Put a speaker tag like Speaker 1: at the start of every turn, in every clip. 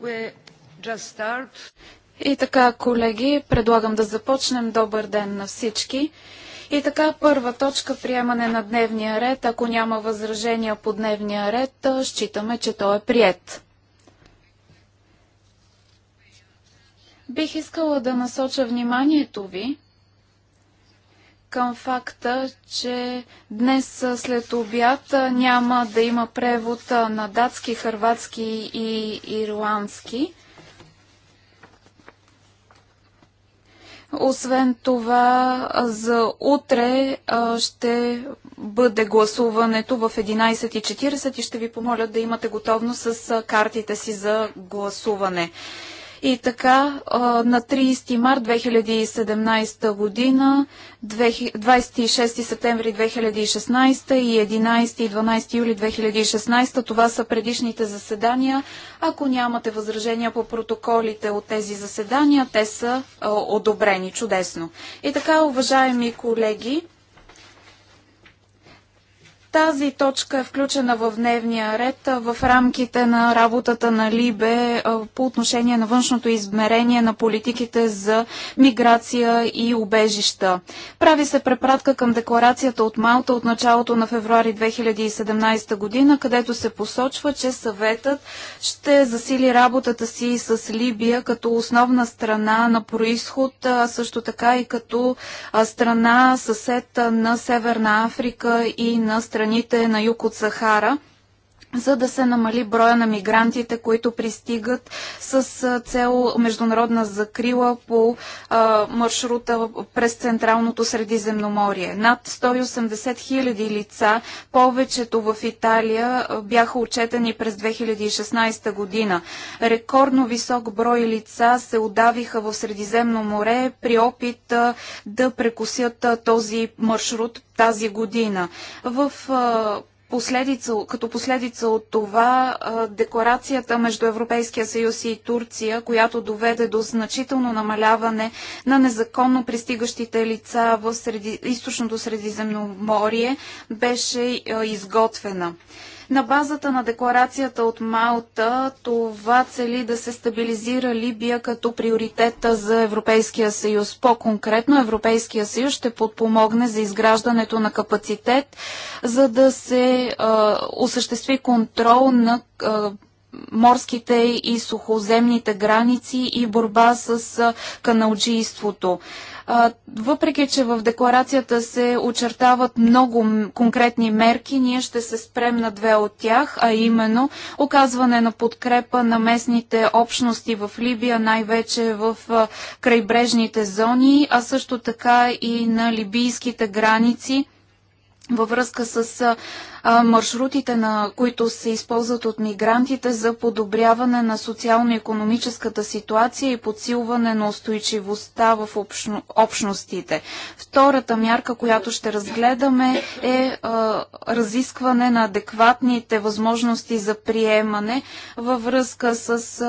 Speaker 1: Uh, И така, колеги, предлагам да започнем. Добър ден на всички. И така, първа точка приемане на дневния ред. Ако няма възражения по дневния ред, считаме, че той е прият. Бих искала да насоча вниманието ви към факта, че днес след обяд няма да има превод на датски, хърватски и ирландски. Освен това, за утре ще бъде гласуването в 11.40 и ще ви помоля да имате готовност с картите си за гласуване. И така на 30 март 2017 година, 26 септември 2016 и 11 и 12 юли 2016, това са предишните заседания. Ако нямате възражения по протоколите от тези заседания, те са одобрени. Чудесно. И така, уважаеми колеги, тази точка е включена в дневния ред в рамките на работата на Либе по отношение на външното измерение на политиките за миграция и убежища. Прави се препратка към декларацията от Малта от началото на февруари 2017 година, където се посочва, че съветът ще засили работата си с Либия като основна страна на происход, също така и като страна съсед на Северна Африка и на страна страните на юг от Сахара – за да се намали броя на мигрантите, които пристигат с цел международна закрила по а, маршрута през Централното Средиземноморие. Над 180 хиляди лица, повечето в Италия, бяха отчетени през 2016 година. Рекордно висок брой лица се удавиха в Средиземно море при опит а, да прекусят а, този маршрут тази година. В а, последица, като последица от това декларацията между Европейския съюз и Турция, която доведе до значително намаляване на незаконно пристигащите лица в среди, източното Средиземноморие, беше изготвена. На базата на декларацията от Малта, това цели да се стабилизира Либия като приоритета за Европейския съюз. По-конкретно Европейския съюз ще подпомогне за изграждането на капацитет, за да се а, осъществи контрол на а, морските и сухоземните граници и борба с каналджийството. Въпреки, че в декларацията се очертават много конкретни мерки, ние ще се спрем на две от тях, а именно оказване на подкрепа на местните общности в Либия, най-вече в крайбрежните зони, а също така и на либийските граници във връзка с маршрутите, на които се използват от мигрантите за подобряване на социално-економическата ситуация и подсилване на устойчивостта в общно, общностите. Втората мярка, която ще разгледаме е а, разискване на адекватните възможности за приемане във връзка с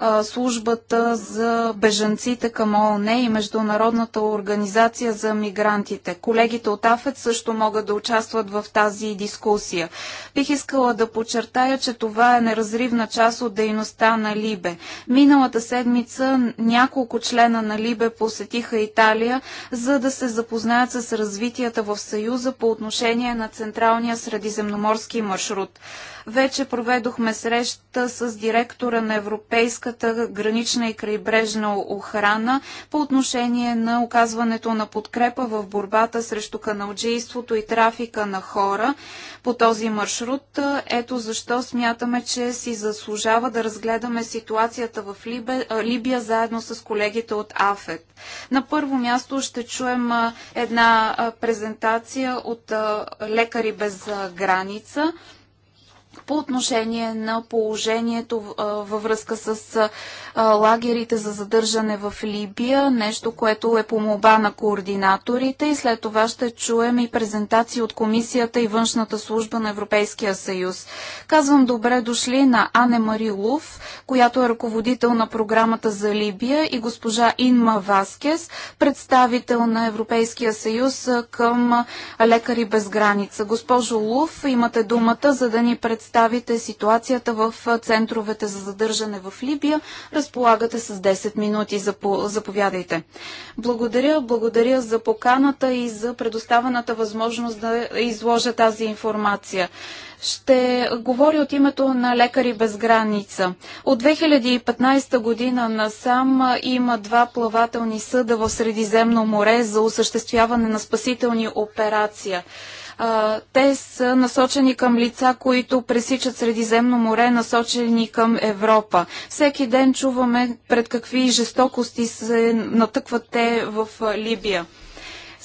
Speaker 1: а, службата за бежанците към ООН и Международната организация за мигрантите. Колегите от АФЕД също могат да участват в тази дискусия дискусия. Бих искала да подчертая, че това е неразривна част от дейността на Либе. Миналата седмица няколко члена на Либе посетиха Италия, за да се запознаят с развитията в Съюза по отношение на Централния средиземноморски маршрут. Вече проведохме среща с директора на Европейската гранична и крайбрежна охрана по отношение на оказването на подкрепа в борбата срещу каналджийството и трафика на хора по този маршрут. Ето защо смятаме, че си заслужава да разгледаме ситуацията в Либия заедно с колегите от АФЕТ. На първо място ще чуем една презентация от Лекари без граница по отношение на положението във връзка с лагерите за задържане в Либия, нещо, което е по молба на координаторите и след това ще чуем и презентации от Комисията и Външната служба на Европейския съюз. Казвам добре дошли на Ане Мари Луф, която е ръководител на програмата за Либия и госпожа Инма Васкес, представител на Европейския съюз към Лекари без граница. Госпожо Луф, имате думата, за да ни представите представите ситуацията в центровете за задържане в Либия. Разполагате с 10 минути. Заповядайте. Благодаря, благодаря за поканата и за предоставената възможност да изложа тази информация. Ще говоря от името на Лекари без граница. От 2015 година насам има два плавателни съда в Средиземно море за осъществяване на спасителни операции те са насочени към лица, които пресичат Средиземно море, насочени към Европа. Всеки ден чуваме пред какви жестокости се натъкват те в Либия.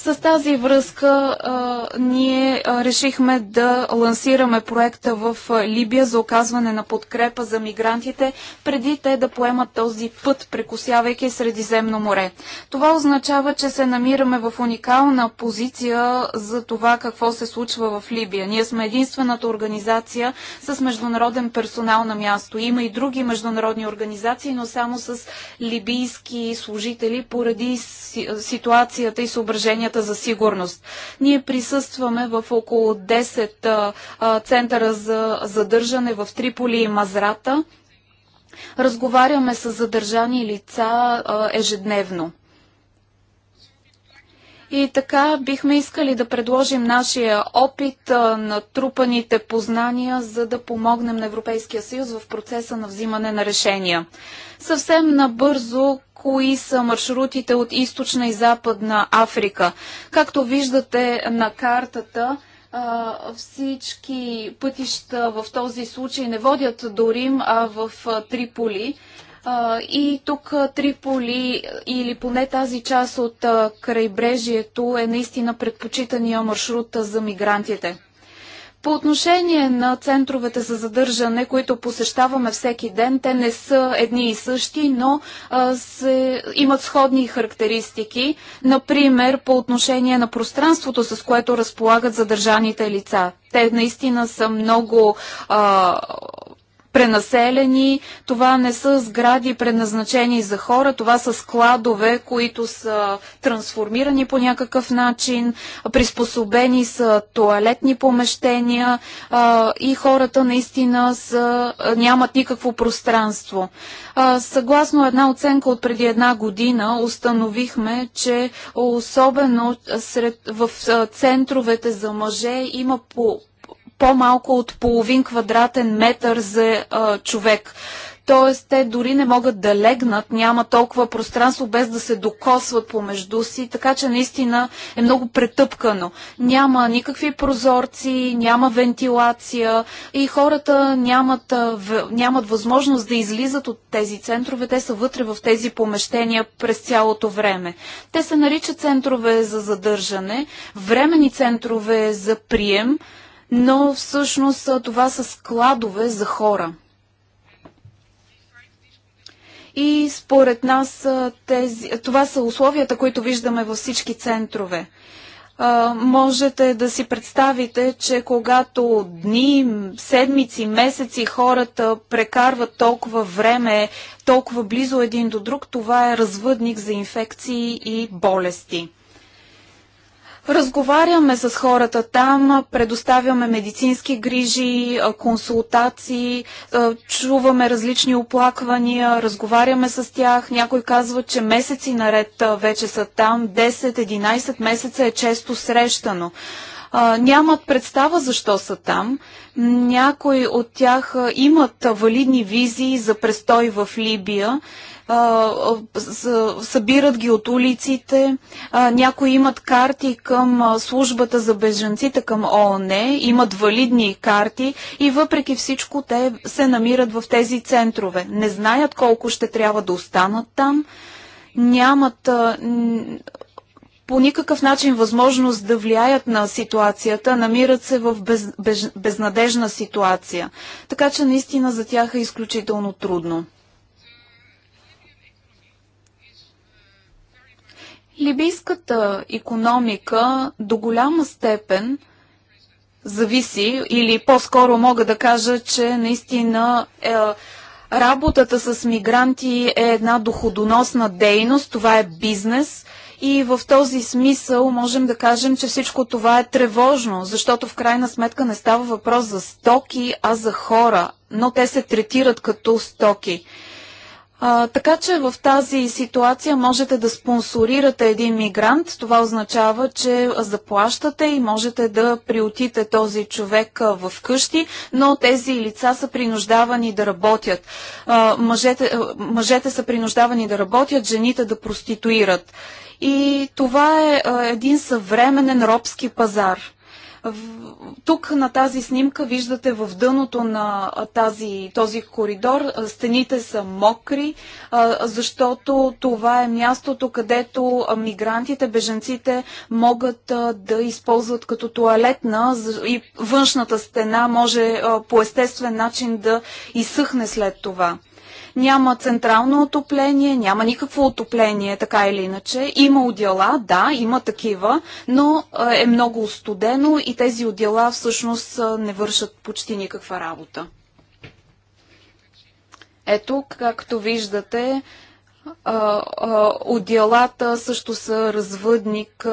Speaker 1: С тази връзка а, ние а, решихме да лансираме проекта в Либия за оказване на подкрепа за мигрантите, преди те да поемат този път, прекусявайки Средиземно море. Това означава, че се намираме в уникална позиция за това какво се случва в Либия. Ние сме единствената организация с международен персонал на място. Има и други международни организации, но само с либийски служители поради ситуацията и съображенията средствата за сигурност. Ние присъстваме в около 10 а, центъра за задържане в Триполи и Мазрата. Разговаряме с задържани лица а, ежедневно. И така бихме искали да предложим нашия опит, на трупаните познания, за да помогнем на Европейския съюз в процеса на взимане на решения. Съвсем набързо, кои са маршрутите от източна и западна Африка. Както виждате на картата, всички пътища в този случай не водят до Рим, а в Триполи. И тук Триполи или поне тази част от крайбрежието е наистина предпочитания маршрут за мигрантите. По отношение на центровете за задържане, които посещаваме всеки ден, те не са едни и същи, но а, се, имат сходни характеристики. Например, по отношение на пространството, с което разполагат задържаните лица. Те наистина са много а, пренаселени. Това не са сгради предназначени за хора, това са складове, които са трансформирани по някакъв начин, приспособени са туалетни помещения а, и хората наистина са, нямат никакво пространство. А, съгласно една оценка от преди една година установихме, че особено сред, в центровете за мъже има по по-малко от половин квадратен метър за а, човек. Тоест, те дори не могат да легнат, няма толкова пространство без да се докосват помежду си, така че наистина е много претъпкано. Няма никакви прозорци, няма вентилация и хората нямат, нямат възможност да излизат от тези центрове, те са вътре в тези помещения през цялото време. Те се наричат центрове за задържане, времени центрове за прием, но всъщност това са складове за хора. И според нас тези, това са условията, които виждаме във всички центрове. можете да си представите, че когато дни, седмици, месеци хората прекарват толкова време, толкова близо един до друг, това е развъдник за инфекции и болести. Разговаряме с хората там, предоставяме медицински грижи, консултации, чуваме различни оплаквания, разговаряме с тях. Някой казва, че месеци наред вече са там, 10-11 месеца е често срещано а, нямат представа защо са там. Някои от тях имат валидни визии за престой в Либия, а, събират ги от улиците, а, някои имат карти към службата за беженците към ООН, имат валидни карти и въпреки всичко те се намират в тези центрове. Не знаят колко ще трябва да останат там нямат а, по никакъв начин възможност да влияят на ситуацията, намират се в без, без, безнадежна ситуация. Така че наистина за тях е изключително трудно. Либийската економика до голяма степен зависи, или по-скоро мога да кажа, че наистина е, работата с мигранти е една доходоносна дейност, това е бизнес – и в този смисъл можем да кажем, че всичко това е тревожно, защото в крайна сметка не става въпрос за стоки, а за хора, но те се третират като стоки. А, така че в тази ситуация можете да спонсорирате един мигрант. Това означава, че заплащате и можете да приотите този човек в къщи, но тези лица са принуждавани да работят. А, мъжете, мъжете са принуждавани да работят, жените да проституират. И това е а, един съвременен робски пазар. Тук на тази снимка виждате в дъното на тази, този коридор стените са мокри, защото това е мястото, където мигрантите, беженците могат да използват като туалетна и външната стена може по естествен начин да изсъхне след това. Няма централно отопление, няма никакво отопление, така или иначе. Има отдела, да, има такива, но е много студено и тези отдела всъщност не вършат почти никаква работа. Ето, както виждате, отделата също са развъдник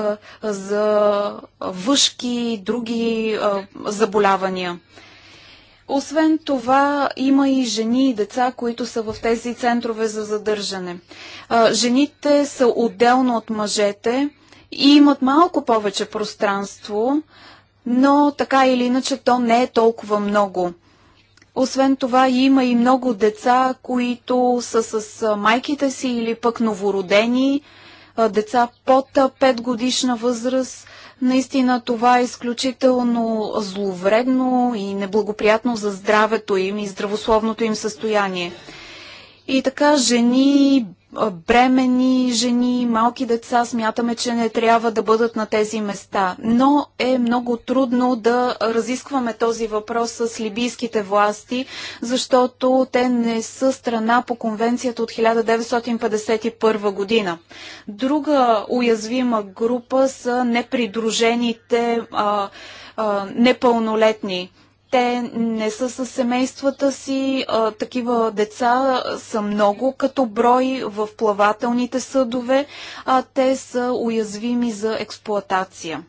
Speaker 1: за въшки и други заболявания. Освен това, има и жени и деца, които са в тези центрове за задържане. Жените са отделно от мъжете и имат малко повече пространство, но така или иначе то не е толкова много. Освен това има и много деца, които са с майките си или пък новородени, деца под 5 годишна възраст. Наистина това е изключително зловредно и неблагоприятно за здравето им и здравословното им състояние. И така жени, бремени жени, малки деца смятаме, че не трябва да бъдат на тези места. Но е много трудно да разискваме този въпрос с либийските власти, защото те не са страна по конвенцията от 1951 година. Друга уязвима група са непридружените а, а, непълнолетни те не са с семействата си. А, такива деца са много като брой в плавателните съдове. А, те са уязвими за експлоатация.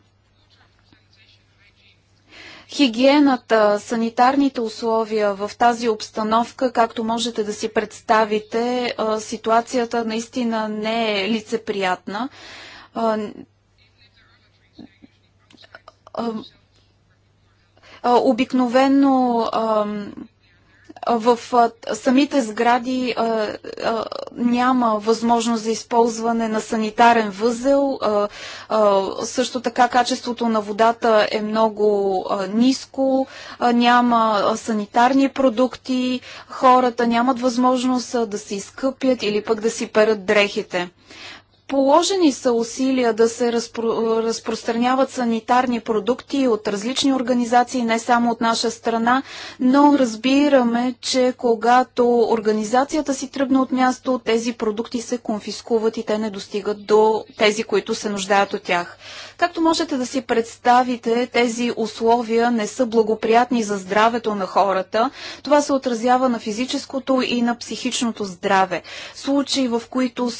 Speaker 1: Хигиената, санитарните условия в тази обстановка, както можете да си представите, ситуацията наистина не е лицеприятна обикновено в самите сгради няма възможност за използване на санитарен възел. също така качеството на водата е много ниско, няма санитарни продукти, хората нямат възможност да се изкъпят или пък да си перат дрехите. Положени са усилия да се разпро... разпространяват санитарни продукти от различни организации, не само от наша страна, но разбираме, че когато организацията си тръгне от място, тези продукти се конфискуват и те не достигат до тези, които се нуждаят от тях. Както можете да си представите, тези условия не са благоприятни за здравето на хората. Това се отразява на физическото и на психичното здраве. Случаи, в които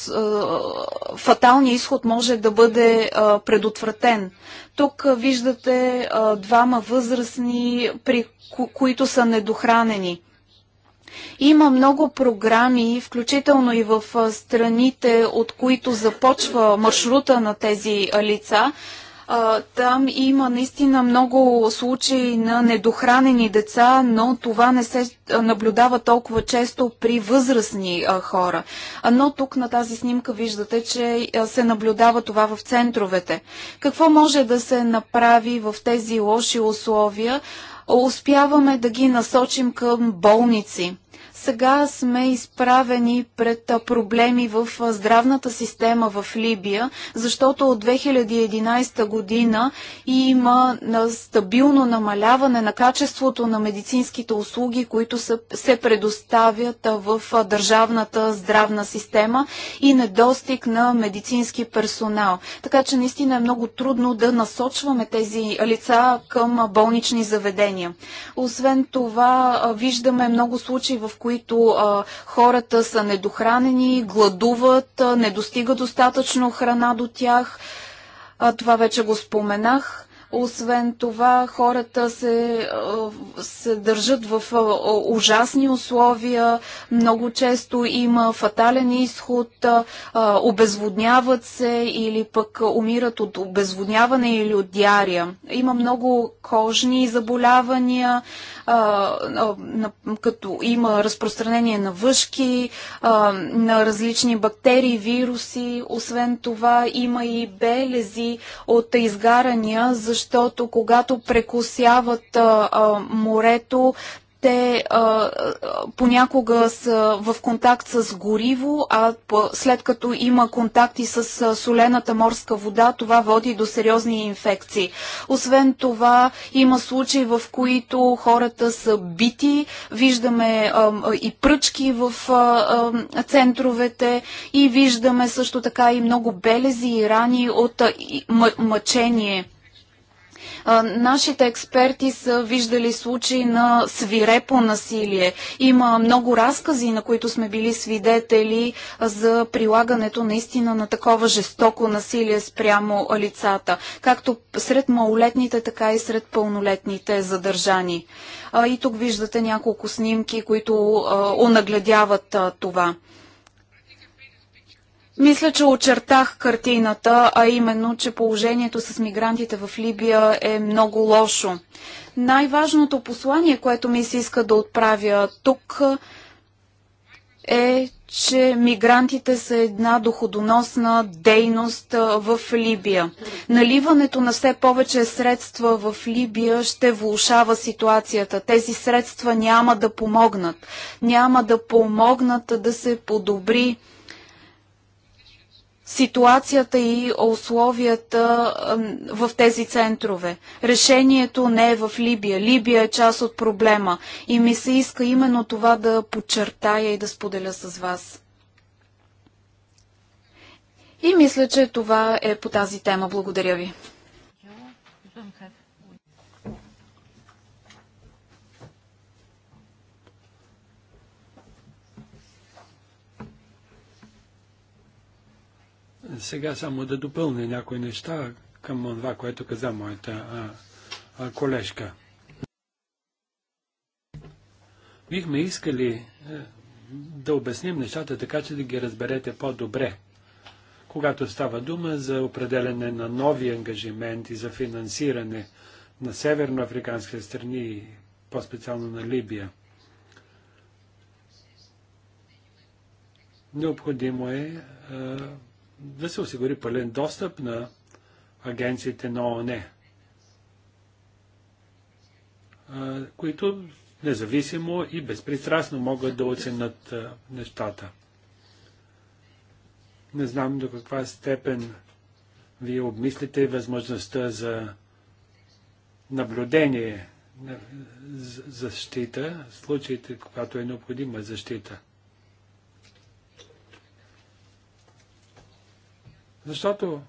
Speaker 1: фаталният изход може да бъде а, предотвратен. Тук виждате а, двама възрастни, при ко- които са недохранени. Има много програми, включително и в страните, от които започва маршрута на тези лица, там има наистина много случаи на недохранени деца, но това не се наблюдава толкова често при възрастни хора. Но тук на тази снимка виждате, че се наблюдава това в центровете. Какво може да се направи в тези лоши условия? Успяваме да ги насочим към болници сега сме изправени пред проблеми в здравната система в Либия, защото от 2011 година има стабилно намаляване на качеството на медицинските услуги, които се предоставят в държавната здравна система и недостиг на медицински персонал. Така че наистина е много трудно да насочваме тези лица към болнични заведения. Освен това, виждаме много случаи, в които които а, хората са недохранени, гладуват, а, не достига достатъчно храна до тях. А, това вече го споменах. Освен това, хората се, се държат в ужасни условия, много често има фатален изход, обезводняват се или пък умират от обезводняване или от диария. Има много кожни заболявания, като има разпространение на въшки, на различни бактерии, вируси. Освен това има и белези от изгарания, защото когато прекусяват морето, те а, понякога са в контакт с гориво, а след като има контакти с солената морска вода, това води до сериозни инфекции. Освен това, има случаи, в които хората са бити, виждаме а, и пръчки в а, а, центровете и виждаме също така и много белези и рани от а, и, мъчение. Нашите експерти са виждали случаи на свирепо насилие. Има много разкази, на които сме били свидетели за прилагането наистина на такова жестоко насилие спрямо лицата, както сред малолетните, така и сред пълнолетните задържани. И тук виждате няколко снимки, които онагледяват това. Мисля, че очертах картината, а именно, че положението с мигрантите в Либия е много лошо. Най-важното послание, което ми се иска да отправя тук е, че мигрантите са една доходоносна дейност в Либия. Наливането на все повече средства в Либия ще влушава ситуацията. Тези средства няма да помогнат. Няма да помогнат да се подобри ситуацията и условията в тези центрове. Решението не е в Либия. Либия е част от проблема и ми се иска именно това да подчертая и да споделя с вас. И мисля, че това е по тази тема. Благодаря ви.
Speaker 2: Сега само да допълня някои неща към това, което каза моята а, а, колежка. Бихме искали е, да обясним нещата така, че да ги разберете по-добре. Когато става дума за определене на нови ангажименти за финансиране на северноафриканските страни, по-специално на Либия, необходимо е, е да се осигури пълен достъп на агенциите на ООН, които независимо и безпристрастно могат да оценят нещата. Не знам до каква степен вие обмислите възможността за наблюдение, защита, случаите, когато е необходима защита. Защото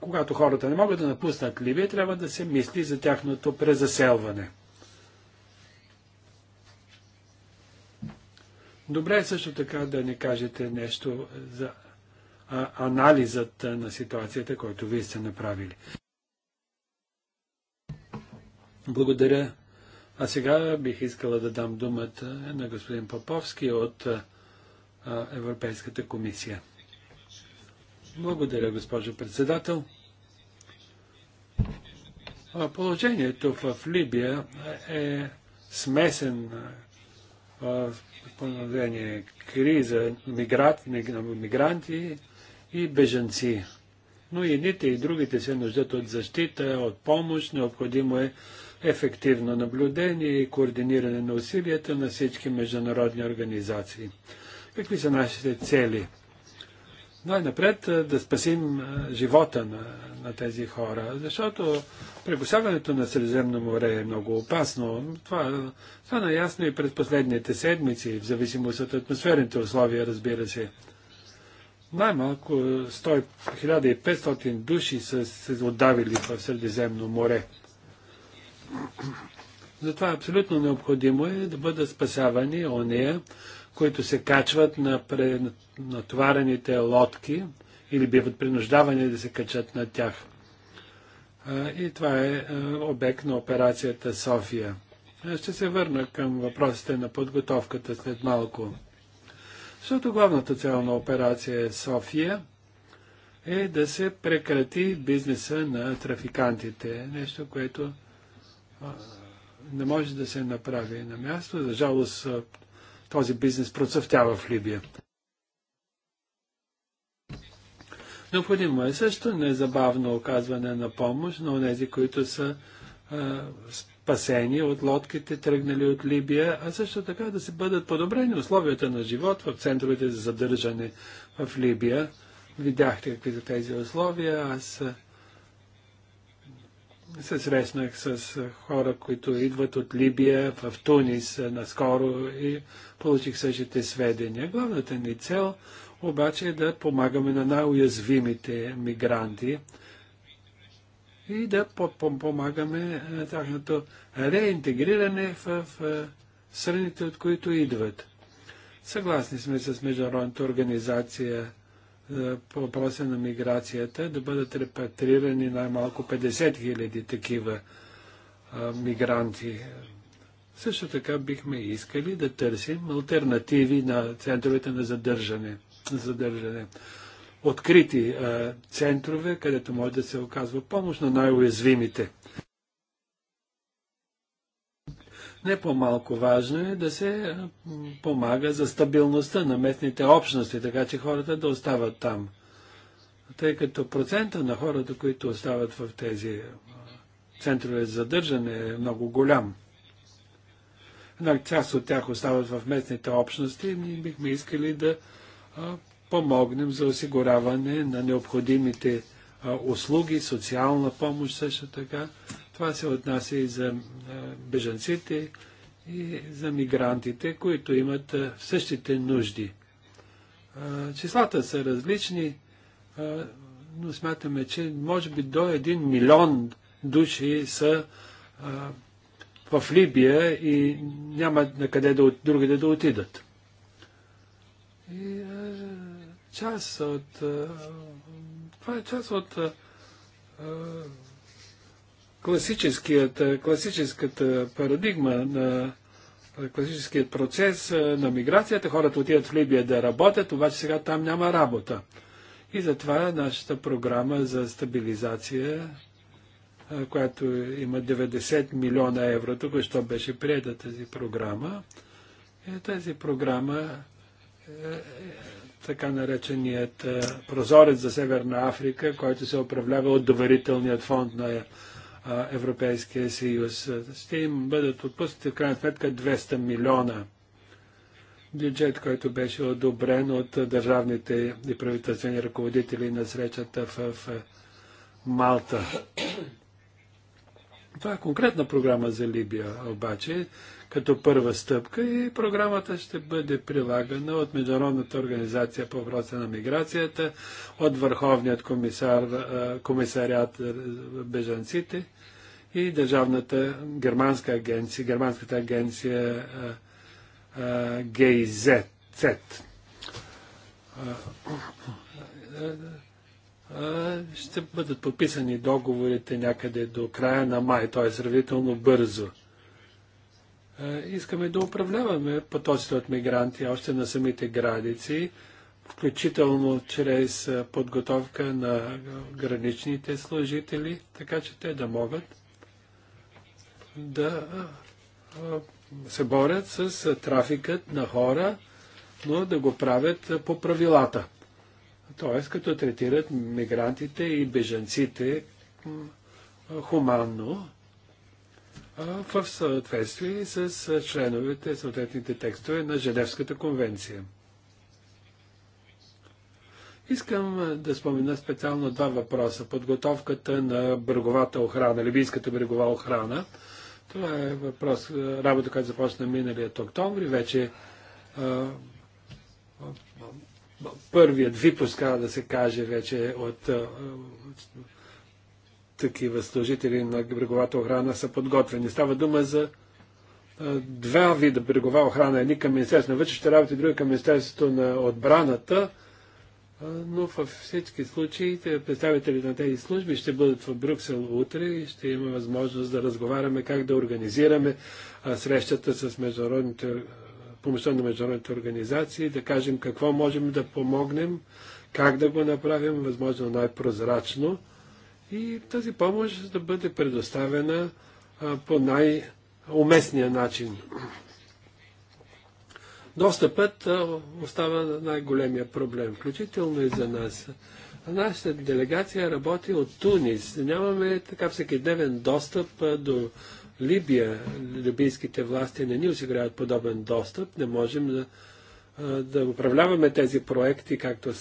Speaker 2: когато хората не могат да напуснат Ливия, трябва да се мисли за тяхното презаселване. Добре е също така да ни кажете нещо за а, анализът на ситуацията, който вие сте направили. Благодаря. А сега бих искала да дам думата на господин Поповски от Европейската комисия. Благодаря, госпожо председател. Положението в Либия е смесен положение криза мигрант, мигранти и бежанци. Но и едните и другите се нуждат от защита, от помощ. Необходимо е ефективно наблюдение и координиране на усилията на всички международни организации. Какви са нашите цели? Най-напред е, да спасим е, живота на, на тези хора, защото прегосяването на Средиземно море е много опасно. Това е, стана ясно и през последните седмици, в зависимост от атмосферните условия, разбира се. Най-малко 1500 души са се отдавили в Средиземно море. Затова абсолютно необходимо е да бъдат спасявани ония, които се качват на натоварените лодки или биват принуждавани да се качат на тях. И това е обект на операцията София. Ще се върна към въпросите на подготовката след малко. Защото главната цел на операция София е да се прекрати бизнеса на трафикантите. Нещо, което не може да се направи на място. За жалост, този бизнес процъфтява в Либия. Необходимо е също незабавно оказване на помощ на тези, които са а, спасени от лодките, тръгнали от Либия, а също така да се бъдат подобрени условията на живот в центровете за задържане в Либия. Видяхте какви са тези условия. Аз се срещнах с хора, които идват от Либия в Тунис наскоро и получих същите сведения. Главната ни цел обаче е да помагаме на най-уязвимите мигранти и да помагаме на тяхното реинтегриране в страните, от които идват. Съгласни сме с Международната организация е, по въпроса на миграцията, да бъдат репатрирани най-малко 50 000 такива е, мигранти. Също така бихме искали да търсим альтернативи на центровете на задържане. На задържане. Открити а, е, центрове, където може да се оказва помощ на най-уязвимите. Не по-малко важно е да се помага за стабилността на местните общности, така че хората да остават там. Тъй като процента на хората, които остават в тези центрове за задържане е много голям. Една част от тях остават в местните общности и бихме искали да помогнем за осигуряване на необходимите услуги, социална помощ също така това се отнася и за бежанците, и за мигрантите, които имат същите нужди. Числата са различни, но смятаме, че може би до 1 милион души са в Либия и няма на къде да, другите да отидат. И, част от. Това е част от е, класическата парадигма на е, класическият процес е, на миграцията. Хората отиват в Либия да работят, обаче сега там няма работа. И затова нашата програма за стабилизация, която има 90 милиона евро, тук що беше приеда тази програма, е тази програма е така нареченият прозорец за Северна Африка, който се управлява от доверителният фонд на Европейския съюз. Ще им бъдат отпуснати в крайна сметка 200 милиона. Бюджет, който беше одобрен от държавните и правителствени ръководители на срещата в, в Малта. Това е конкретна програма за Либия, обаче, като първа стъпка и програмата ще бъде прилагана от Международната организация по въпроса на миграцията, от Върховният комисар, комисарят бежанците и Държавната германска агенция, германската агенция ГИЗ. Ще бъдат подписани договорите някъде до края на май, т.е. сравнително бързо. Искаме да управляваме потоците от мигранти още на самите граници, включително чрез подготовка на граничните служители, така че те да могат да се борят с трафикът на хора, но да го правят по правилата. Тоест, като третират мигрантите и бежанците хуманно, в съответствие с членовете, съответните текстове на Женевската конвенция. Искам да спомена специално два въпроса. Подготовката на бреговата охрана, либийската брегова охрана – това е въпрос, е, работа, която започна миналият октомври. Вече е, първият випуск, да се каже, вече е от такива служители на бреговата охрана са подготвени. Става дума за два вида брегова охрана. Едни към Министерството на вътрешните работи, други към Министерството на отбраната но във всички случаи представители на тези служби ще бъдат в Брюксел утре и ще има възможност да разговаряме как да организираме срещата с международните, помощта на международните организации, да кажем какво можем да помогнем, как да го направим възможно най-прозрачно и тази помощ да бъде предоставена по най-уместния начин. Достъпът остава най-големия проблем, включително и за нас. Нашата делегация работи от Тунис. Нямаме така дневен достъп до Либия. Либийските власти не ни осигуряват подобен достъп. Не можем да, да управляваме тези проекти както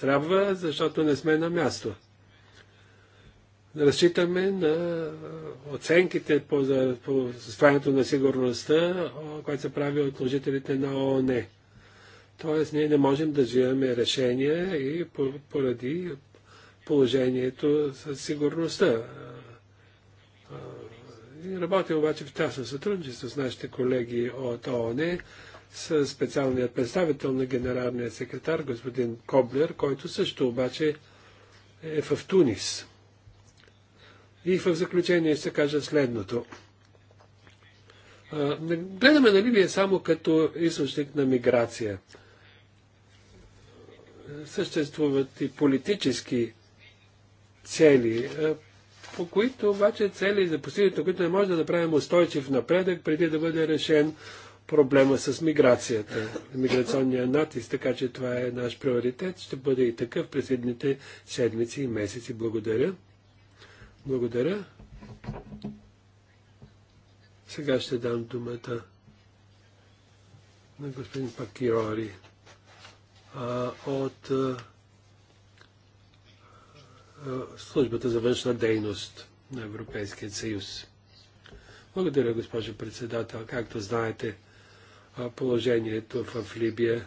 Speaker 2: трябва, защото не сме на място разчитаме на оценките по, за, по състоянието на сигурността, което се прави от служителите на ООН. Тоест, ние не можем да взимаме решения и поради положението със сигурността. И обаче в тясно сътрудничество с нашите колеги от ООН, с специалният представител на генералния секретар, господин Коблер, който също обаче е в Тунис. И в заключение ще кажа следното. гледаме на Ливия само като източник на миграция. Съществуват и политически цели, по които обаче цели за постигането, които не може да направим устойчив напредък, преди да бъде решен проблема с миграцията, миграционния натиск, така че това е наш приоритет, ще бъде и такъв през едните седмици и месеци. Благодаря. Благодаря. Сега ще дам думата на господин Пакирори а, от а, службата за външна дейност на Европейския съюз. Благодаря, госпожо председател. Както знаете, положението в Либия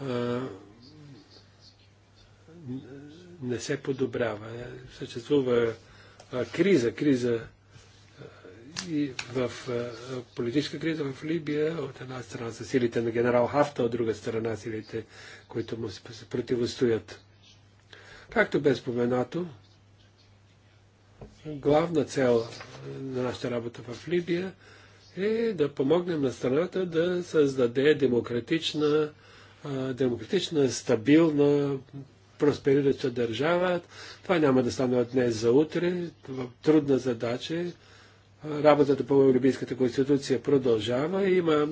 Speaker 2: а, не се подобрява. Съществува криза, криза и в политическа криза в Либия, от една страна са силите на генерал Хафта, от друга страна силите, които му се противостоят. Както бе споменато, главна цел на нашата работа в Либия е да помогнем на страната да създаде демократична, демократична, стабилна, просперираща държава. Това няма да стане от днес за утре. Е трудна задача. Работата по Олимпийската конституция продължава. Има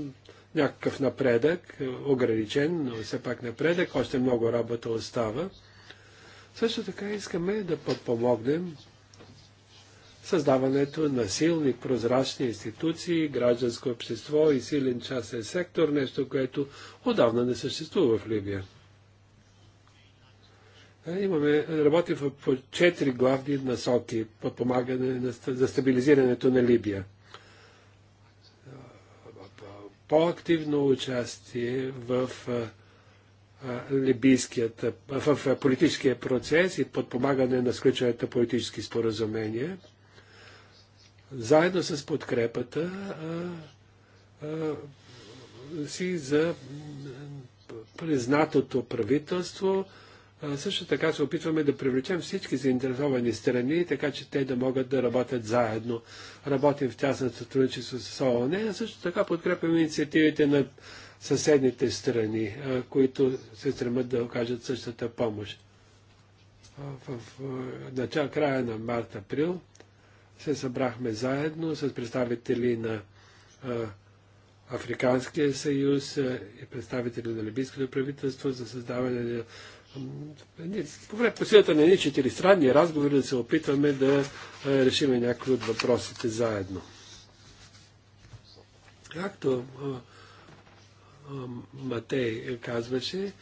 Speaker 2: някакъв напредък, ограничен, но все пак напредък. Още много работа остава. Също така искаме да подпомогнем създаването на силни, прозрачни институции, гражданско общество и силен частен сектор, нещо, което отдавна не съществува в Либия. Имаме, работим по четири главни насоки по помагане на, за стабилизирането на Либия. По-активно участие в либийският, в политическия процес и подпомагане на сключването политически споразумения, заедно с подкрепата а, а, си за признатото правителство, също така се опитваме да привлечем всички заинтересовани страни, така че те да могат да работят заедно. Работим в тясно сътрудничество с ООН, а също така подкрепяме инициативите на съседните страни, които се стремят да окажат същата помощ. В начало края на март-април се събрахме заедно с представители на Африканския съюз и представители на Либийското правителство за създаване на по ами, време по силата на едни странни разговори да се опитваме да решим някои от въпросите заедно. Както Матей казваше,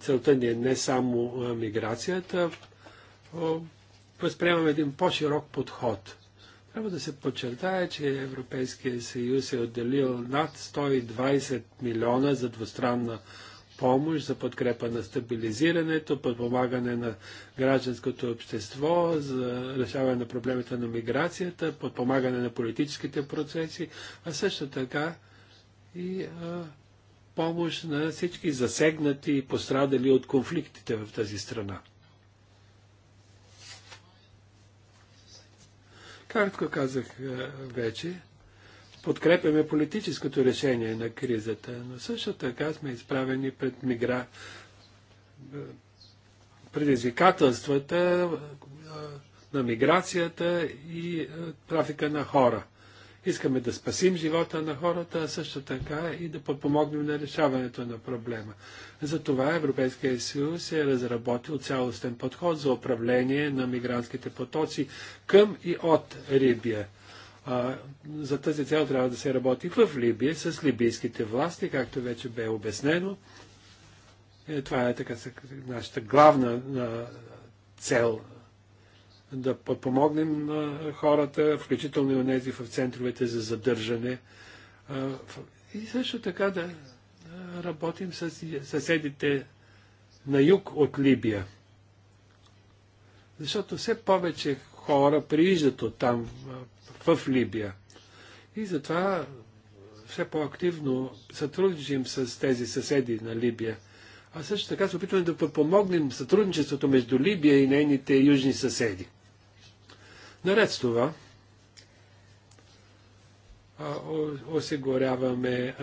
Speaker 2: целта ни е не само миграцията, възприемаме един по-широк подход. Трябва да се подчертая, че Европейския съюз е отделил над 120 милиона за двустранна помощ за подкрепа на стабилизирането, подпомагане на гражданското общество, за решаване на проблемите на миграцията, подпомагане на политическите процеси, а също така и а, помощ на всички засегнати и пострадали от конфликтите в тази страна. Както казах вече, подкрепяме политическото решение на кризата, но също така сме изправени пред мигра... Е, предизвикателствата е, на миграцията и е, трафика на хора. Искаме да спасим живота на хората, а също така и да подпомогнем на решаването на проблема. Затова Европейския съюз е разработил цялостен подход за управление на мигрантските потоци към и от Рибия. А, за тази цел трябва да се работи в Либия с либийските власти, както вече бе обяснено. Е, това е така нашата главна а, цел да подпомогнем а, хората, включително и онези в центровете за задържане. А, и също така да работим с съседите на юг от Либия. Защото все повече хора прииждат от там в Либия. И затова все по-активно сътрудничим с тези съседи на Либия. А също така се опитваме да подпомогнем сътрудничеството между Либия и нейните южни съседи. Наред с това, осигуряваме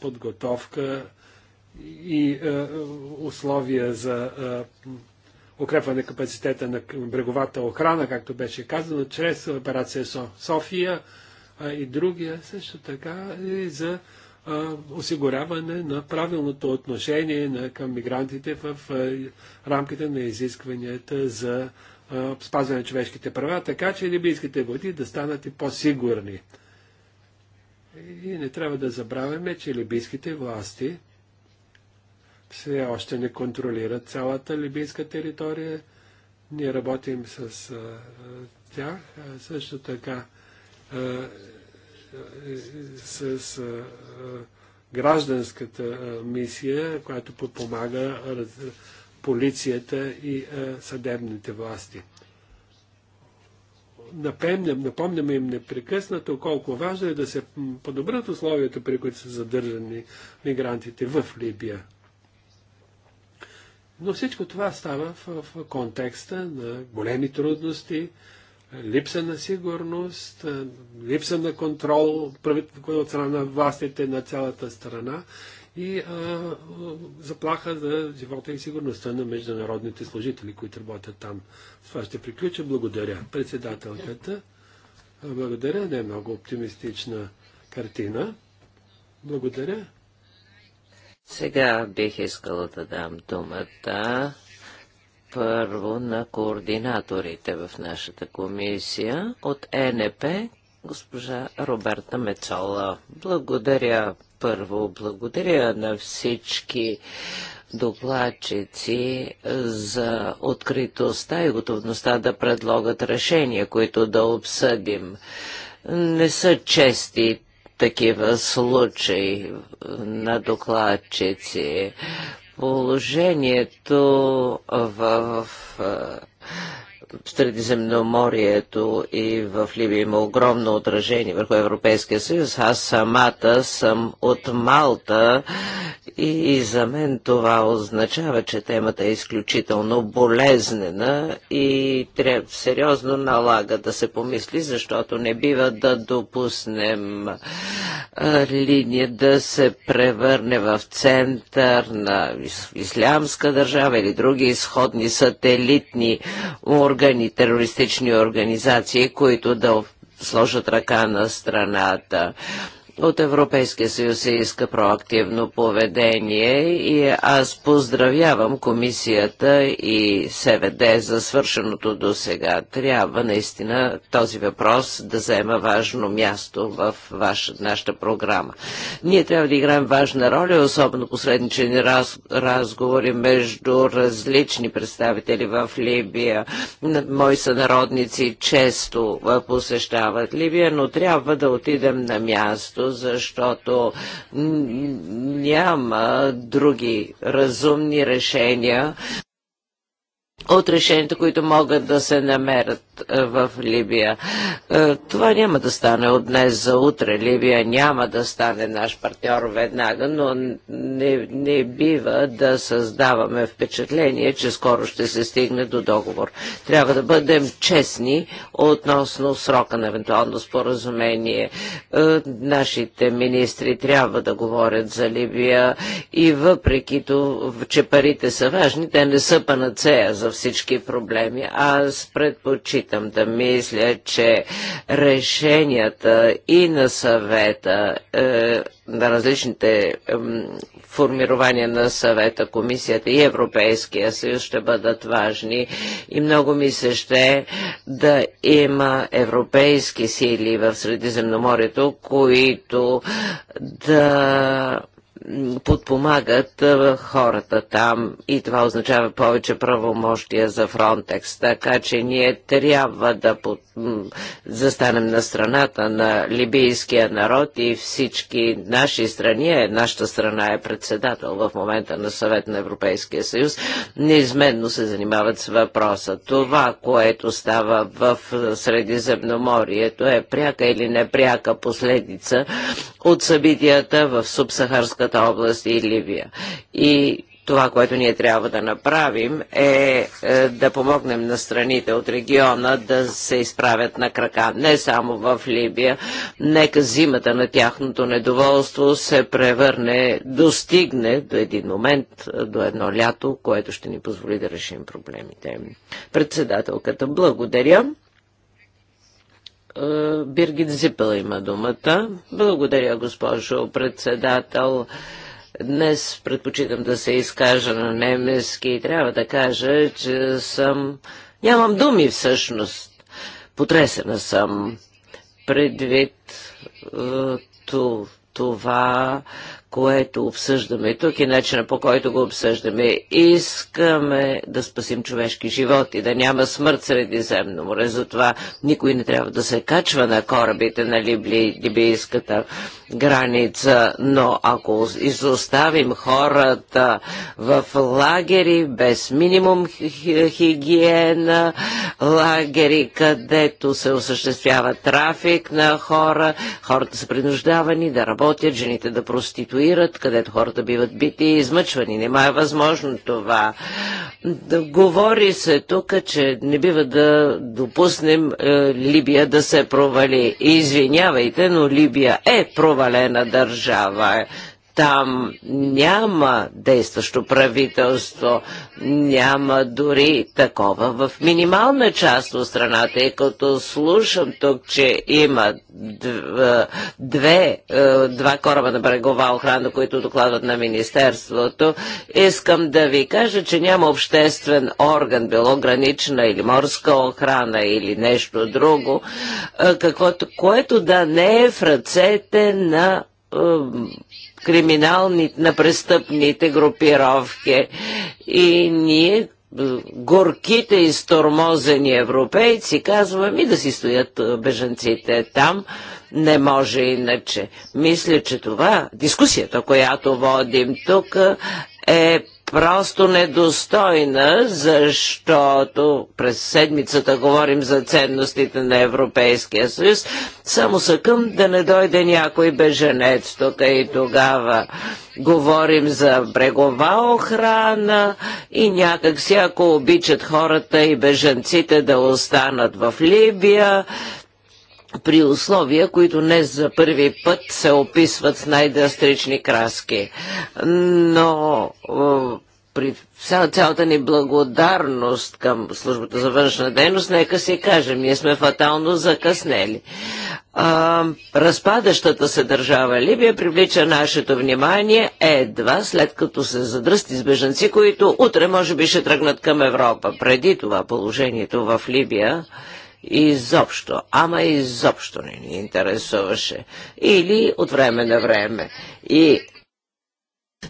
Speaker 2: подготовка и условия за укрепване капацитета на бреговата охрана, както беше казано, чрез операция София а и другия, също така и е за а, осигуряване на правилното отношение на, към мигрантите в а, рамките на изискванията за а, спазване на човешките права, така че либийските води да станат и по-сигурни. И не трябва да забравяме, че либийските власти все още не контролират цялата либийска територия. Ние работим с а, тях. А, също така а, с а, гражданската а, мисия, която подпомага раз, полицията и а, съдебните власти. Напомням, напомняме им непрекъснато колко важно е да се подобрят условията, при които са задържани мигрантите в Либия. Но всичко това става в, в контекста на големи трудности, липса на сигурност, липса на контрол от страна на властите на цялата страна и а, заплаха за живота и сигурността на международните служители, които работят там. С това ще приключа. Благодаря. Председателката. Благодаря. Не е много оптимистична картина. Благодаря.
Speaker 3: Сега бих искала да дам думата първо на координаторите в нашата комисия от ЕНП, госпожа Роберта Мецола. Благодаря първо, благодаря на всички докладчици за откритостта и готовността да предлогат решения, които да обсъдим. Не са чести такива случаи на докладчици. Положението в, в Средиземноморието и в Либия има огромно отражение върху Европейския съюз. Аз самата съм от Малта и, за мен това означава, че темата е изключително болезнена и трябва сериозно налага да се помисли, защото не бива да допуснем линия да се превърне в център на ислямска държава или други изходни сателитни организации органи, терористични организации, които да сложат ръка на страната от Европейския съюз се иска проактивно поведение и аз поздравявам комисията и СВД за свършеното до сега. Трябва наистина този въпрос да заема важно място в ваш, нашата програма. Ние трябва да играем важна роля, особено посредничени раз, разговори между различни представители в Либия. Мои сънародници често посещават Либия, но трябва да отидем на място защото няма други разумни решения от решенията, които могат да се намерят е, в Либия. Е, това няма да стане от днес за утре. Либия няма да стане наш партньор веднага, но не, не бива да създаваме впечатление, че скоро ще се стигне до договор. Трябва да бъдем честни относно срока на евентуално споразумение. Е, нашите министри трябва да говорят за Либия и въпреки то, че парите са важни, те не са панацея за всички проблеми. Аз предпочитам да мисля, че решенията и на съвета, е, на различните формирования на съвета, комисията и Европейския съюз ще бъдат важни и много ми се ще да има европейски сили в Средиземноморието, които да подпомагат хората там и това означава повече правомощия за Фронтекс. Така че ние трябва да под... застанем на страната на либийския народ и всички наши страни, нашата страна е председател в момента на съвет на Европейския съюз, неизменно се занимават с въпроса. Това, което става в Средиземноморието е пряка или непряка последица от събитията в Субсахарска Кюрдската област и Ливия. И това, което ние трябва да направим е, е да помогнем на страните от региона да се изправят на крака. Не само в Либия, нека зимата на тяхното недоволство се превърне, достигне до един момент, до едно лято, което ще ни позволи да решим проблемите. Председателката, благодаря. Е, Биргит Зипел има думата. Благодаря, госпожо председател. Днес предпочитам да се изкажа на немски и трябва да кажа, че съм... Нямам думи всъщност. Потресена съм предвид е, това, което обсъждаме тук и начина по който го обсъждаме. Искаме да спасим човешки живот и да няма смърт средиземно море. Затова никой не трябва да се качва на корабите на Либли, либийската граница. Но ако изоставим хората в лагери без минимум хигиена, лагери, където се осъществява трафик на хора, хората са принуждавани да работят, жените да проституират, ситуират, където хората биват бити и измъчвани. Нема е възможно това. Да говори се тук, че не бива да допуснем е, Либия да се провали. Извинявайте, но Либия е провалена държава. Там няма действащо правителство, няма дори такова в минимална част от страната. И като слушам тук, че има две, е, два кораба на брегова охрана, които докладват на Министерството, искам да ви кажа, че няма обществен орган, било гранична или морска охрана или нещо друго, е, каквото, което да не е в ръцете на е, криминални, на престъпните групировки. И ние горките и стормозени европейци, казваме, и да си стоят беженците там, не може иначе. Мисля, че това, дискусията, която водим тук, е просто недостойна, защото през седмицата говорим за ценностите на Европейския съюз. Само съкъм да не дойде някой беженец тук и тогава. Говорим за брегова охрана и някак си, ако обичат хората и беженците да останат в Либия, при условия, които не за първи път се описват с най дъстрични краски. Но е, при цялата ни благодарност към службата за външна дейност, нека си кажем, ние сме фатално закъснели. А, разпадащата се държава Либия привлича нашето внимание едва след като се задръсти с бежанци, които утре може би ще тръгнат към Европа. Преди това положението в Либия изобщо, ама изобщо не ни интересуваше. Или от време на време. И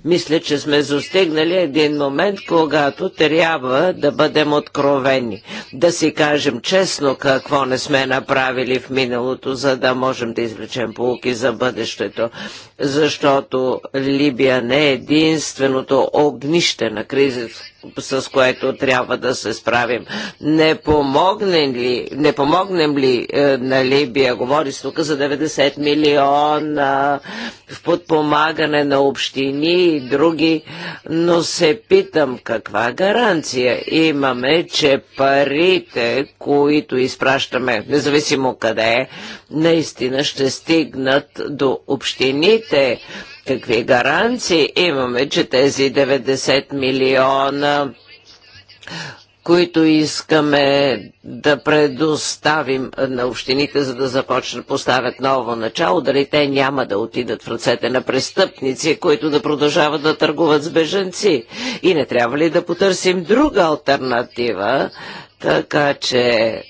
Speaker 3: мисля, че сме застигнали един момент, когато трябва да бъдем откровени, да си кажем честно какво не сме направили в миналото, за да можем да извлечем полуки за бъдещето, защото Либия не е единственото огнище на кризата с което трябва да се справим. Не, помогнем ли, не помогнем ли е, на Либия, говори се тук за 90 милиона е, в подпомагане на общини и други, но се питам каква гаранция имаме, че парите, които изпращаме, независимо къде, наистина ще стигнат до общините Какви гаранции имаме, че тези 90 милиона които искаме да предоставим на общините, за да започнат поставят ново начало, дали те няма да отидат в ръцете на престъпници, които да продължават да търгуват с беженци. И не трябва ли да потърсим друга альтернатива, така че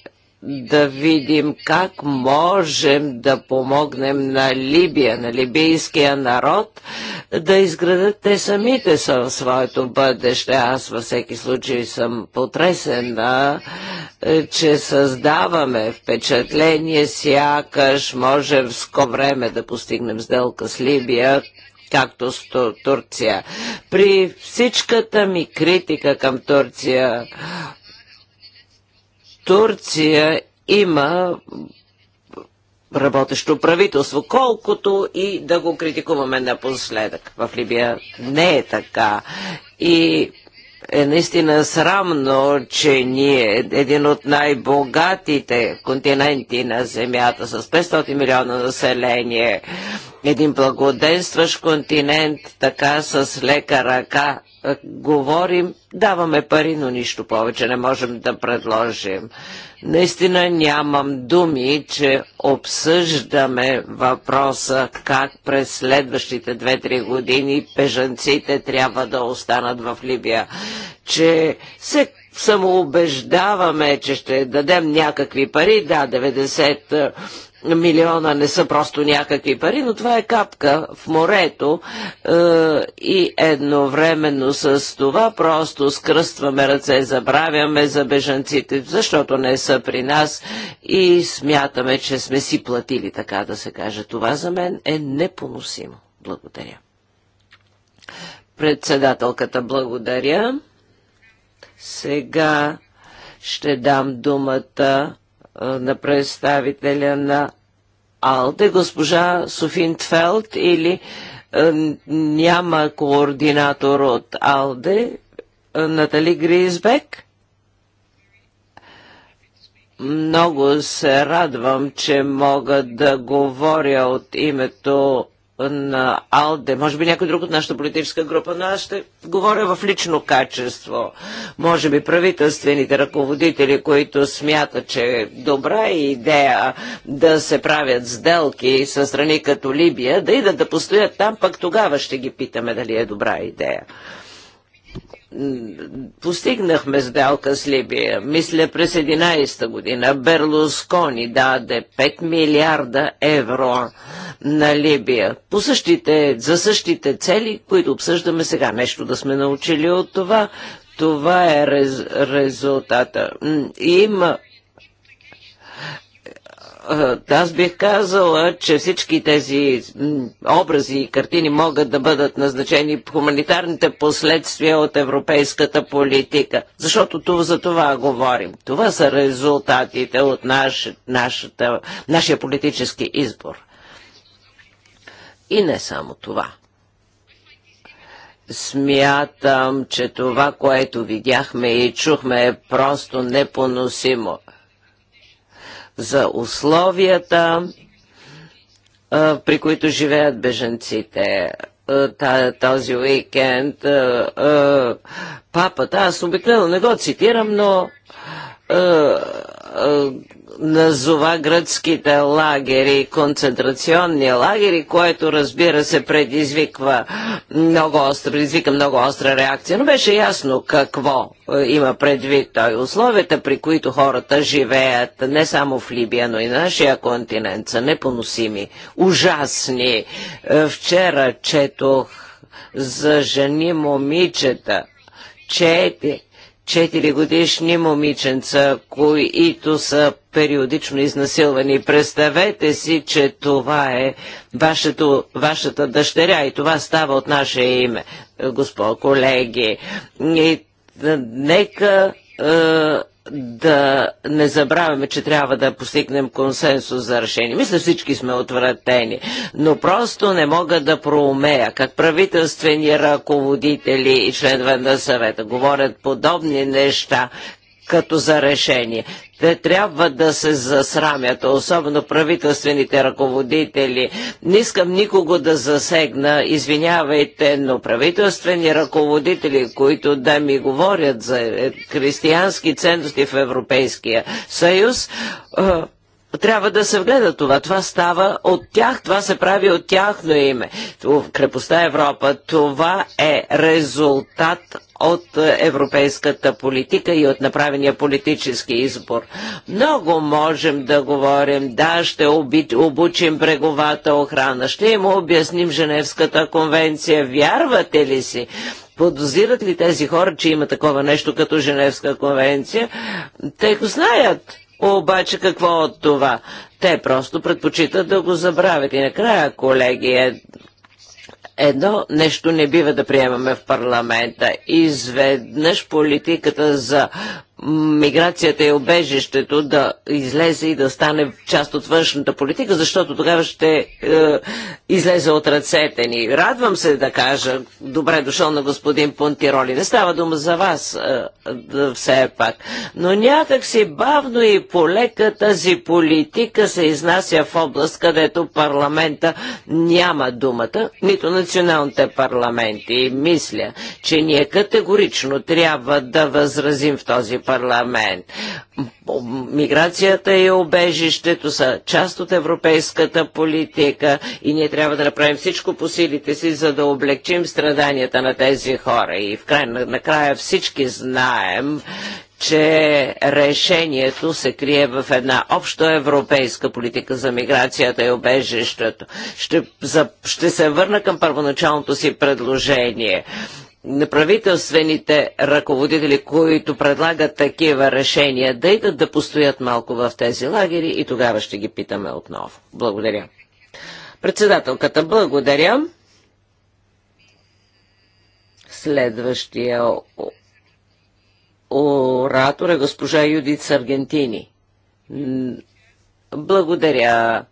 Speaker 3: да видим как можем да помогнем на Либия, на либийския народ да изградат те самите в своето бъдеще. Аз във всеки случай съм потресена, е, че създаваме впечатление сякаш можем в ско време да постигнем сделка с Либия, както с Турция. При всичката ми критика към Турция Турция има работещо правителство, колкото и да го критикуваме напоследък. В Либия не е така. И е наистина срамно, че ние, един от най-богатите континенти на Земята, с 500 милиона население, един благоденстващ континент, така с лека ръка е, говорим, даваме пари, но нищо повече не можем да предложим. Наистина нямам думи, че обсъждаме въпроса как през следващите 2-3 години бежанците трябва да останат в Либия. Че се самоубеждаваме, че ще дадем някакви пари, да, 90 милиона не са просто някакви пари, но това е капка в морето е, и едновременно с това просто скръстваме ръце, забравяме за бежанците, защото не са при нас и смятаме, че сме си платили, така да се каже. Това за мен е непоносимо. Благодаря. Председателката благодаря. Сега ще дам думата на представителя на АЛДЕ, госпожа Софин Тфелт или няма координатор от АЛДЕ, Натали Гризбек? Много се радвам, че мога да говоря от името на АЛДЕ, може би някой друг от нашата политическа група, но аз ще говоря в лично качество. Може би правителствените ръководители, които смятат, че е добра идея да се правят сделки с страни като Либия, да идат да постоят там, пък тогава ще ги питаме дали е добра идея постигнахме сделка с Либия. Мисля през 11-та година Берлускони даде 5 милиарда евро на Либия. По същите, за същите цели, които обсъждаме сега. Нещо да сме научили от това. Това е рез, резултата. Има е, аз бих казала, че всички тези образи и картини могат да бъдат назначени хуманитарните последствия от европейската политика, защото това, за това говорим. Това са резултатите от наш, нашата, нашия политически избор. И не само това. Смятам, че това, което видяхме и чухме е просто непоносимо – за условията, при които живеят беженците. Този уикенд папата, аз обикновено не го цитирам, но е, назова гръцките лагери, концентрационни лагери, което разбира се предизвиква много остра, предизвика много остра реакция, но беше ясно какво е, има предвид той. Условията, при които хората живеят не само в Либия, но и на нашия континент са непоносими, ужасни. Е, вчера четох за жени момичета, чети 4 годишни момиченца, които са периодично изнасилвани. Представете си, че това е вашето, вашата дъщеря и това става от наше име, госпо колеги. И, нека да не забравяме, че трябва да постигнем консенсус за решение. Мисля, всички сме отвратени, но просто не мога да проумея как правителствени ръководители и членове на съвета говорят подобни неща, като за решение. Те трябва да се засрамят, особено правителствените ръководители. Не искам никого да засегна, извинявайте, но правителствени ръководители, които да ми говорят за е, християнски ценности в Европейския съюз, трябва да се вгледа това. Това става от тях, това се прави от тяхно име. Крепостта Европа, това е резултат от европейската политика и от направения политически избор. Много можем да говорим, да, ще убит, обучим бреговата охрана, ще им обясним Женевската конвенция. Вярвате ли си? Подозират ли тези хора, че има такова нещо като Женевска конвенция? Те го знаят. Обаче какво от това? Те просто предпочитат да го забравят. И накрая, колеги, е едно нещо не бива да приемаме в парламента. Изведнъж политиката за миграцията и е обежището да излезе и да стане част от външната политика, защото тогава ще е, излезе от ръцете ни. Радвам се да кажа, добре дошъл на господин Понтироли. Не става дума за вас е, да все пак. Но някак си бавно и полека тази политика се изнася в област, където парламента няма думата, нито националните парламенти. И мисля, че ние категорично трябва да възразим в този парламент. Миграцията и обежището са част от европейската политика и ние трябва да направим всичко по силите си, за да облегчим страданията на тези хора. И в край, накрая всички знаем, че решението се крие в една общо европейска политика за миграцията и обежището. Ще, за, ще се върна към първоначалното си предложение неправителствените ръководители, които предлагат такива решения, да идат да постоят малко в тези лагери и тогава ще ги питаме отново. Благодаря. Председателката, благодаря. Следващия оратор е госпожа Юдит Саргентини. Благодаря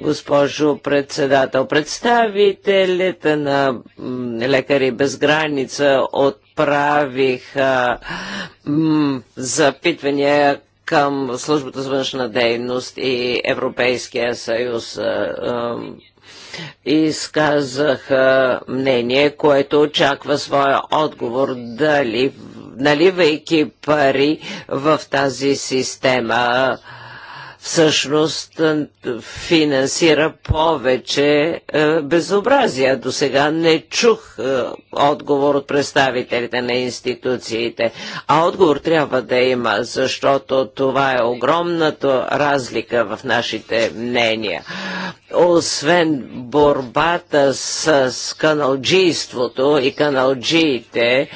Speaker 3: госпожо председател. Представителите на Лекари без граница отправиха запитвания към Службата за външна дейност и Европейския съюз е, е, изказах мнение, което очаква своя отговор дали наливайки пари в тази система всъщност е, финансира повече е, безобразия. До сега не чух е, отговор от представителите на институциите, а отговор трябва да има, защото това е огромната разлика в нашите мнения. Освен борбата с каналджийството и каналджиите,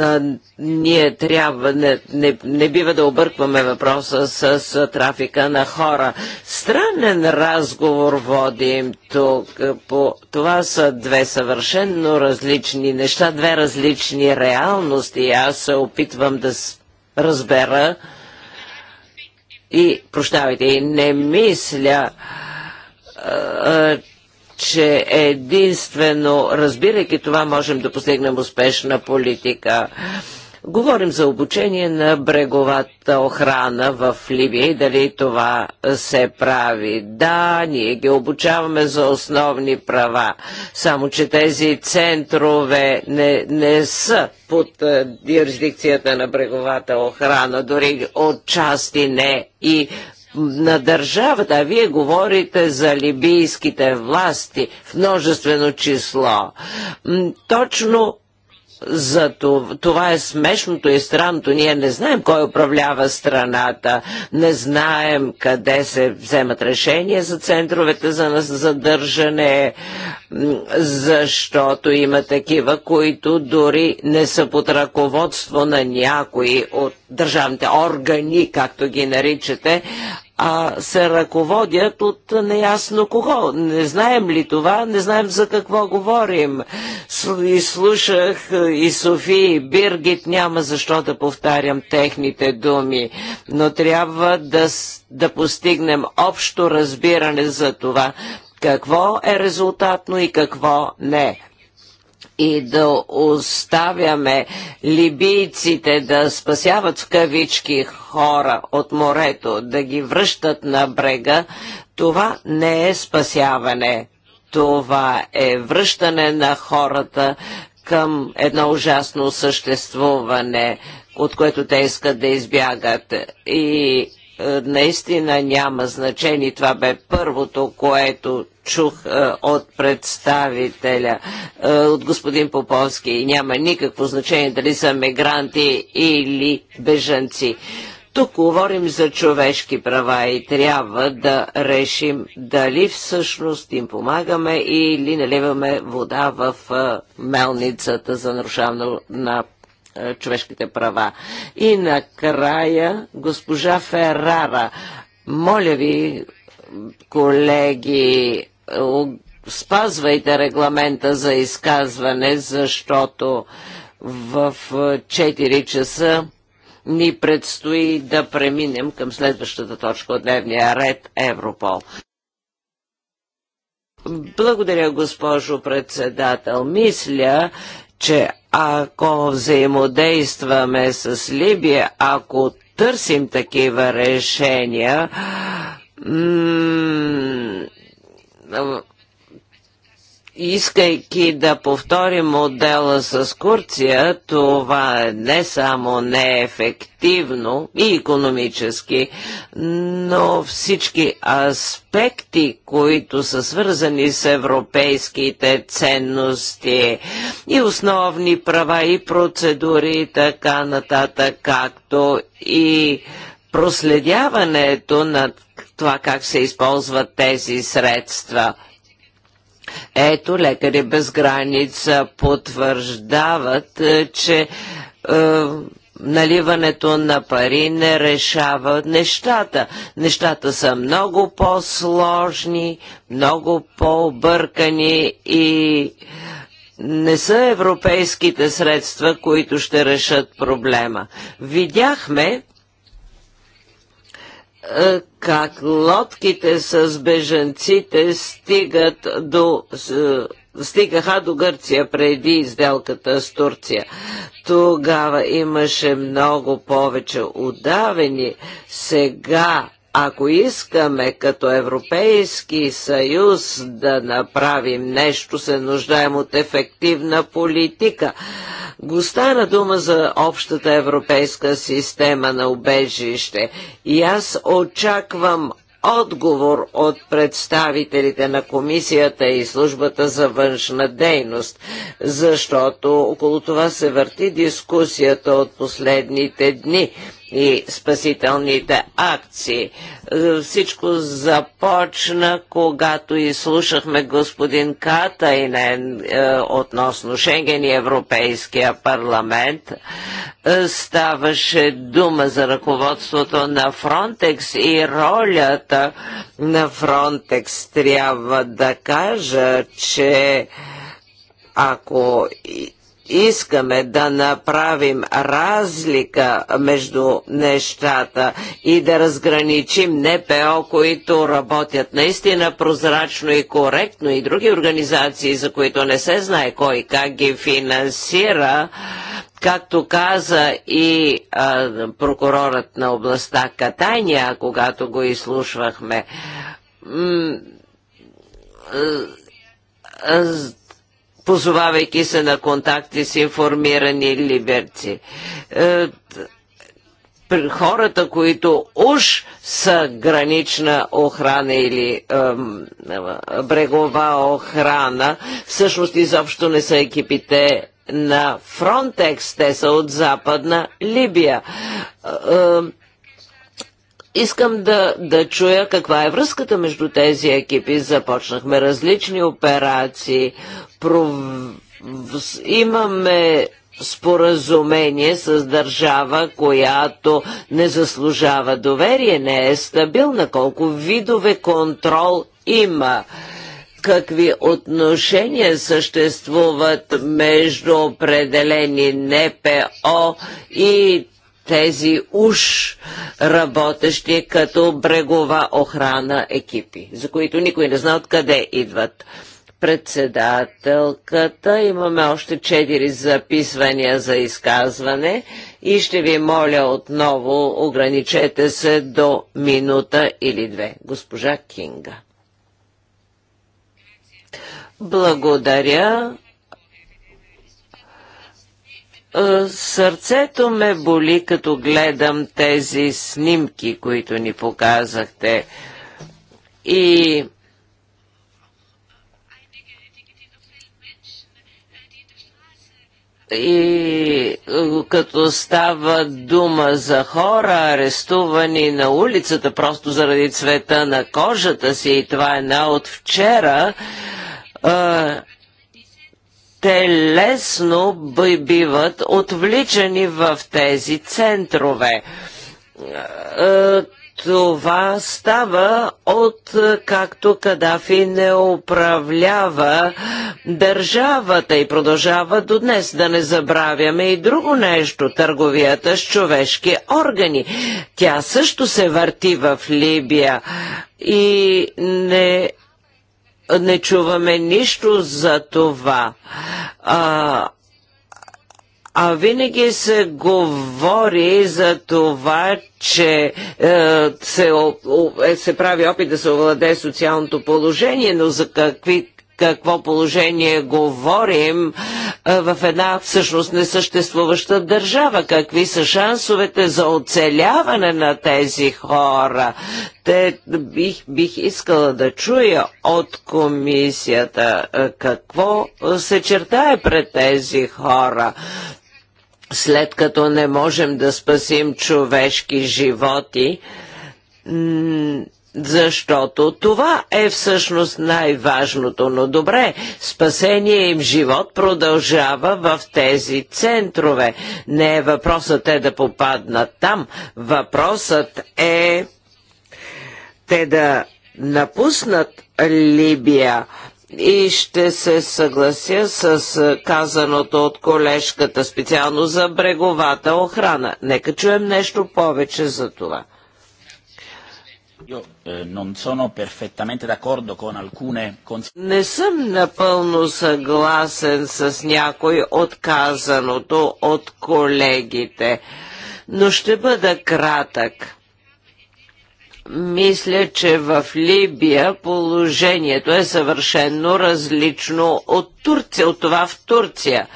Speaker 3: а, ние трябва, не, не, не бива да объркваме въпроса с, с трафика на хора. Странен разговор водим тук. По, това са две съвършенно различни неща, две различни реалности. Аз се опитвам да разбера и, прощавайте, не мисля, а, че единствено, разбирайки това, можем да постигнем успешна политика. Говорим за обучение на бреговата охрана в Ливия и дали това се прави. Да, ние ги обучаваме за основни права, само че тези центрове не, не са под е, юрисдикцията на бреговата охрана, дори от части не и на държавата, а вие говорите за либийските власти в множествено число. Точно за това, това е смешното и странното. Ние не знаем кой управлява страната, не знаем къде се вземат решения за центровете за задържане, защото има такива, които дори не са под ръководство на някои от държавните органи, както ги наричате, а, се ръководят от неясно кого. Не знаем ли това, не знаем за какво говорим. И слушах и Софи, и Биргит, няма защо да повтарям техните думи, но трябва да, да постигнем общо разбиране за това, какво е резултатно и какво не и да оставяме либийците да спасяват в кавички хора от морето, да ги връщат на брега, това не е спасяване. Това е връщане на хората към едно ужасно съществуване, от което те искат да избягат. И е, наистина няма значение. Това бе първото, което чух е, от представителя, е, от господин Поповски. Няма никакво значение дали са мигранти или бежанци. Тук говорим за човешки права и трябва да решим дали всъщност им помагаме или наливаме вода в мелницата за нарушаване на е, човешките права. И накрая госпожа Ферара. Моля ви, колеги, е, спазвайте регламента за изказване, защото в 4 е, часа ни предстои да преминем към следващата точка от дневния ред Европол. Благодаря, госпожо председател. Мисля, че ако взаимодействаме с Либия, ако търсим такива решения, Искайки да повторим модела с Курция, това е не само не е ефективно и економически, но всички аспекти, които са свързани с европейските ценности и основни права и процедури и така нататък, както и проследяването на това как се използват тези средства – ето, лекари без граница потвърждават, е, че е, наливането на пари не решава нещата. Нещата са много по-сложни, много по-объркани и не са европейските средства, които ще решат проблема. Видяхме, е, как лодките с беженците стигат до, е, стигаха до Гърция преди изделката с Турция. Тогава имаше много повече удавени. Сега ако искаме като Европейски съюз да направим нещо, се нуждаем от ефективна политика. Го стана дума за общата европейска система на убежище и аз очаквам отговор от представителите на комисията и службата за външна дейност, защото около това се върти дискусията от последните дни и спасителните акции. Всичко започна, когато изслушахме господин Катайнен е, относно Шенген и Европейския парламент. Е, ставаше дума за ръководството на Фронтекс и ролята на Фронтекс. Трябва да кажа, че ако искаме да направим разлика между нещата и да разграничим НПО, които работят наистина прозрачно и коректно и други организации, за които не се знае кой как ги финансира, Както каза и а, прокурорът на областта Катания, когато го изслушвахме, позовавайки се на контакти с информирани либерци е, хората, които уж са гранична охрана или ем, брегова охрана, всъщност изобщо не са екипите на Фронтекс, те са от Западна Либия. Е, ем, Искам да, да чуя каква е връзката между тези екипи. Започнахме различни операции. Пров... Имаме споразумение с държава, която не заслужава доверие, не е стабилна. Колко видове контрол има? Какви отношения съществуват между определени НПО и тези уж работещи като брегова охрана екипи, за които никой не знае откъде идват председателката. Имаме още 4 записвания за изказване и ще ви моля отново ограничете се до минута или две. Госпожа Кинга. Благодаря. Е, сърцето ме боли, като гледам тези снимки, които ни показахте. И и е, като става дума за хора, арестувани на улицата просто заради цвета на кожата си, и това е една от вчера, е, те лесно биват отвличани в тези центрове. Е, това става от е, както Кадафи не управлява държавата и продължава до днес. Да не забравяме и друго нещо – търговията с човешки органи. Тя също се върти в Либия и не не чуваме нищо за това. А, а винаги се говори за това, че е, се, е, се прави опит да се овладее социалното положение, но за какви, какво положение говорим в една всъщност несъществуваща държава. Какви са шансовете за оцеляване на тези хора? Те бих, бих искала да чуя от комисията какво се чертае пред тези хора след като не можем да спасим човешки животи, защото това е всъщност най-важното, но добре, спасение им живот продължава в тези центрове. Не е въпросът е да попаднат там, въпросът е те да напуснат Либия. И ще се съглася с казаното от колежката специално за бреговата охрана. Нека чуем нещо повече за това. Не съм напълно съгласен с някой отказаното от колегите, но ще бъда кратък. Мисля, че в Либия положението е съвършенно различно от Турция, от това в Турция.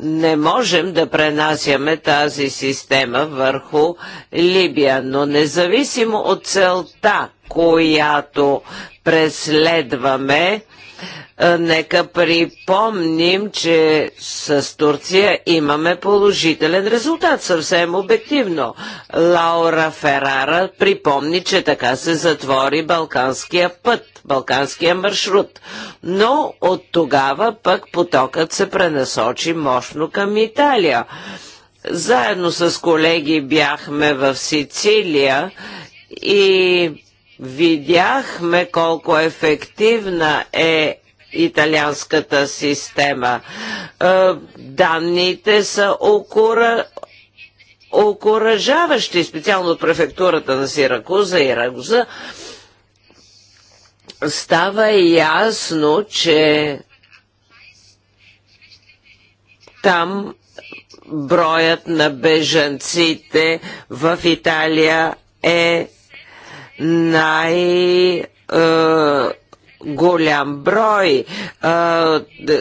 Speaker 3: Не можем да пренасяме тази система върху Либия, но независимо от целта, която преследваме, е, нека припомним, че с Турция имаме положителен резултат, съвсем обективно. Лаура Ферара припомни, че така се затвори Балканския път, Балканския маршрут. Но от тогава пък потокът се пренасочи мощно към Италия. Заедно с колеги бяхме в Сицилия и Видяхме колко ефективна е италианската система. Е, данните са окура окоръжаващи, специално от префектурата на Сиракуза и Рагуза, става ясно, че там броят на бежанците в Италия е най- е, голям брой. Е,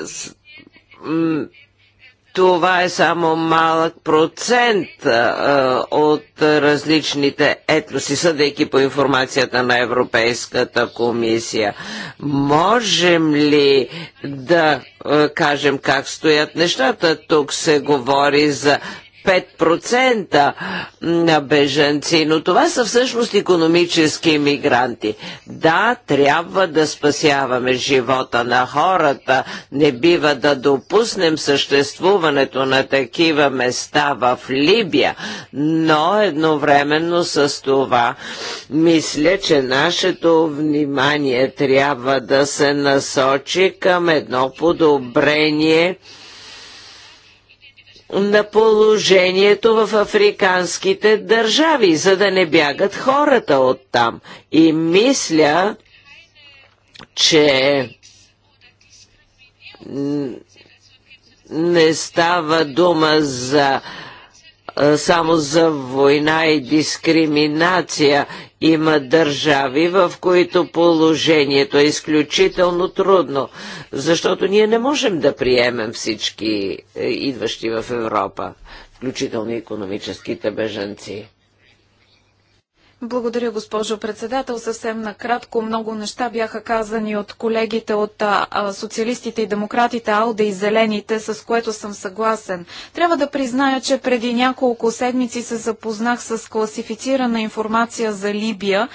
Speaker 3: това е само малък процент е, от различните етноси, съдейки по информацията на Европейската комисия. Можем ли да кажем как стоят нещата? Тук се говори за 5% на беженци, но това са всъщност економически мигранти. Да, трябва да спасяваме живота на хората, не бива да допуснем съществуването на такива места в Либия, но едновременно с това мисля, че нашето внимание трябва да се насочи към едно подобрение на положението в африканските държави, за да не бягат хората от там. И мисля, че не става дума за само за война и дискриминация. Има държави, в които положението е изключително трудно, защото ние не можем да приемем всички е, идващи в Европа, включително и економическите беженци.
Speaker 1: Благодаря, госпожо председател. Съвсем накратко много неща бяха казани от колегите от а, социалистите и демократите, Алде и Зелените, с което съм съгласен. Трябва да призная, че преди няколко седмици се запознах с класифицирана информация за Либия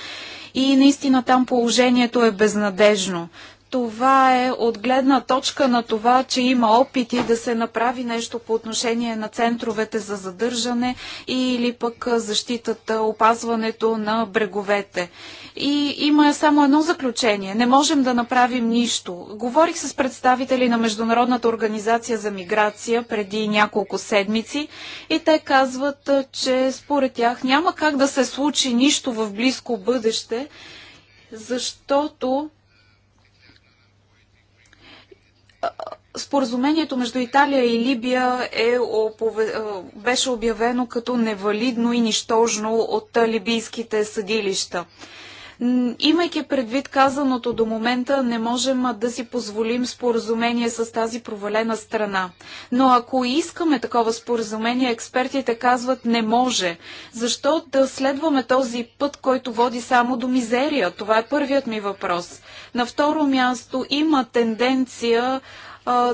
Speaker 1: и наистина там положението е безнадежно това е от гледна точка на това, че има опити да се направи нещо по отношение на центровете за задържане или пък защитата, опазването на бреговете. И има само едно заключение. Не можем да направим нищо. Говорих с представители на Международната организация за миграция преди няколко седмици и те казват, че според тях няма как да се случи нищо в близко бъдеще, защото Споразумението между Италия и Либия е опове... Е, беше обявено като невалидно и нищожно от либийските съдилища. Имайки предвид казаното до момента, не можем да си позволим споразумение с тази провалена страна. Но ако искаме такова споразумение, експертите казват не може. Защо да следваме този път, който води само до мизерия? Това е първият ми въпрос. На второ място има тенденция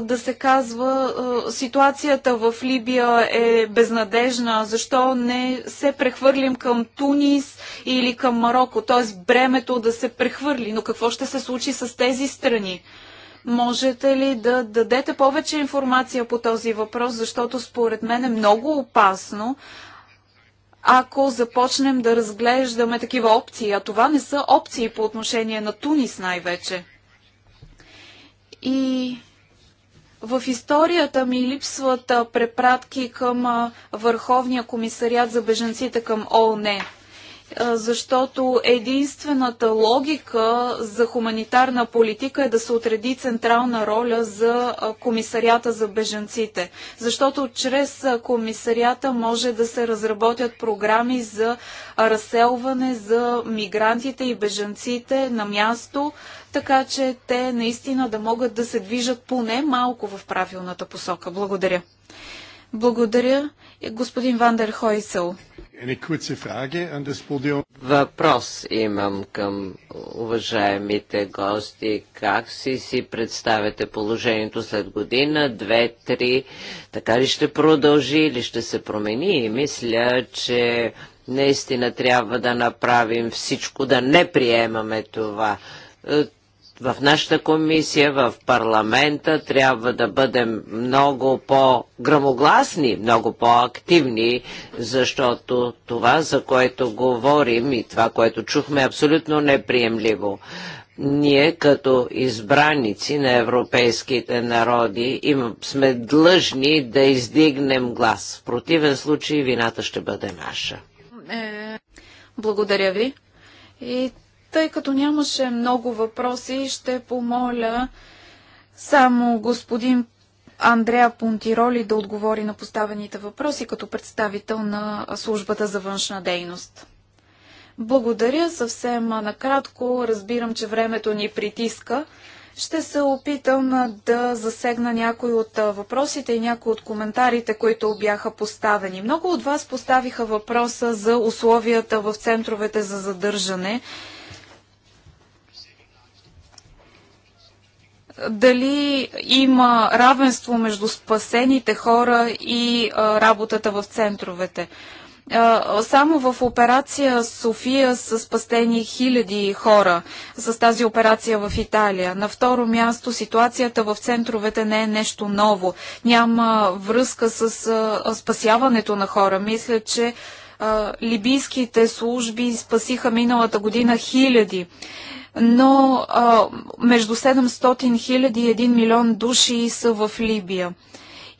Speaker 1: да се казва ситуацията в Либия е безнадежна, защо не се прехвърлим към Тунис или към Марокко, т.е. бремето да се прехвърли. Но какво ще се случи с тези страни? Можете ли да дадете повече информация по този въпрос, защото според мен е много опасно, ако започнем да разглеждаме такива опции, а това не са опции по отношение на Тунис най-вече. И в историята ми липсват препратки към Върховния комисариат за беженците към ООН защото единствената логика за хуманитарна политика е да се отреди централна роля за комисарията за бежанците. Защото чрез комисарията може да се разработят програми за разселване за мигрантите и бежанците на място, така че те наистина да могат да се движат поне малко в правилната посока. Благодаря. Благодаря, господин Вандер Хойсел.
Speaker 3: Въпрос имам към уважаемите гости. Как си си представяте положението след година, две, три? Така ли ще продължи или ще се промени? И мисля, че наистина трябва да направим всичко, да не приемаме това е, в нашата комисия, в парламента трябва да бъдем много по-грамогласни, много по-активни, защото това, за което говорим и това, което чухме, е абсолютно неприемливо. Ние като избраници на европейските народи им сме длъжни да издигнем глас. В противен случай вината ще бъде наша.
Speaker 2: Е,
Speaker 1: благодаря ви. И тъй като нямаше много въпроси, ще помоля само господин Андреа Понтироли да отговори на поставените въпроси като представител на службата за външна дейност. Благодаря съвсем накратко. Разбирам, че времето ни притиска. Ще се опитам да засегна някои от въпросите и някои от коментарите, които бяха поставени. Много от вас поставиха въпроса за условията в центровете за задържане дали има равенство между спасените хора и а, работата в центровете. А, само в операция София са спастени хиляди хора с тази операция в Италия. На второ място ситуацията в центровете не е нещо ново. Няма връзка с а, спасяването на хора. Мисля, че либийските служби спасиха миналата година хиляди но а, между 700 хиляди и 1 милион души са в Либия.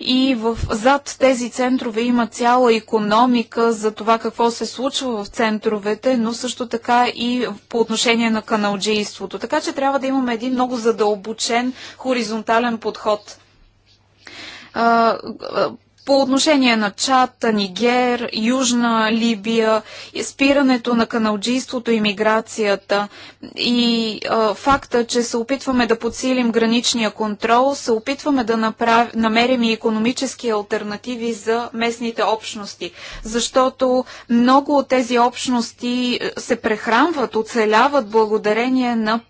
Speaker 1: И в, зад тези центрове има цяла економика за това какво се случва в центровете, но също така и по отношение на каналджийството. Така че трябва да имаме един много задълбочен хоризонтален подход по отношение на Чад, Нигер, Южна Либия, спирането на каналджийството и миграцията и а, факта, че се опитваме да подсилим граничния контрол, се опитваме да направ... намерим и економически альтернативи за местните общности, защото много от тези общности се прехранват, оцеляват благодарение на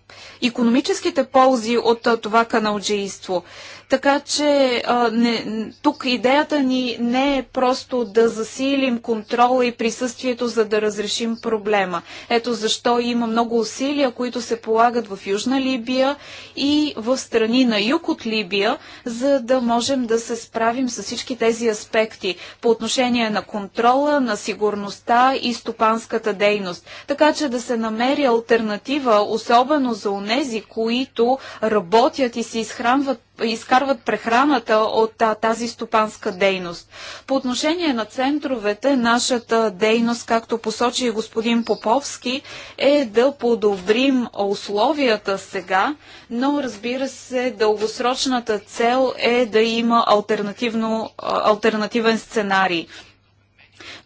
Speaker 1: економическите ползи от това каналджийство. Така че а, не, тук идеята ни не е просто да засилим контрола и присъствието, за да разрешим проблема. Ето защо има много усилия, които се полагат в Южна Либия и в страни на юг от Либия, за да можем да се справим с всички тези аспекти по отношение на контрола, на сигурността и стопанската дейност. Така че да се намери альтернатива, особено за унези, които работят и се изхранват изкарват прехраната от а, тази стопанска дейност. По отношение на центровете, нашата дейност, както посочи и господин Поповски, е да подобрим условията сега, но разбира се, дългосрочната цел е да има альтернативен сценарий.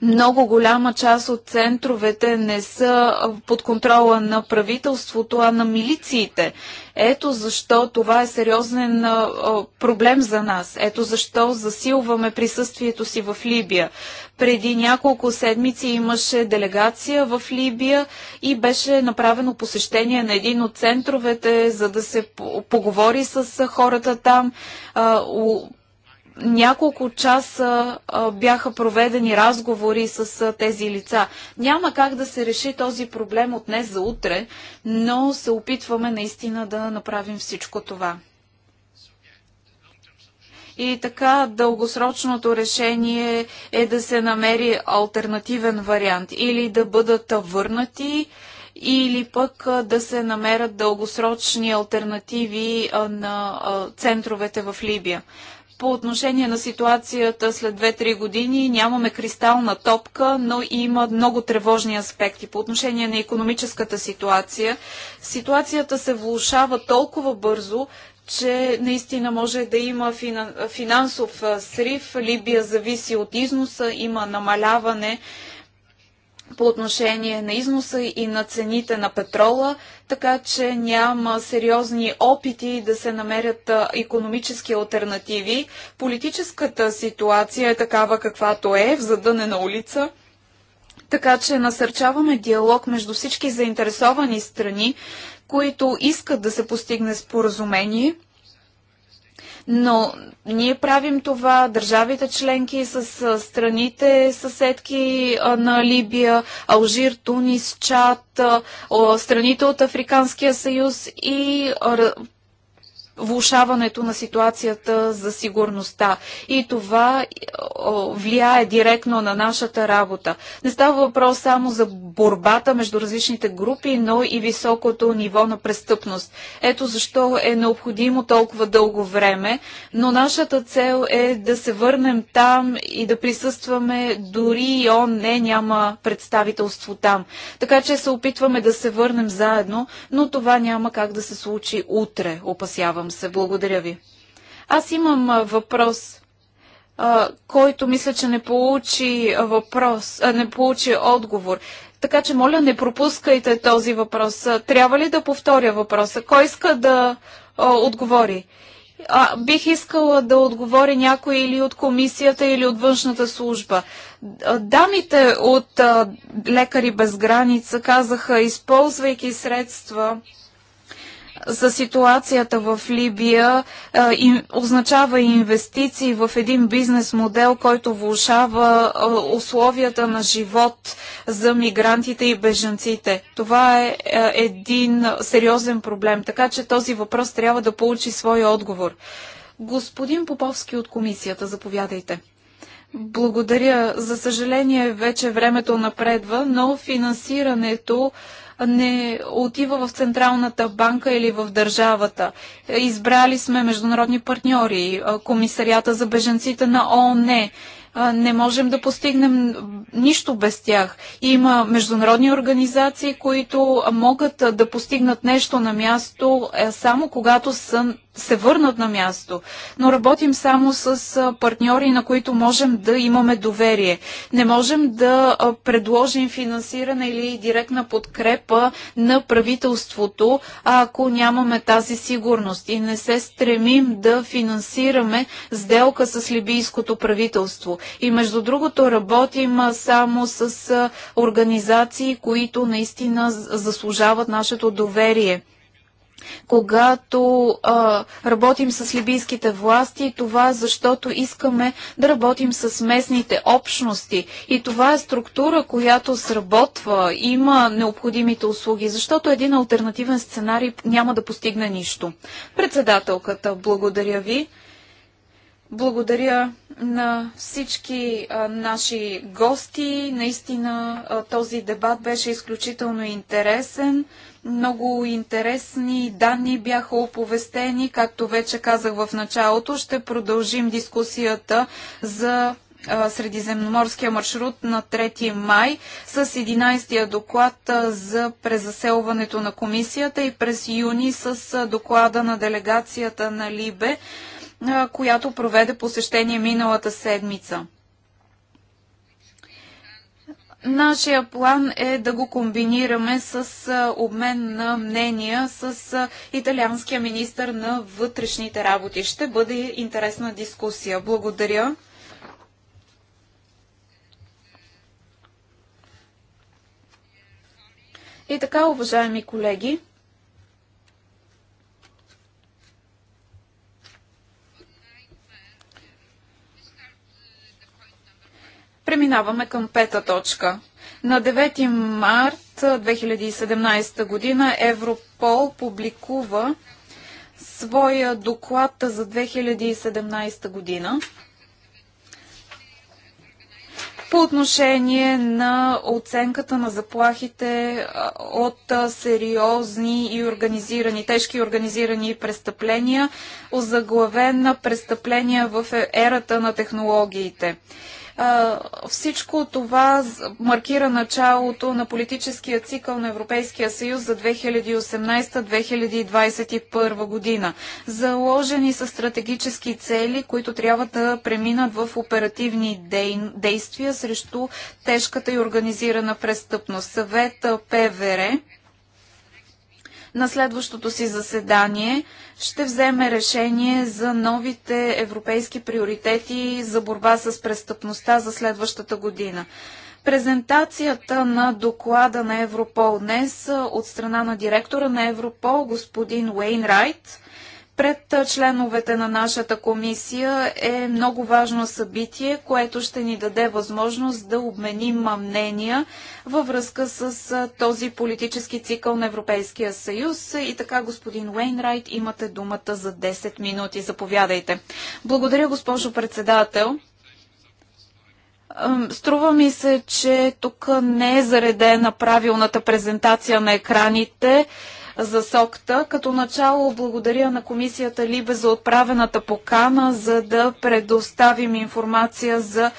Speaker 1: Много голяма част от центровете не са под контрола на правителството, а на милициите. Ето защо това е сериозен проблем за нас. Ето защо засилваме присъствието си в Либия. Преди няколко седмици имаше делегация в Либия и беше направено посещение на един от центровете, за да се поговори с хората там няколко часа бяха проведени разговори с тези лица. Няма как да се реши този проблем от днес за утре, но се опитваме наистина да направим всичко това. И така дългосрочното решение е да се намери альтернативен вариант или да бъдат върнати или пък да се намерят дългосрочни альтернативи на центровете в Либия по отношение на ситуацията след 2-3 години нямаме кристална топка, но има много тревожни аспекти. По отношение на економическата ситуация, ситуацията се влушава толкова бързо, че наистина може да има финансов срив. Либия зависи от износа, има намаляване по отношение на износа и на цените на петрола, така че няма сериозни опити да се намерят економически альтернативи. Политическата ситуация е такава каквато е, в задънена улица. Така че насърчаваме диалог между всички заинтересовани страни, които искат да се постигне споразумение – но ние правим това, държавите членки с страните съседки на Либия, Алжир, Тунис, Чад, страните от Африканския съюз и влушаването на ситуацията за сигурността. И това влияе директно на нашата работа. Не става въпрос само за борбата между различните групи, но и високото ниво на престъпност. Ето защо е необходимо толкова дълго време, но нашата цел е да се върнем там и да присъстваме дори и он не няма представителство там. Така че се опитваме да се върнем заедно, но това няма как да се случи утре, опасявам Надявам се. Благодаря ви. Аз имам въпрос, който мисля, че не получи въпрос, не получи отговор. Така че, моля, не пропускайте този въпрос. Трябва ли да повторя въпроса? Кой иска да отговори? А, бих искала да отговори някой или от комисията, или от външната служба. Дамите от а, Лекари без граница казаха, използвайки средства за ситуацията в Либия а, и означава инвестиции в един бизнес модел, който влушава а, условията на живот за мигрантите и бежанците. Това е а, един сериозен проблем, така че този въпрос трябва да получи свой отговор. Господин Поповски от комисията, заповядайте. Благодаря. За съжаление, вече времето напредва, но финансирането не отива в Централната банка или в държавата. Избрали сме международни партньори, комисарията за беженците на ООН не можем да постигнем нищо без тях. Има международни организации, които могат да постигнат нещо на място е, само когато са се върнат на място, но работим само с партньори, на които можем да имаме доверие. Не можем да предложим финансиране или директна подкрепа на правителството, ако нямаме тази сигурност и не се стремим да финансираме сделка с либийското правителство. И между другото работим само с организации, които наистина заслужават нашето доверие когато а, работим с либийските власти, това защото искаме да работим с местните общности. И това е структура, която сработва, има необходимите услуги, защото един альтернативен сценарий няма да постигне нищо. Председателката, благодаря ви. Благодаря на всички наши гости. Наистина този дебат беше изключително интересен. Много интересни данни бяха оповестени. Както вече казах в началото, ще продължим дискусията за Средиземноморския маршрут на 3 май с 11-я доклад за презаселването на комисията и през юни с доклада на делегацията на Либе която проведе посещение миналата седмица. Нашия план е да го комбинираме с обмен на мнения с италианския министр на вътрешните работи. Ще бъде интересна дискусия. Благодаря. И така, уважаеми колеги, Преминаваме към пета точка. На 9 март 2017 година Европол публикува своя доклад за 2017 година по отношение на оценката на заплахите от сериозни и организирани, тежки организирани престъпления, озаглавена престъпления в е-, ерата на технологиите. Всичко това маркира началото на политическия цикъл на Европейския съюз за 2018-2021 година. Заложени са стратегически цели, които трябва да преминат в оперативни действия срещу тежката и организирана престъпност. Съвет ПВР на следващото си заседание ще вземе решение за новите европейски приоритети за борба с престъпността за следващата година. Презентацията на доклада на Европол днес от страна на директора на Европол, господин Уейн Райт, пред членовете на нашата комисия е много важно събитие, което ще ни даде възможност да обменим мнения във връзка с този политически цикъл на Европейския съюз. И така, господин Уейнрайт, имате думата за 10 минути. Заповядайте. Благодаря, госпожо председател. Струва ми се, че тук не е заредена правилната презентация на екраните за сокта. Като начало благодаря на комисията Либе за отправената покана, за да предоставим информация за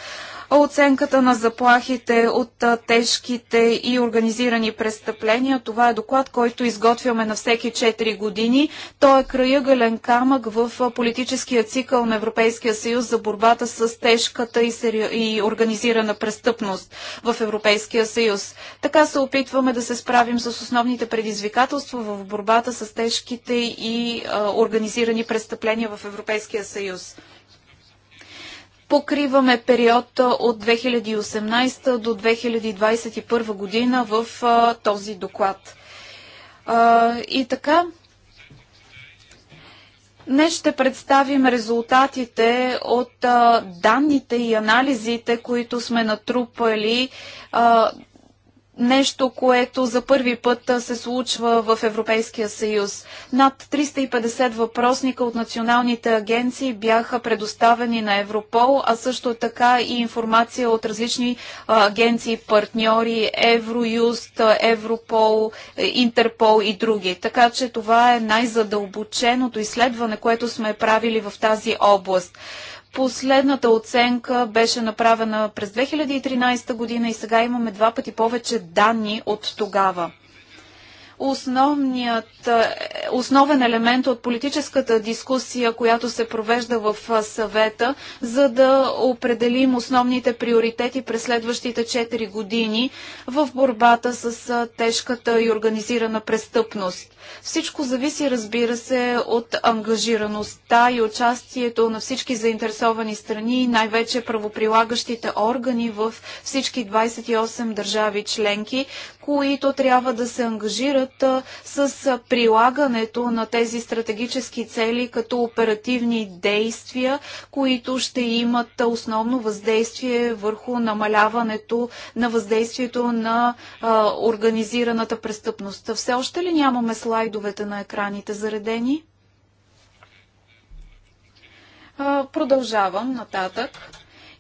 Speaker 1: оценката на заплахите от тежките и организирани престъпления. Това е доклад, който изготвяме на всеки 4 години. Той е краягален камък в политическия цикъл на Европейския съюз за борбата с тежката и, сери... и организирана престъпност в Европейския съюз. Така се опитваме да се справим с основните предизвикателства в борбата с тежките и а, организирани престъпления в Европейския съюз покриваме период от 2018 до 2021 година в а, този доклад. А, и така, Днес ще представим резултатите от а, данните и анализите, които сме натрупали а, нещо, което за първи път се случва в Европейския съюз. Над 350 въпросника от националните агенции бяха предоставени на Европол, а също така и информация от различни агенции, партньори, Евроюст, Европол, Интерпол и други. Така че това е най-задълбоченото изследване, което сме правили в тази област. Последната оценка беше направена през 2013 година и сега имаме два пъти повече данни от тогава. Основният, е, основен елемент от политическата дискусия, която се провежда в е, съвета, за да определим основните приоритети през следващите 4 години в борбата с е, тежката и организирана престъпност. Всичко зависи, разбира се, от ангажираността и участието на всички заинтересовани страни, най-вече правоприлагащите органи в всички 28 държави членки, които трябва да се ангажират с прилагането на тези стратегически цели като оперативни действия, които ще имат основно въздействие върху намаляването на въздействието на а, организираната престъпност. Все още ли нямаме слабо слайдовете на екраните заредени. Продължавам нататък.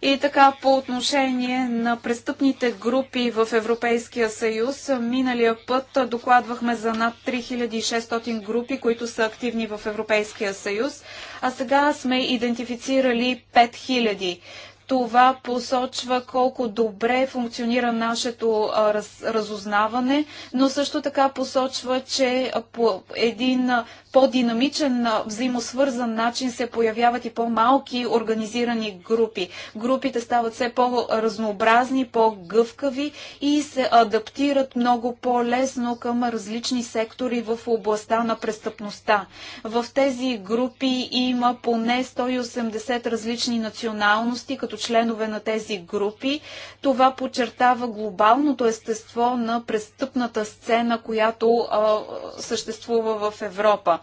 Speaker 1: И така по отношение на престъпните групи в Европейския съюз, миналия път докладвахме за над 3600 групи, които са активни в Европейския съюз, а сега сме идентифицирали 5000. Това посочва колко добре функционира нашето раз, разузнаване, но също така посочва, че по един по-динамичен, взаимосвързан начин се появяват и по-малки организирани групи. Групите стават все по-разнообразни, по-гъвкави и се адаптират много по-лесно към различни сектори в областта на престъпността. В тези групи има поне 180 различни националности като членове на тези групи. Това подчертава глобалното естество на престъпната сцена, която а, съществува в Европа.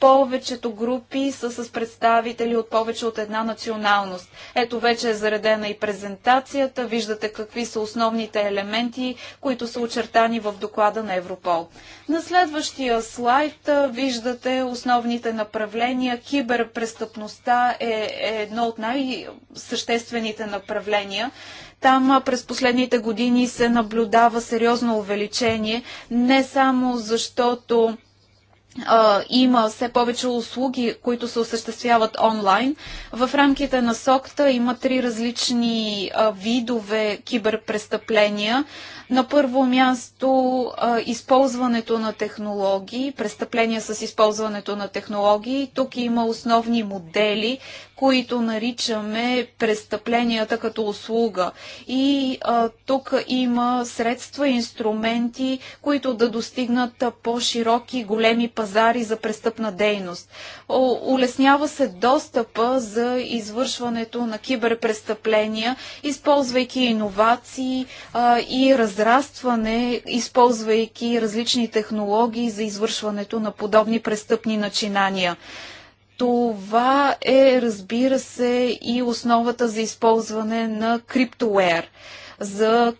Speaker 1: Повечето групи са с представители от повече от една националност. Ето вече е заредена и презентацията. Виждате какви са основните елементи, които са очертани в доклада на Европол. На следващия слайд виждате основните направления. Киберпрестъпността е, е едно от най-съществените направления. Там през последните години се наблюдава сериозно увеличение, не само защото има все повече услуги, които се осъществяват онлайн. В рамките на СОКТА има три различни видове киберпрестъпления. На първо място а, използването на технологии, престъпления с използването на технологии. Тук има основни модели, които наричаме престъпленията като услуга. И а, тук има средства, инструменти, които да достигнат по-широки, големи пазари за престъпна дейност. О, улеснява се достъпа за извършването на киберпрестъпления, използвайки иновации а, и разработки израстване, използвайки различни технологии за извършването на подобни престъпни начинания. Това е, разбира се, и основата за използване на криптоуер за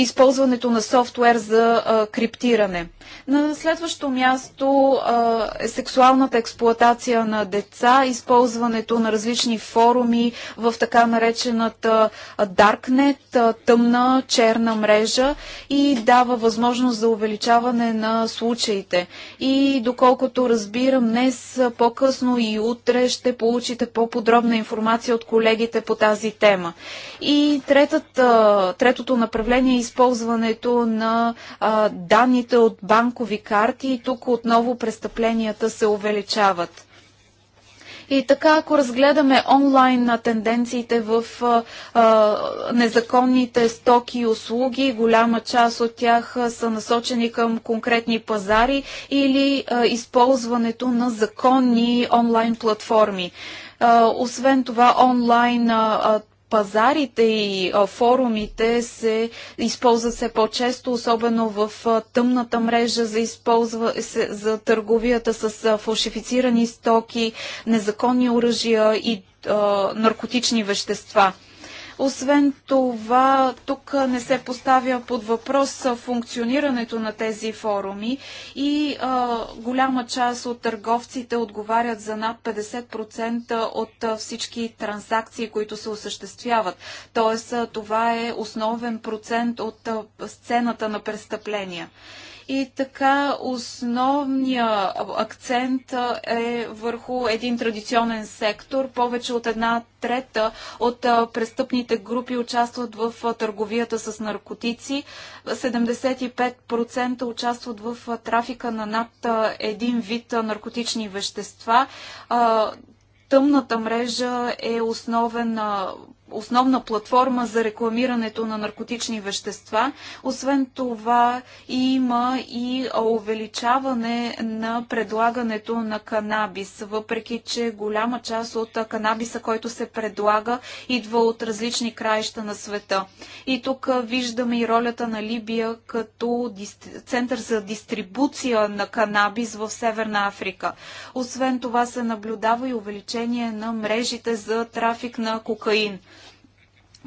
Speaker 1: използването на софтуер за а, криптиране. На следващо място а, е сексуалната експлоатация на деца, използването на различни форуми в така наречената Darknet, тъмна черна мрежа и дава възможност за увеличаване на случаите. И доколкото разбирам, днес по-късно и утре ще получите по-подробна информация от колегите по тази тема. И третата, третото направление е използването на а, данните от банкови карти и тук отново престъпленията се увеличават. И така, ако разгледаме онлайн на тенденциите в а, незаконните стоки и услуги, голяма част от тях са насочени към конкретни пазари или а, използването на законни онлайн платформи. А, освен това, онлайн а, пазарите и форумите се използват все по-често, особено в тъмната мрежа за, използва, за търговията с фалшифицирани стоки, незаконни оръжия и наркотични вещества. Освен това, тук не се поставя под въпрос функционирането на тези форуми и а, голяма част от търговците отговарят за над 50% от всички транзакции, които се осъществяват. Тоест, това е основен процент от сцената на престъпления. И така основният акцент е върху един традиционен сектор. Повече от една трета от престъпните групи участват в търговията с наркотици. 75% участват в трафика на над един вид наркотични вещества тъмната мрежа е основен основна платформа за рекламирането на наркотични вещества. Освен това има и увеличаване на предлагането на канабис, въпреки че голяма част от канабиса, който се предлага, идва от различни краища на света. И тук виждаме и ролята на Либия като център за дистрибуция на канабис в Северна Африка. Освен това се наблюдава и увеличение на мрежите за трафик на кокаин.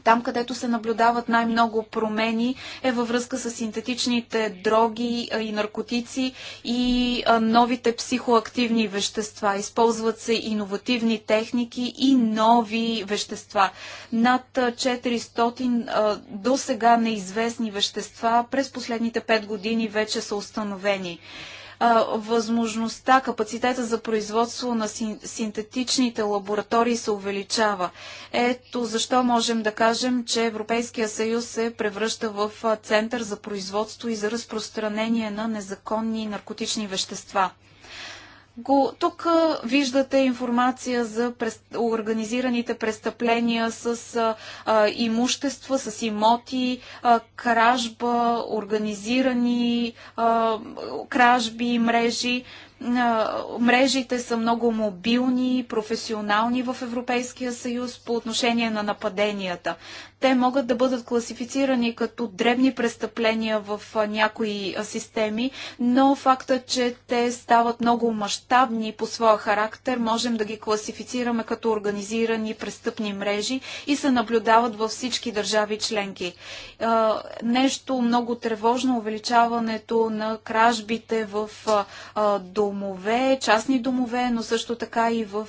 Speaker 1: Там, където се наблюдават най-много промени е във връзка с синтетичните дроги и наркотици и новите психоактивни вещества. Използват се иновативни техники и нови вещества. Над 400 до сега неизвестни вещества през последните 5 години вече са установени а, възможността, капацитета за производство на син, синтетичните лаборатории се увеличава. Ето защо можем да кажем, че Европейския съюз се превръща в център за производство и за разпространение на незаконни наркотични вещества го. Тук виждате информация за организираните престъпления с а, имущества, с имоти, а, кражба, организирани а, кражби, мрежи. Мрежите са много мобилни, професионални в Европейския съюз по отношение на нападенията. Те могат да бъдат класифицирани като дребни престъпления в някои системи, но факта, че те стават много мащабни по своя характер, можем да ги класифицираме като организирани престъпни мрежи и се наблюдават във всички държави членки. Нещо много тревожно увеличаването на кражбите в дома домове, частни домове, но също така и в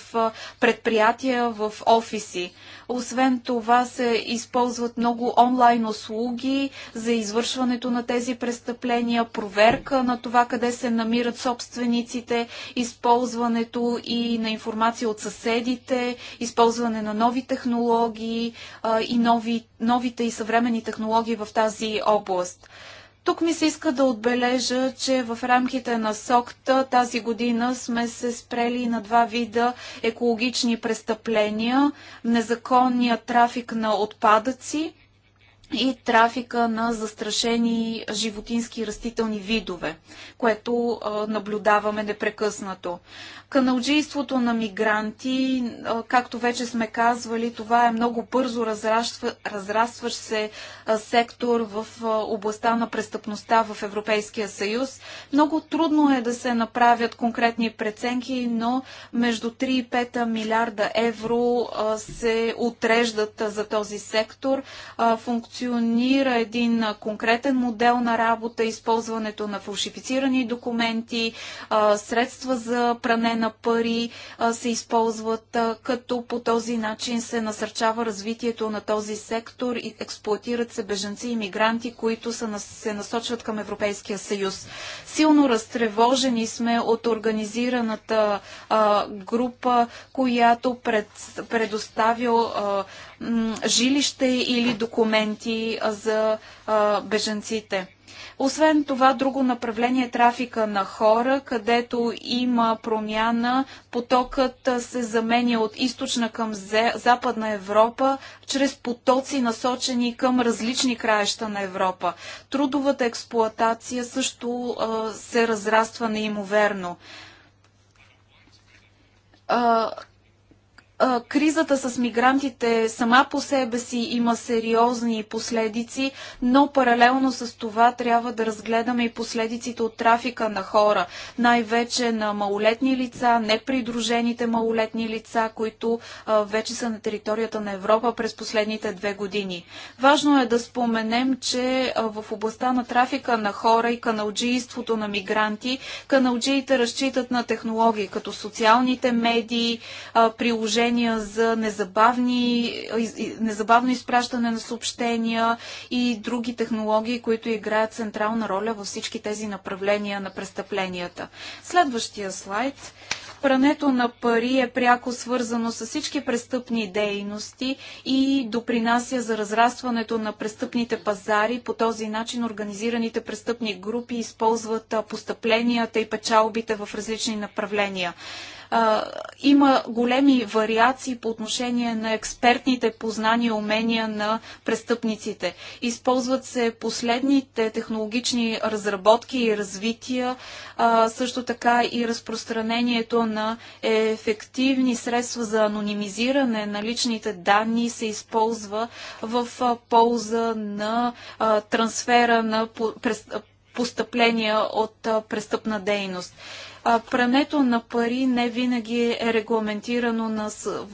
Speaker 1: предприятия, в офиси. Освен това се използват много онлайн услуги за извършването на тези престъпления, проверка на това къде се намират собствениците, използването и на информация от съседите, използване на нови технологии и нови, новите и съвремени технологии в тази област. Тук ми се иска да отбележа, че в рамките на СОКТА тази година сме се спрели на два вида екологични престъпления незаконния трафик на отпадъци и трафика на застрашени животински и растителни видове, което наблюдаваме непрекъснато. Каналджийството на мигранти, както вече сме казвали, това е много бързо разрастващ се сектор в областта на престъпността в Европейския съюз. Много трудно е да се направят конкретни преценки, но между 3 и 5 милиарда евро се отреждат за този сектор. Функционира един конкретен модел на работа, използването на фалшифицирани документи, средства за пране на пари се използват, като по този начин се насърчава развитието на този сектор и експлуатират се бежанци и мигранти, които се насочват към Европейския съюз. Силно разтревожени сме от организираната група, която пред, предоставя жилище или документи за беженците. Освен това, друго направление е трафика на хора, където има промяна. Потокът се заменя от източна към западна Европа, чрез потоци насочени към различни краища на Европа. Трудовата експлоатация също се разраства неимоверно кризата с мигрантите сама по себе си има сериозни последици, но паралелно с това трябва да разгледаме и последиците от трафика на хора, най-вече на малолетни лица, непридружените малолетни лица, които а, вече са на територията на Европа през последните две години. Важно е да споменем, че а, в областта на трафика на хора и каналджийството на мигранти, каналджиите разчитат на технологии като социалните медии, а, приложения, съобщения за незабавни, незабавно изпращане на съобщения и други технологии, които играят централна роля във всички тези направления на престъпленията. Следващия слайд. Прането на пари е пряко свързано с всички престъпни дейности и допринася за разрастването на престъпните пазари. По този начин организираните престъпни групи използват постъпленията и печалбите в различни направления а, има големи вариации по отношение на експертните познания и умения на престъпниците. Използват се последните технологични разработки и развития, а, също така и разпространението на ефективни средства за анонимизиране на личните данни се използва в а, полза на а, трансфера на по, постъпления от престъпна дейност прането на пари не винаги е регламентирано на,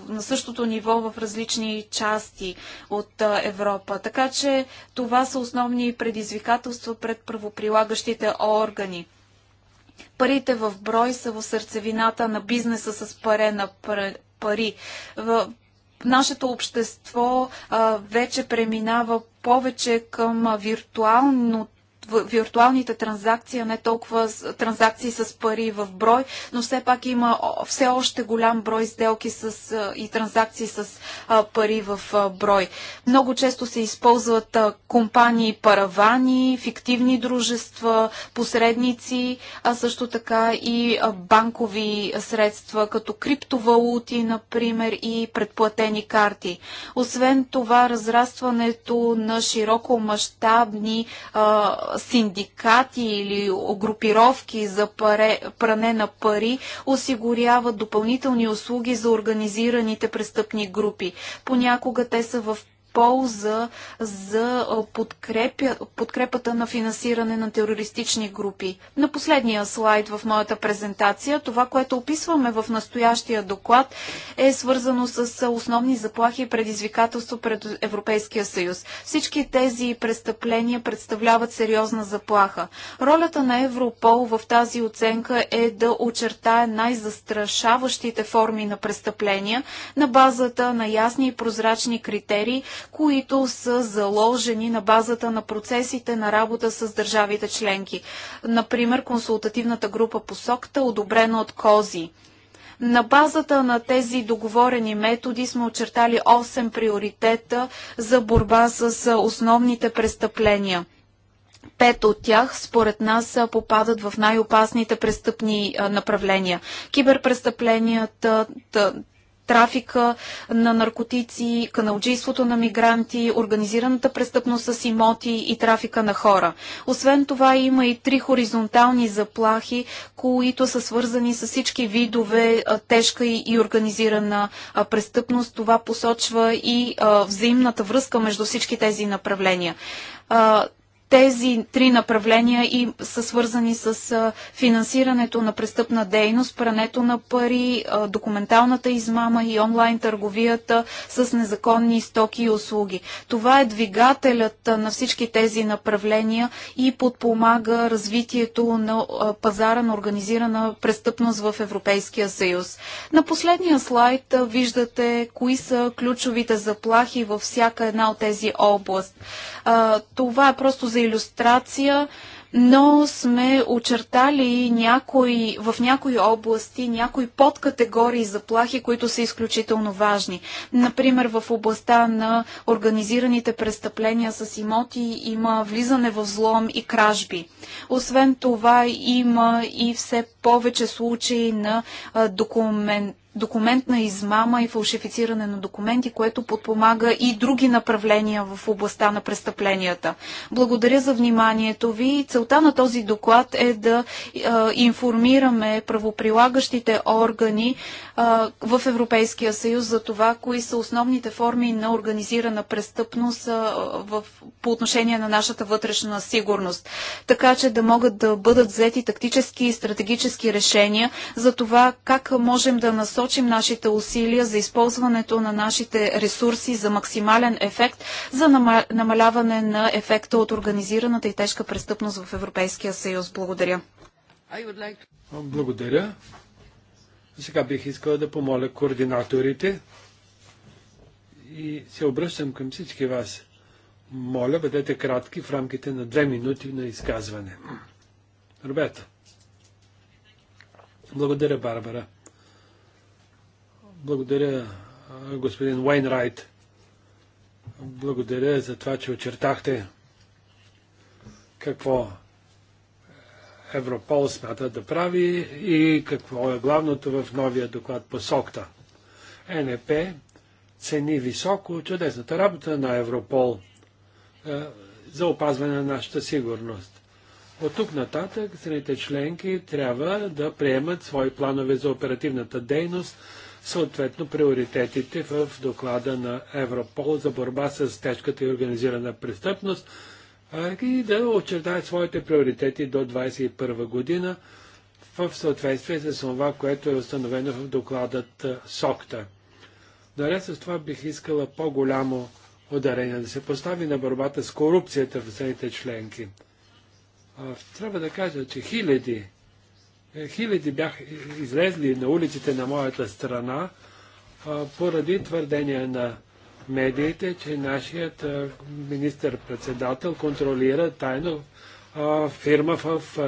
Speaker 1: на същото ниво в различни части от Европа. Така че това са основни предизвикателства пред правоприлагащите органи. Парите в брой са в сърцевината на бизнеса с паре на пари. Нашето общество а, вече преминава повече към виртуалното виртуалните транзакции, а не толкова транзакции с пари в брой, но все пак има все още голям брой сделки с, и транзакции с пари в брой. Много често се използват компании паравани, фиктивни дружества, посредници, а също така и банкови средства, като криптовалути, например, и предплатени карти. Освен това, разрастването на широко мащабни синдикати или групировки за паре, пране на пари осигуряват допълнителни услуги за организираните престъпни групи. Понякога те са в полза за подкрепя, подкрепата на финансиране на терористични групи. На последния слайд в моята презентация, това, което описваме в настоящия доклад, е свързано с основни заплахи и предизвикателство пред Европейския съюз. Всички тези престъпления представляват сериозна заплаха. Ролята на Европол в тази оценка е да очертае най-застрашаващите форми на престъпления на базата на ясни и прозрачни критерии, които са заложени на базата на процесите на работа с държавите членки. Например, консултативната група по СОКТА, одобрена от КОЗИ. На базата на тези договорени методи сме очертали 8 приоритета за борба с основните престъпления. Пет от тях, според нас, попадат в най-опасните престъпни направления. Киберпрестъпленията, трафика на наркотици, каналджийството на мигранти, организираната престъпност с имоти и трафика на хора. Освен това има и три хоризонтални заплахи, които са свързани с всички видове тежка и организирана престъпност. Това посочва и взаимната връзка между всички тези направления тези три направления и са свързани с финансирането на престъпна дейност, прането на пари, документалната измама и онлайн търговията с незаконни стоки и услуги. Това е двигателят на всички тези направления и подпомага развитието на пазара на организирана престъпност в Европейския съюз. На последния слайд виждате кои са ключовите заплахи във всяка една от тези област. Това е просто за за иллюстрация, но сме очертали някои, в някои области някои подкатегории заплахи, които са изключително важни. Например, в областта на организираните престъпления с имоти има влизане в злом и кражби. Освен това има и все повече случаи на документ Документ на измама и фалшифициране на документи, което подпомага и други направления в областта на престъпленията. Благодаря за вниманието ви. Целта на този доклад е да информираме правоприлагащите органи в Европейския съюз за това, кои са основните форми на организирана престъпност в, по отношение на нашата вътрешна сигурност. Така че да могат да бъдат взети тактически и стратегически решения за това как можем да насочим насочим нашите усилия за използването на нашите ресурси за максимален ефект, за намаляване на ефекта от организираната и тежка престъпност в Европейския съюз. Благодаря.
Speaker 2: Благодаря. Сега бих искала да помоля координаторите и се обръщам към всички вас. Моля, бъдете кратки в рамките на две минути на изказване. Робета. Благодаря, Барбара. Благодаря, господин Уайнрайт. Благодаря за това, че очертахте какво Европол смята да прави и какво е главното в новия доклад по СОКТА. НЕП цени високо чудесната работа на Европол за опазване на нашата сигурност. От тук нататък страните членки трябва да приемат свои планове за оперативната дейност, съответно приоритетите в доклада на Европол за борба с тежката и организирана престъпност и да очертаят своите приоритети до 2021 година в съответствие с това, което е установено в докладът СОКТА. Наред с това бих искала по-голямо ударение да се постави на борбата с корупцията в страните членки. Трябва да кажа, че хиляди е, хиляди бях излезли на улиците на моята страна поради твърдения на медиите, че нашият министър-председател контролира тайно фирма в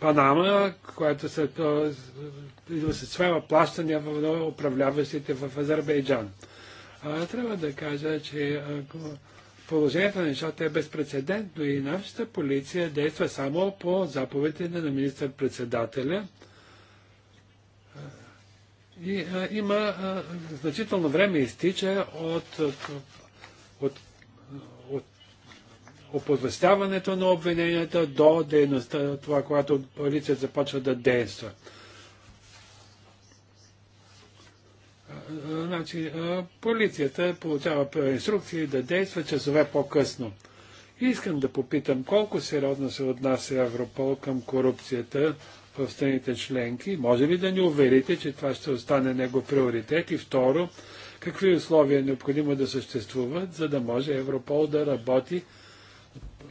Speaker 2: Панама, която се осъществява плащания в управляващите в Азербайджан. Трябва да кажа, че положението на нещата е безпредседентно и нашата полиция действа само по заповедите на министър-председателя. И а, има а, значително време изтича от, от, от, от оповестяването на обвиненията до дейността, това, което полицията започва да действа. Значи, полицията получава инструкции да действа часове по-късно. Искам да попитам колко сериозно се отнася Европол към корупцията в страните членки. Може ли да ни уверите, че това ще остане него приоритет? И второ, какви условия е необходимо да съществуват, за да може Европол да работи,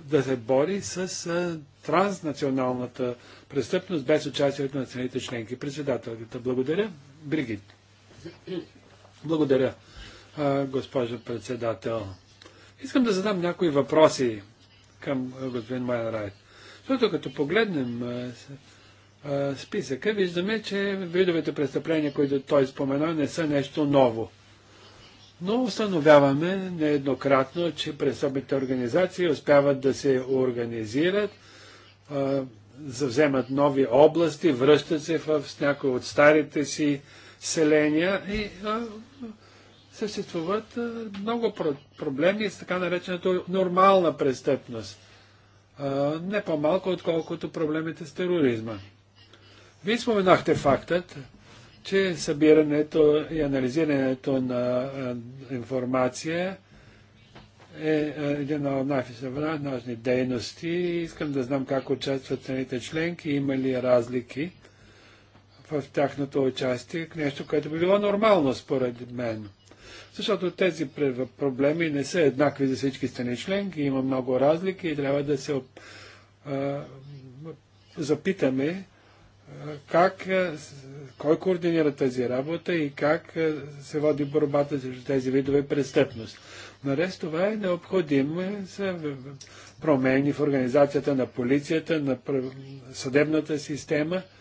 Speaker 2: да се бори с транснационалната престъпност без участието на страните членки? Председателката, благодаря. Бригит. Благодаря, госпожо председател. Искам да задам някои въпроси към господин Райт. Защото като погледнем списъка, виждаме, че видовете престъпления, които той спомена, не са нещо ново. Но установяваме нееднократно, че престъпните организации успяват да се организират, завземат нови области, връщат се в някои от старите си селения и а, съществуват а, много про- проблеми с така наречената нормална престъпност. А, не по-малко, отколкото проблемите с тероризма. Вие споменахте фактът, че събирането и анализирането на а, информация е един от най-важни дейности. Искам да знам как участват страните членки, има ли разлики в тяхното участие, нещо, което би било нормално според мен. Защото тези проблеми не са еднакви за всички страни членки, има много разлики и трябва да се а, запитаме как, кой координира тази работа и как се води борбата за тези видове престъпност. Наред с това е необходимо е, са промени в организацията на полицията, на съдебната система –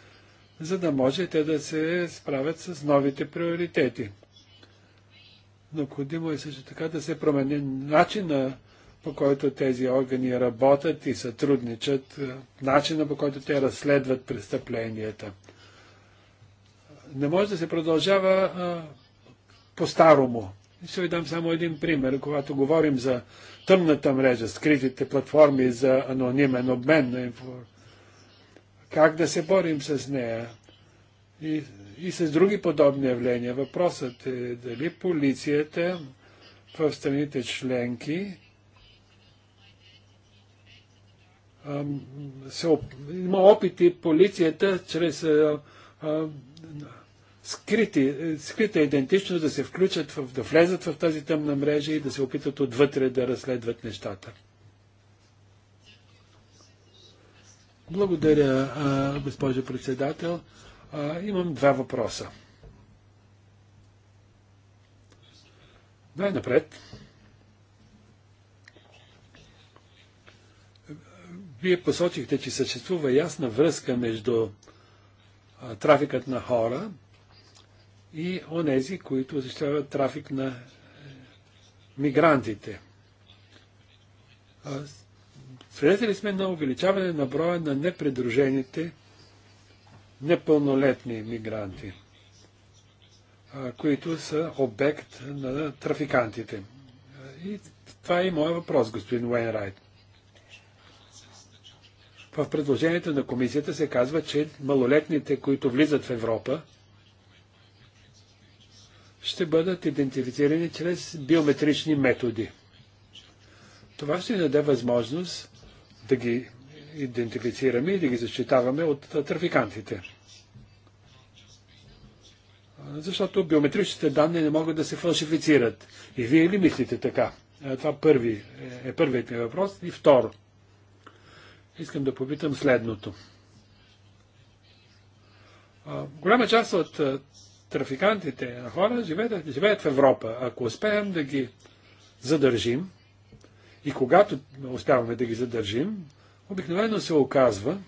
Speaker 2: за да може те да се справят с новите приоритети. Необходимо е също така да се промени начина по който тези органи работят и сътрудничат, е, начина по който те разследват престъпленията. Не може да се продължава е, по-старому. Ще ви дам само един пример. Когато говорим за тъмната мрежа, скритите платформи за анонимен обмен на информация, как да се борим с нея и, и с други подобни явления. Въпросът е дали полицията в страните членки се, има опити полицията чрез а, а, скрити, скрита идентичност да се включат, в, да влезат в тази тъмна мрежа и да се опитат отвътре да разследват нещата. Благодаря, госпожо председател. Имам два въпроса. Най-напред. Вие посочихте, че съществува ясна връзка между трафикът на хора и онези, които осъществяват трафик на е, мигрантите. Аз Свидетели сме на увеличаване на броя на непредружените непълнолетни мигранти, които са обект на трафикантите. И това е и моят въпрос, господин Уейнрайт. В предложението на комисията се казва, че малолетните, които влизат в Европа, ще бъдат идентифицирани чрез биометрични методи. Това ще даде възможност да ги идентифицираме и да ги защитаваме от трафикантите. Защото биометричните данни не могат да се фалшифицират. И вие ли мислите така? Това първи, е, е първият ми въпрос. И второ, искам да попитам следното. Голяма част от трафикантите на хора живеят, живеят в Европа. Ако успеем да ги задържим, и когато успяваме да ги задържим, обикновено се оказва,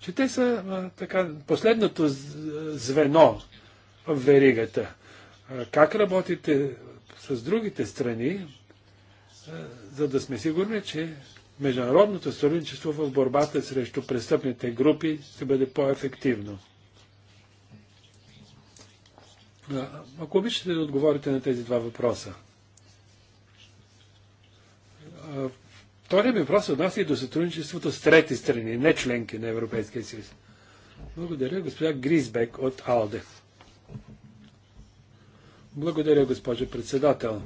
Speaker 2: че те са а, така, последното звено в веригата. А, как работите с другите страни, а, за да сме сигурни, че международното сътрудничество в борбата срещу престъпните групи ще бъде по-ефективно? Ако обичате да отговорите на тези два въпроса. Вторият ми въпрос се отнася и до сътрудничеството с трети страни, не членки на Европейския съюз. Благодаря, госпожа Гризбек от АЛДЕ. Благодаря, госпожа председател.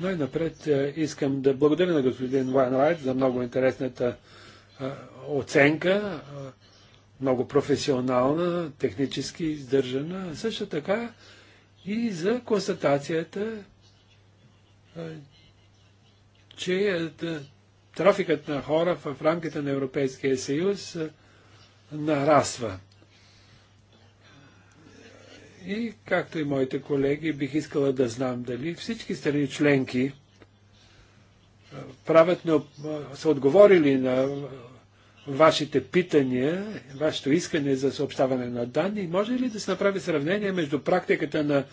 Speaker 2: Най-напред е, искам да благодаря на господин Вайнрайт за много интересната е, оценка, е, много професионална, технически издържана. Също така и за констатацията, че трафикът на хора в рамките на Европейския съюз нарасва. И както и моите колеги, бих искала да знам дали всички страни членки правят, са отговорили на вашите питания, вашето искане за съобщаване на данни. Може ли да се направи сравнение между практиката на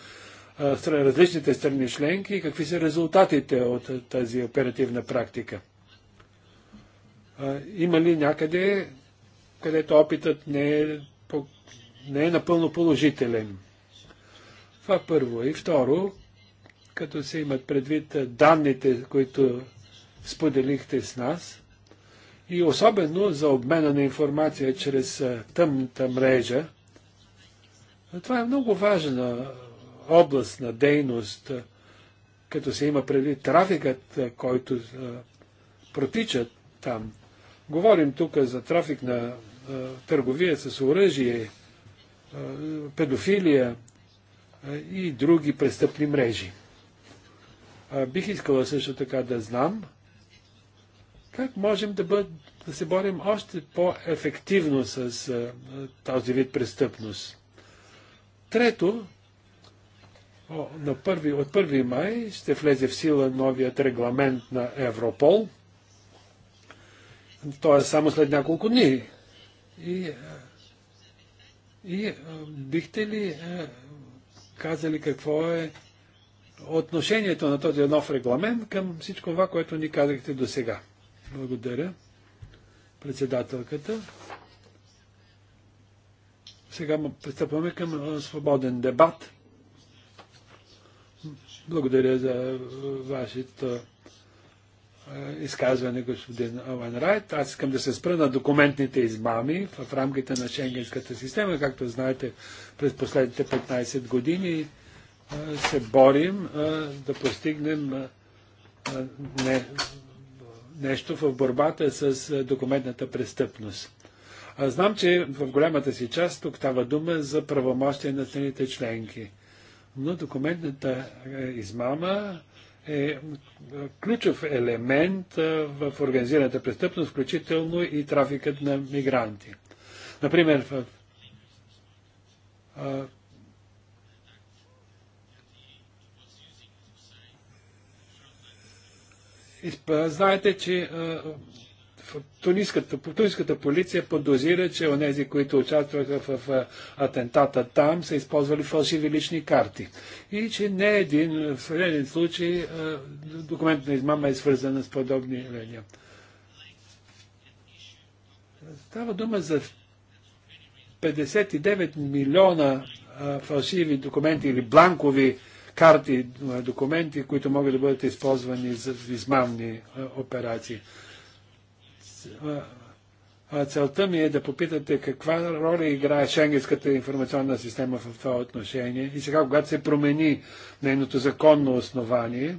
Speaker 2: различните страни членки и какви са резултатите от тази оперативна практика? има ли някъде, където опитът не е, по, не е напълно положителен? Това първо. И второ, като се имат предвид данните, които споделихте с нас, и особено за обмена на информация чрез тъмната мрежа. Това е много важна област на дейност, като се има предвид трафикът, който протича там. Говорим тук за трафик на търговия с оръжие, педофилия и други престъпни мрежи. Бих искала също така да знам как можем да, бъд, да се борим още по-ефективно с а, този вид престъпност? Трето, о, на първи, от 1 май ще влезе в сила новият регламент на Европол. Той е само след няколко дни. И, и бихте ли казали какво е отношението на този нов регламент към всичко това, което ни казахте до сега? Благодаря. Председателката. Сега пристъпваме към свободен дебат. Благодаря за вашето изказване, господин Ован Райт. Аз искам да се спра на документните измами в рамките на Шенгенската система. Както знаете, през последните 15 години се борим да постигнем не нещо в борбата с е, документната престъпност. А знам, че в голямата си част тук става дума за правомощие на страните членки. Но документната е, измама е, е ключов елемент в организираната престъпност, включително и трафикът на мигранти. Например, в Знаете, че туниската, туниската полиция подозира, че онези, които участваха в, атентата там, са използвали фалшиви лични карти. И че не е един, в един случай на измама е свързана с подобни явления. Става дума за 59 милиона фалшиви документи или бланкови карти, е, документи, които могат да бъдат използвани за измамни е, операции. Е, целта ми е да попитате каква роля играе Шенгенската информационна система в това отношение и сега, когато се промени нейното законно основание,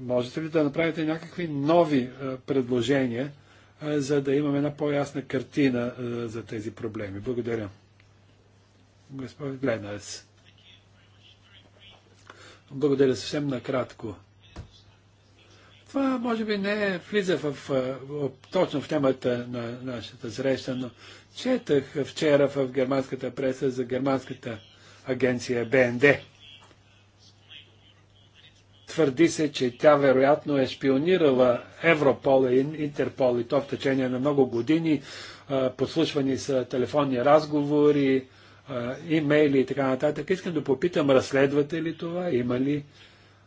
Speaker 2: можете ли да направите някакви нови предложения, за да имаме една по-ясна картина за тези проблеми? Благодаря. Господин Ленарс. Благодаря съвсем накратко. Това може би не влиза в, в, в, точно в темата на нашата среща, но четах вчера в германската преса за германската агенция БНД. Твърди се, че тя вероятно е шпионирала Европол и Интерпол и то в течение на много години. Послушвани са телефонни разговори, имейли и така нататък. Искам да попитам, разследвате ли това? Има ли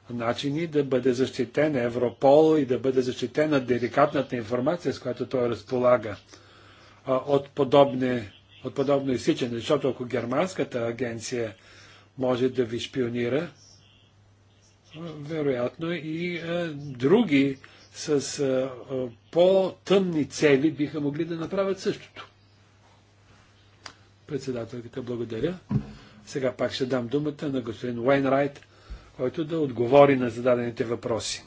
Speaker 2: начини да бъде защитен Европол и да бъде защитена деликатната информация, с която той разполага а, от, подобни, от подобно изсичане? Защото ако германската агенция може да ви шпионира, вероятно и а, други с по-тъмни цели биха могли да направят същото. Председателката, благодаря. Сега пак ще дам думата на господин Уайнрайт, който да отговори на зададените въпроси.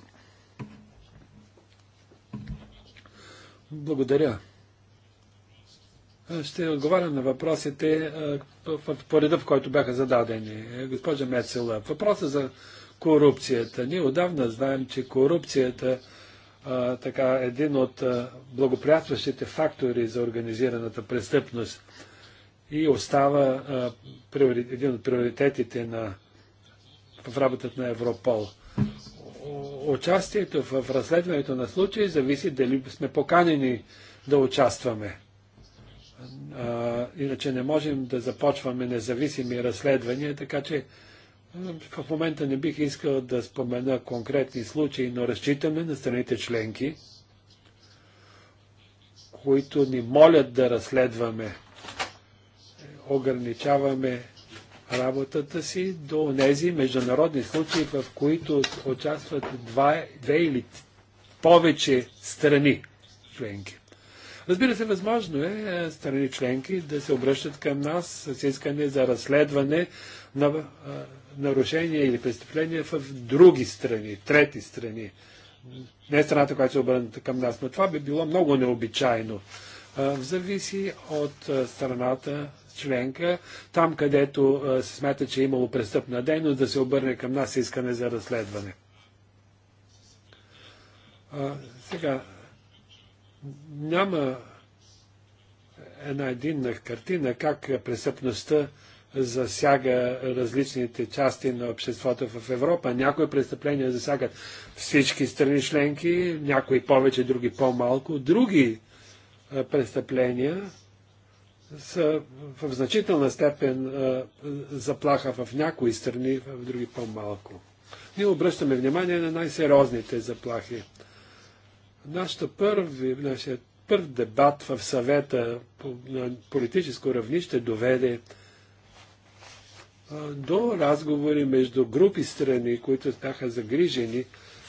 Speaker 2: Благодаря. Ще отговарям на въпросите по реда, в който бяха зададени. Госпожа Мецела, въпроса за корупцията. Ние отдавна знаем, че корупцията а, така, е един от благоприятстващите фактори за организираната престъпност и остава един от приоритетите на, в работата на Европол. Участието в разследването на случаи зависи дали сме поканени да участваме. А, иначе не можем да започваме независими разследвания, така че в момента не бих искал да спомена конкретни случаи, но разчитаме на страните членки, които ни молят да разследваме ограничаваме работата си до тези международни случаи, в които участват два, две или повече страни членки. Разбира се, възможно е, е страни членки да се обръщат към нас с искане за разследване на а, е, нарушения или престъпления в други страни, трети страни. Не страната, която се обърната към нас, но това би било много необичайно. А, е, зависи от страната членка, там където се смята, че е имало престъпна дейност, да се обърне към нас искане за разследване. А, сега, няма една единна картина как престъпността засяга различните части на обществото в Европа. Някои престъпления засягат всички страни членки, някои повече, други по-малко. Други престъпления са в значителна степен заплаха в някои страни, в други по-малко. Ние обръщаме внимание на най-сериозните заплахи. Нашата първи, нашия първ дебат в съвета по, на политическо равнище доведе а, до разговори между групи страни, които бяха загрижени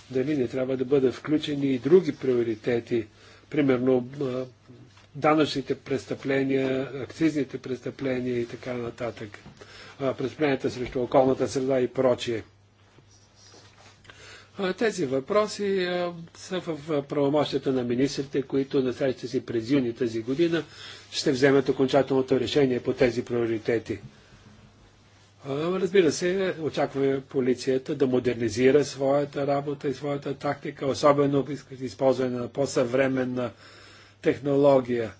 Speaker 2: дали не трябва да бъдат включени и други приоритети, примерно а, данъчните престъпления, акцизните престъпления и така нататък, престъпленията срещу околната среда и прочие. Тези въпроси са в правомощията на министрите, които на следващите си през юни тази година ще вземат окончателното решение по тези приоритети. Разбира се, очакваме полицията да модернизира своята работа и своята тактика, особено използване на по-съвременна технология.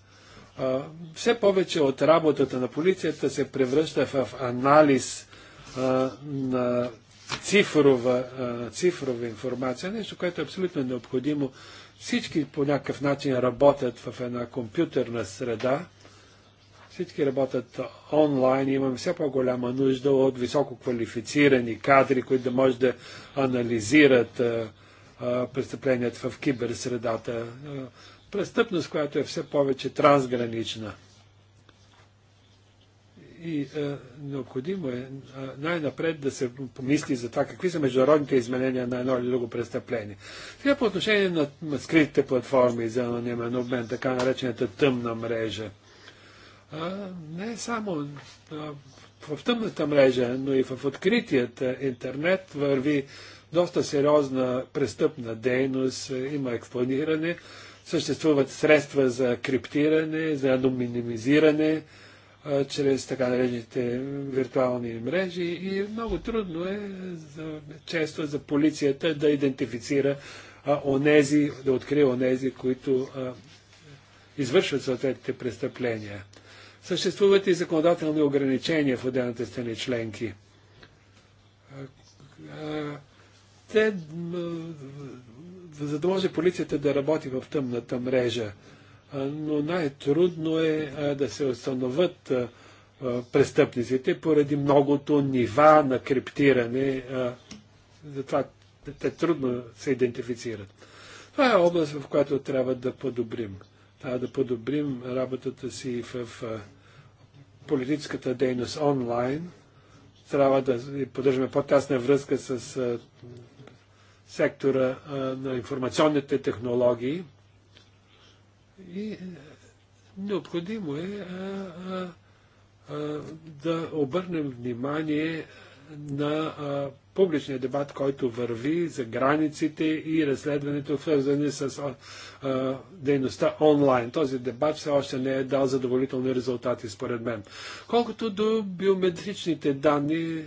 Speaker 2: все повече от работата на полицията се превръща в анализ на цифрова, цифрова информация, нещо, което е абсолютно необходимо. Всички по някакъв начин работят в една компютърна среда, всички работят онлайн, имаме все по-голяма нужда от високо квалифицирани кадри, които да може да анализират а, а, престъпленията в киберсредата. А, престъпност, която е все повече трансгранична. И е, необходимо е, е най-напред да се помисли за това какви са международните изменения на едно или друго престъпление. Сега по отношение на скритите платформи за анонимен обмен, така наречената тъмна мрежа. А, е, не само а, е, в тъмната мрежа, но и в откритият интернет върви доста сериозна престъпна дейност, има експлониране. Съществуват средства за криптиране, за анонимизиране чрез така наречените виртуални мрежи и много трудно е за, често за полицията да идентифицира а, онези, да открие онези, които а, извършват съответните престъпления. Съществуват и законодателни ограничения в отделните страни членки. Те за да може полицията да работи в тъмната мрежа. Но най-трудно е да се установят престъпниците поради многото нива на криптиране. Затова те трудно се идентифицират. Това е област, в която трябва да подобрим. Трябва да подобрим работата си в политическата дейност онлайн. Трябва да поддържаме по-тясна връзка с сектора на информационните технологии. И е, необходимо е да обърнем внимание на публичния дебат, който върви за границите и разследването, свързане с дейността онлайн. Този дебат все още не е дал задоволителни резултати, според мен. Колкото до биометричните данни,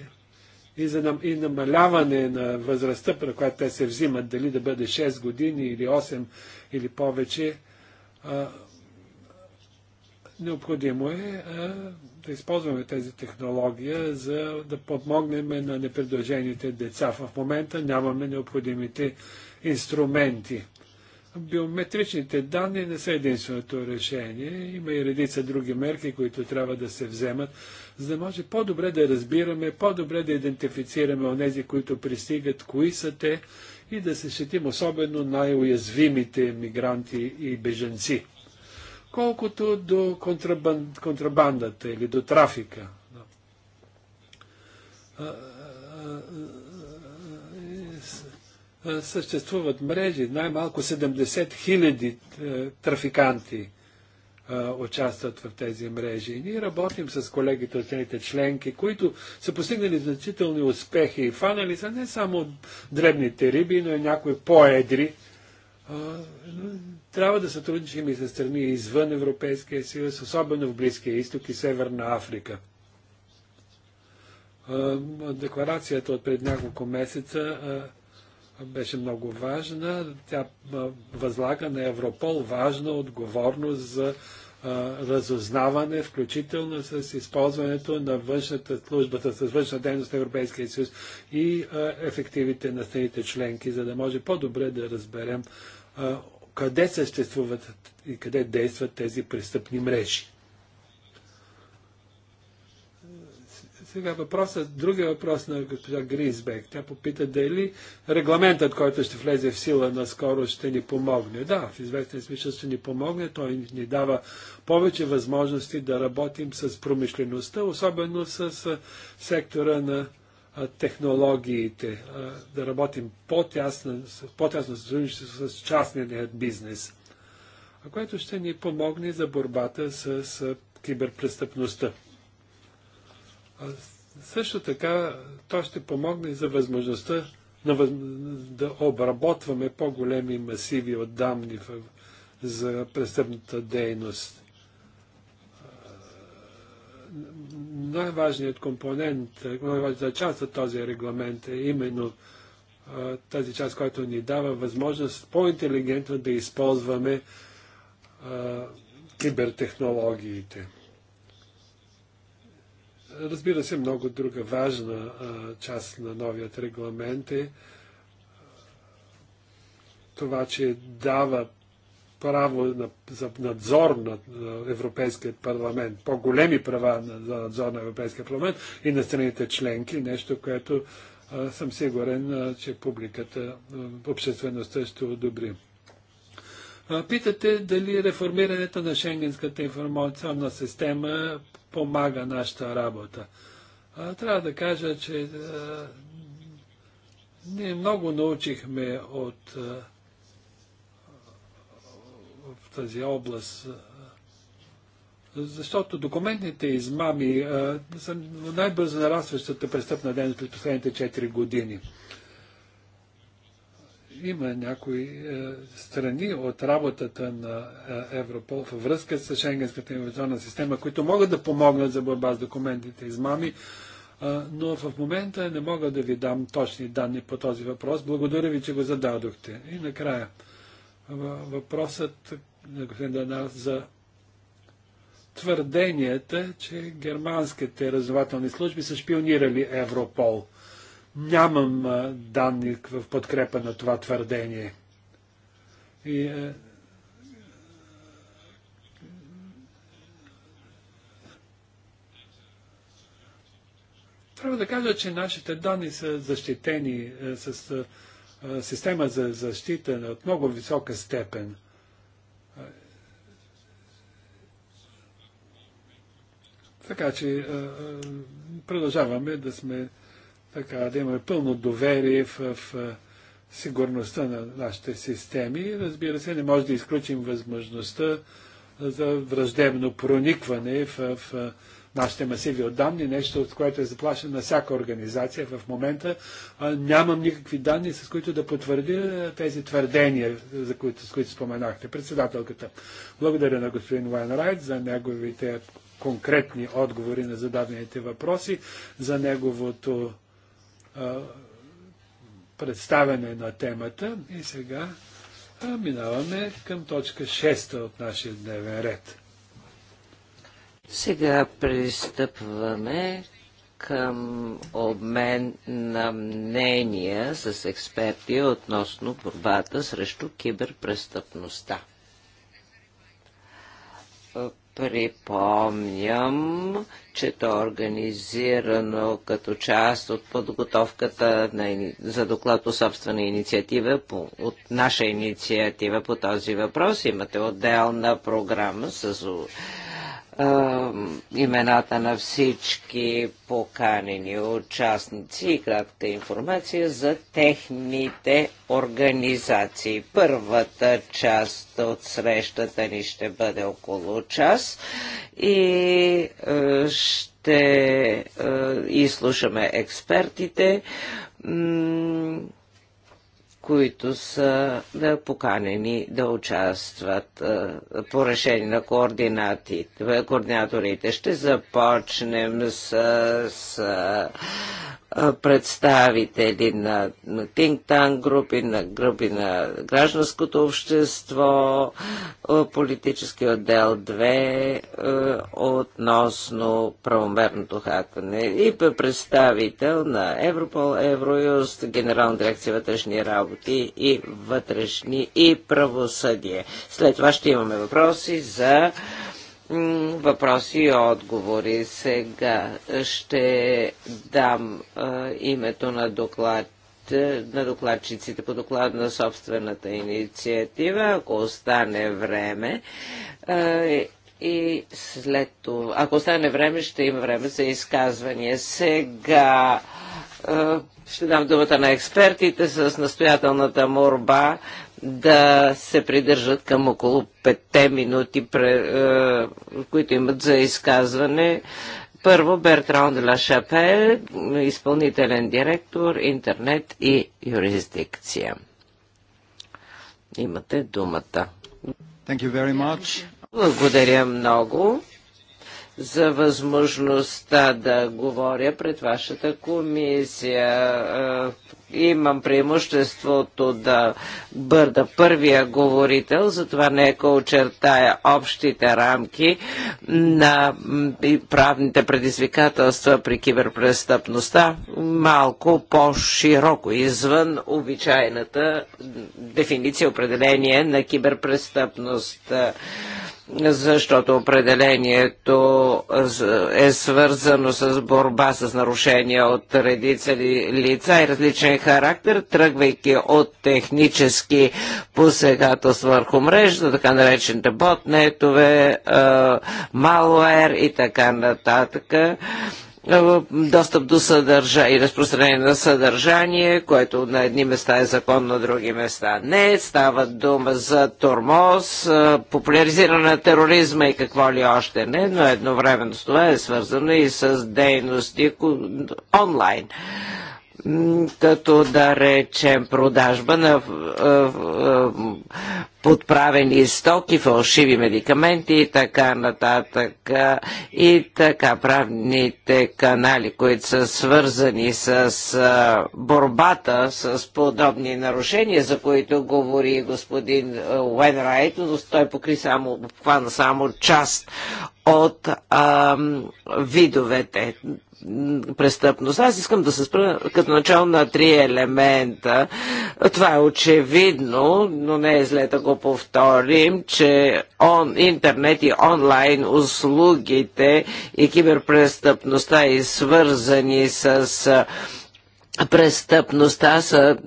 Speaker 2: и, за, и намаляване на възрастта, при която те се взимат, дали да бъде 6 години или 8 или повече, а, необходимо е а, да използваме тези технология, за да подмогнем на непредължените деца. В момента нямаме необходимите инструменти. Биометричните данни не са единственото решение. Има и редица други мерки, които трябва да се вземат за да може по-добре да разбираме, по-добре да идентифицираме онези, които пристигат, кои са те и да се щетим особено най-уязвимите мигранти и беженци. Колкото до контрабан, контрабандата или до трафика. Съществуват мрежи, най-малко 70 хиляди е, трафиканти участват в тези мрежи. И ние работим с колегите от страните членки, които са постигнали значителни успехи и фанали са не само дребните риби, но и някои по-едри. Трябва да сътрудничим и с страни извън Европейския съюз, особено в Близкия изток и Северна Африка. декларацията от пред няколко месеца беше много важна. Тя възлага на Европол важна отговорност за разузнаване, включително с използването на външната службата, с външна дейност на Европейския съюз и ефективите на страните членки, за да може по-добре да разберем къде съществуват и къде действат тези престъпни мрежи. Сега въпросът, другия въпрос на госпожа Гризбек. Тя попита дали регламентът, който ще влезе в сила наскоро, ще ни помогне. Да, в известен смисъл ще ни помогне. Той ни дава повече възможности да работим с промишлеността, особено с сектора на технологиите, да работим по-тясно, по-тясно сътрудничество с частния бизнес, което ще ни помогне за борбата с киберпрестъпността. Също така, то ще помогне за възможността на да обработваме по-големи масиви от данни за престъпната дейност. Най-важният компонент, най-важната част от този регламент е именно тази част, която ни дава възможност по-интелигентно да използваме кибертехнологиите. Разбира се, много друга важна част на новият регламент е това, че дава право на, за надзор на, на Европейският парламент, по-големи права на, за надзор на Европейския парламент и на страните членки, нещо, което а, съм сигурен, а, че публиката, а, обществеността ще одобри. Питате дали реформирането на Шенгенската информационна система помага нашата работа. А, трябва да кажа, че а, ние много научихме от а, в тази област, защото документните измами са най-бързо нарастващата престъпна дейност през последните 4 години има някои е, страни от работата на е, Европол във връзка с Шенгенската инвестиционна система, които могат да помогнат за борба с документите измами, е, но в момента не мога да ви дам точни данни по този въпрос. Благодаря ви, че го зададохте. И накрая въпросът на господин Данар за твърденията, че германските разузнавателни служби са шпионирали Европол. Нямам данни в подкрепа на това твърдение. И, Трябва да кажа, че нашите данни са защитени с система за защита от много висока степен. Така че продължаваме да сме така да имаме пълно доверие в, в сигурността на нашите системи. Разбира се, не може да изключим възможността за враждебно проникване в, в нашите масиви от данни, нещо, от което е заплашена на всяка организация в момента. А, нямам никакви данни, с които да потвърдя тези твърдения, за които, с които споменахте. Председателката. Благодаря на господин Вайнрайт за неговите конкретни отговори на зададените въпроси, за неговото представяне на темата. И сега минаваме към точка 6 от нашия дневен ред.
Speaker 3: Сега пристъпваме към обмен на мнения с експерти относно борбата срещу киберпрестъпността. Припомням, че то е организирано като част от подготовката на, за доклад по собствена инициатива, по, от наша инициатива по този въпрос. Имате отделна програма с имената на всички поканени участници и кратката информация за техните организации. Първата част от срещата ни ще бъде около час и е, ще е, изслушаме експертите които са е, поканени да участват е, по решение на е, координаторите. Ще започнем с, с представители на, на групи, на групи на гражданското общество, политически отдел 2 относно правомерното хакване и представител на Европол, Евроюст, Генерална дирекция вътрешни работи и вътрешни и правосъдие. След това ще имаме въпроси за въпроси и отговори. Сега ще дам а, името на доклад на докладчиците по доклад на собствената инициатива, ако остане време. А, и след това, ако остане време, ще има време за изказвания. Сега ще дам думата на експертите с настоятелната морба да се придържат към около 5 минути, е, които имат за изказване. Първо Бертран де Лашапел, изпълнителен директор, интернет и юрисдикция. Имате думата.
Speaker 2: Благодаря
Speaker 3: много за възможността да говоря пред вашата комисия. Имам преимуществото да бъда първия говорител, затова нека очертая общите рамки на правните предизвикателства при киберпрестъпността малко по-широко, извън обичайната дефиниция, определение на киберпрестъпността защото определението е свързано с борба с нарушения от редица лица и различен характер, тръгвайки от технически посегателства върху мрежата, така наречените ботнетове, малуер и така нататък. Е, достъп до съдържание и разпространение на съдържание, което на едни места е закон, на други места не. Става дума за тормоз, е, популяризиране на тероризма и какво ли още не, но едновременно с това е свързано и с дейности онлайн като да речем продажба на е, е, подправени стоки, фалшиви медикаменти и така нататък. И така правните канали, които са свързани с е, борбата с подобни нарушения, за които говори господин Уенрайт, но той покри само, обхвана само част от а, видовете престъпност. Аз искам да се спра като начало на три елемента. Това е очевидно, но не е зле да го повторим, че он, интернет и онлайн услугите и киберпрестъпността и свързани с престъпността са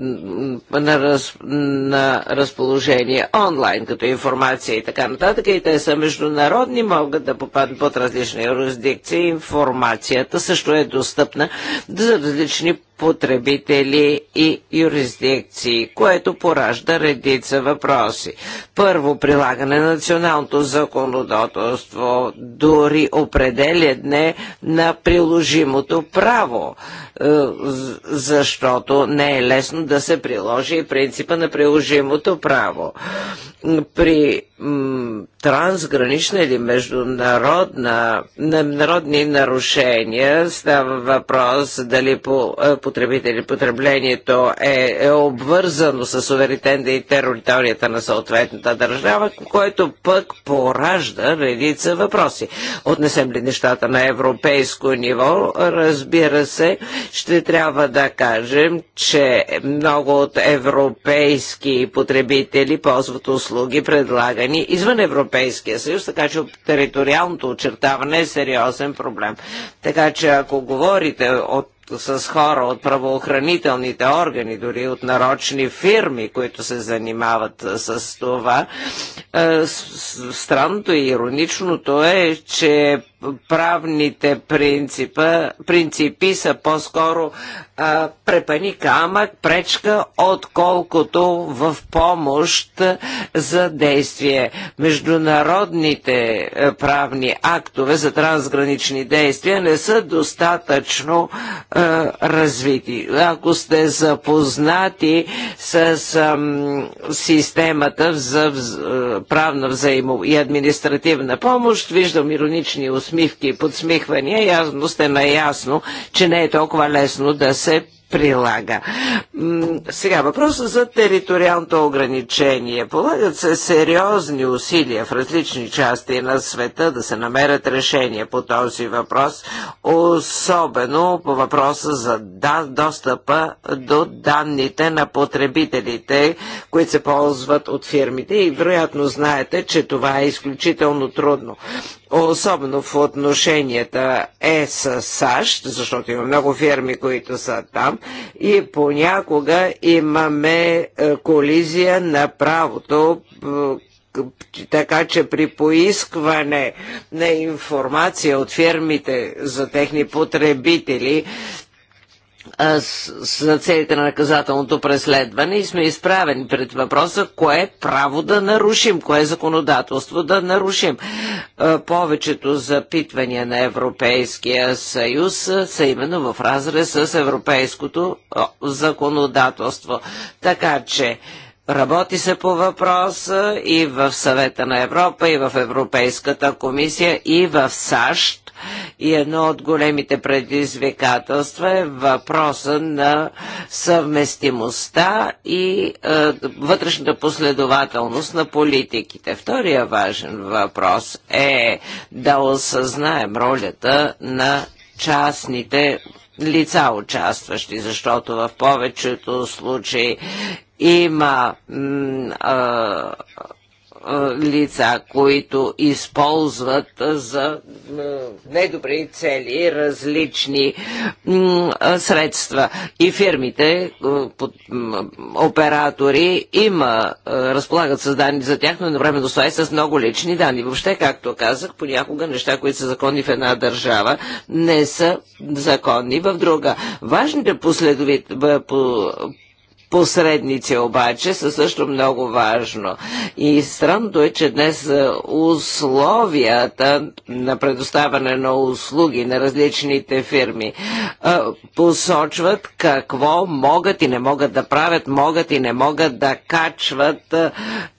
Speaker 3: на, раз, на разположение онлайн, като информация и така нататък. И те са международни, могат да попаднат под различни юрисдикции. Информацията също е достъпна за различни потребители и юрисдикции, което поражда редица въпроси. Първо, прилагане на националното законодателство, дори определяне на приложимото право, е, защото не е лесно да се приложи и принципа на приложимото право. При трансгранична или международна, народни нарушения. Става въпрос дали по, е, потребители потреблението е, е обвързано с суверенитета и територията на съответната държава, което пък поражда редица въпроси. Отнесем ли нещата на европейско ниво, разбира се, ще трябва да кажем, че много от европейски потребители ползват услуги предлагани страни извън Европейския съюз, така че териториалното очертаване е сериозен проблем. Така че ако говорите от с хора от правоохранителните органи, дори от нарочни фирми, които се занимават с това. Странното и ироничното е, че правните принципа, принципи са по-скоро а, препани камък, пречка, отколкото в помощ за действие. Международните е, правни актове за трансгранични действия не са достатъчно а, е, развити. Ако сте запознати с а, системата за е, правна взаимо и административна помощ, виждам иронични усмивки и подсмихвания, явно сте наясно, че не е толкова лесно да се се прилага. Сега въпросът за териториалното ограничение. Полагат се сериозни усилия в различни части на света да се намерят решения по този въпрос, особено по въпроса за да, достъпа до данните на потребителите, които се ползват от фирмите и вероятно знаете, че това е изключително трудно особено в отношенията е с САЩ, защото има много фирми, които са там, и понякога имаме е, колизия на правото, е, така че при поискване на информация от фирмите за техни потребители за целите на наказателното преследване и сме изправени пред въпроса кое е право да нарушим, кое е законодателство да нарушим. Повечето запитвания на Европейския съюз са именно в разрез с европейското законодателство. Така че Работи се по въпроса и в съвета на Европа, и в Европейската комисия, и в САЩ. И едно от големите предизвикателства е въпроса на съвместимостта и е, вътрешната последователност на политиките. Втория важен въпрос е да осъзнаем ролята на частните лица участващи, защото в повечето случаи има а, лица, които използват за недобри цели различни средства. И фирмите, оператори има, разполагат с данни за тях, но едновременно с това и с много лични данни. Въобще, както казах, понякога неща, които са законни в една държава, не са законни в друга. Важните последовит... Посредници обаче са също много важно. И странното е, че днес е, условията на предоставяне на услуги на различните фирми е, посочват какво могат и не могат да правят, могат и не могат да качват е,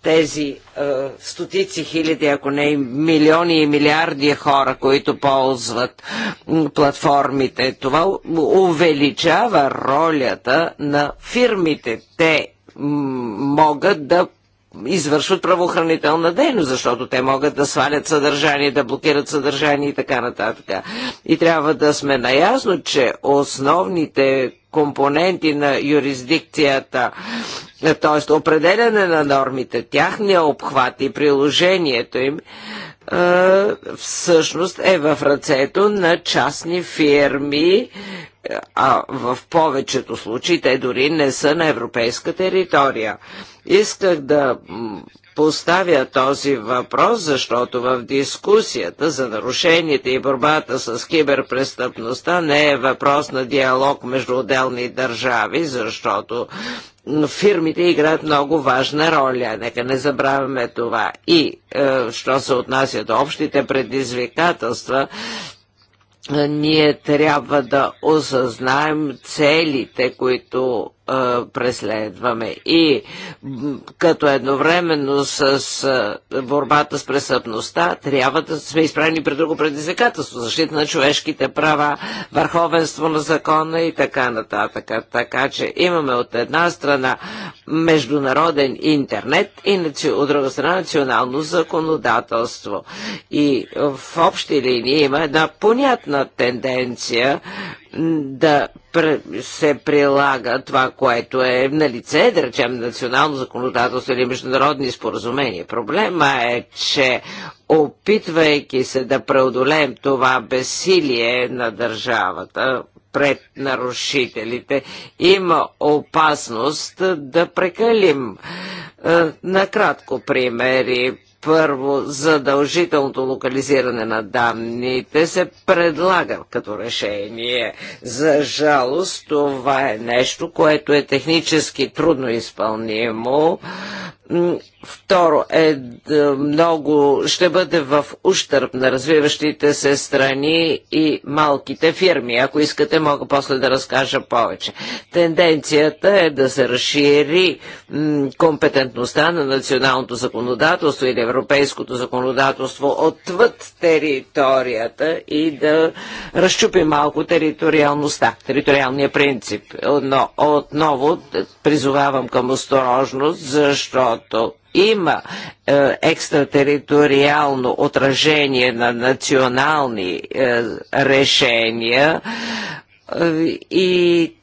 Speaker 3: тези е, стотици хиляди, ако не и милиони и милиарди хора, които ползват платформите. Това увеличава ролята на фирмите. Те могат да извършват правоохранителна дейност, защото те могат да свалят съдържание, да блокират съдържание и така нататък. И трябва да сме наясно, че основните компоненти на юрисдикцията т.е. определяне на нормите, тяхния обхват и приложението им, всъщност е в ръцето на частни фирми, а в повечето случаи те дори не са на европейска територия. Исках да поставя този въпрос, защото в дискусията за нарушенията и борбата с киберпрестъпността не е въпрос на диалог между отделни държави, защото но фирмите играят много важна роля. Нека не забравяме това. И е, що се отнася до общите предизвикателства, е, ние трябва да осъзнаем целите, които преследваме. И като едновременно с борбата с престъпността трябва да сме изправени пред друго предизвикателство. Защита на човешките права, върховенство на закона и така нататък. Така че имаме от една страна международен интернет и от друга страна национално законодателство. И в общи линии има една понятна тенденция да се прилага това, което е на лице, да речем национално законодателство или международни споразумения. Проблема е, че опитвайки се да преодолеем това безсилие на държавата, пред нарушителите. Има опасност да прекалим. Е, накратко примери. Първо, задължителното локализиране на данните се предлага като решение. За жалост, това е нещо, което е технически трудно изпълнимо Второ, е, е много ще бъде в ущърп на развиващите се страни и малките фирми. Ако искате, мога после да разкажа повече. Тенденцията е да се разшири компетентността на националното законодателство или европейското законодателство отвъд територията и да разчупи малко териториалността, териториалния принцип. Но отново призовавам към осторожност, защото защото има е, екстратериториално отражение на национални е, решения е, и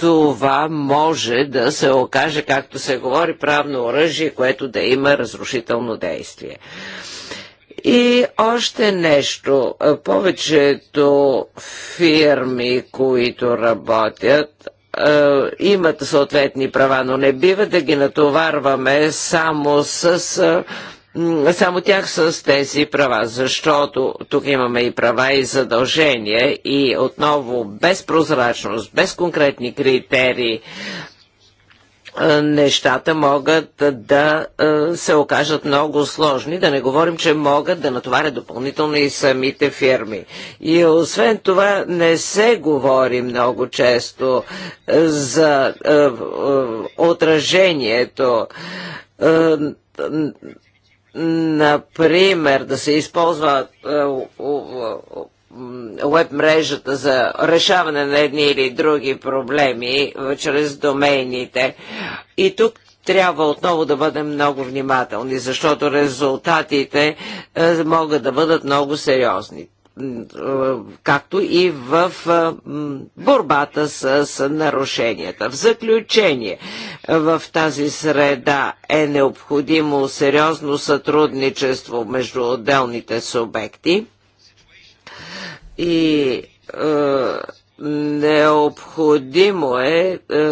Speaker 3: това може да се окаже, както се говори, правно оръжие, което да има разрушително действие. И още нещо. Повечето фирми, които работят, е, имат съответни права, но не бива да ги натоварваме само с е, само тях с тези права, защото тук имаме и права и задължения и отново без прозрачност, без конкретни критерии, е, нещата могат да е, се окажат много сложни, да не говорим, че могат да натоварят допълнително и самите фирми. И освен това не се говори много често е, за отражението например, да се използва веб мрежата за решаване на едни или други проблеми чрез домейните. И тук трябва отново да бъдем много внимателни, защото резултатите е, могат да бъдат много сериозни е, както и в е, борбата с нарушенията. В заключение, в тази среда е необходимо сериозно сътрудничество между отделните субекти и е, Необходимо е, е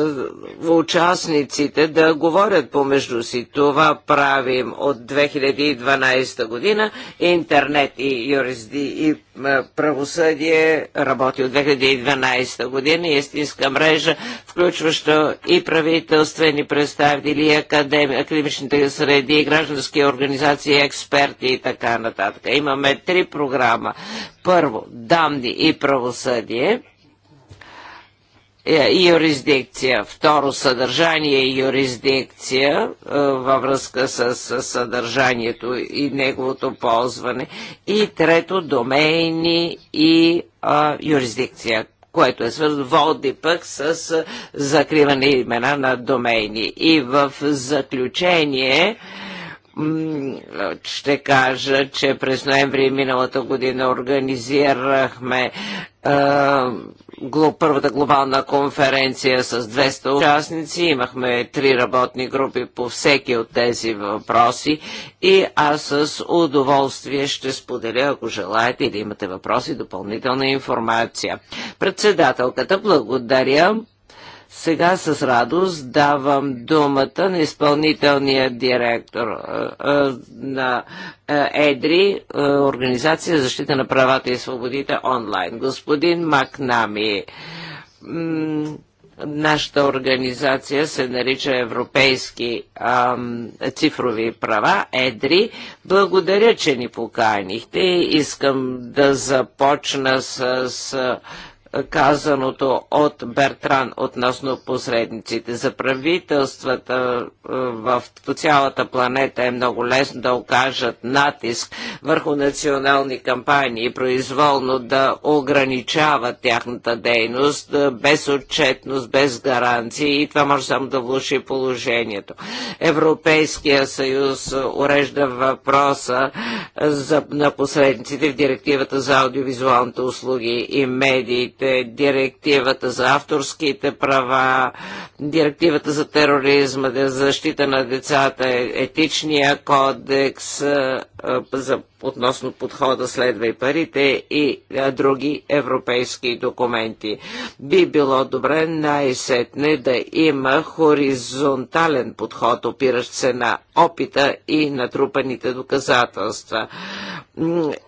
Speaker 3: участниците да говорят помежду си. Това правим от 2012 година. Интернет и юрисди и е, правосъдие работи от 2012 година. Истинска мрежа, включваща и правителствени представители, и академи, академичните среди, и граждански организации, експерти и така нататък. Имаме три програма. Първо, данни и правосъдие и е, юрисдикция. Второ, съдържание и юрисдикция е, във връзка с съдържанието и неговото ползване. И трето, домейни и а, юрисдикция, което е свързано води пък с закриване имена на домейни. И в заключение, ще кажа, че през ноември миналата година организирахме първата глобална конференция с 200 участници. Имахме три работни групи по всеки от тези въпроси и аз с удоволствие ще споделя, ако желаете или имате въпроси, допълнителна информация. Председателката, благодаря. Сега с радост давам думата на изпълнителния директор е, е, на е, ЕДРИ, Организация за защита на правата и свободите онлайн, господин Макнами. Нашата организация се нарича Европейски ам, цифрови права, ЕДРИ. Благодаря, че ни поканихте. Искам да започна с, с казаното от Бертран относно посредниците. За правителствата е, в цялата планета е много лесно да окажат натиск върху национални кампании, произволно да ограничават тяхната дейност е, без отчетност, без гаранции и това може само да влуши положението. Европейския съюз е, урежда въпроса за, на посредниците в директивата за аудиовизуалните услуги и медиите промените, директивата за авторските права, директивата за тероризма, защита на децата, е- етичния кодекс, за, относно подхода следва и парите и а, други европейски документи. Би било добре най-сетне да има хоризонтален подход, опиращ се на опита и натрупаните доказателства.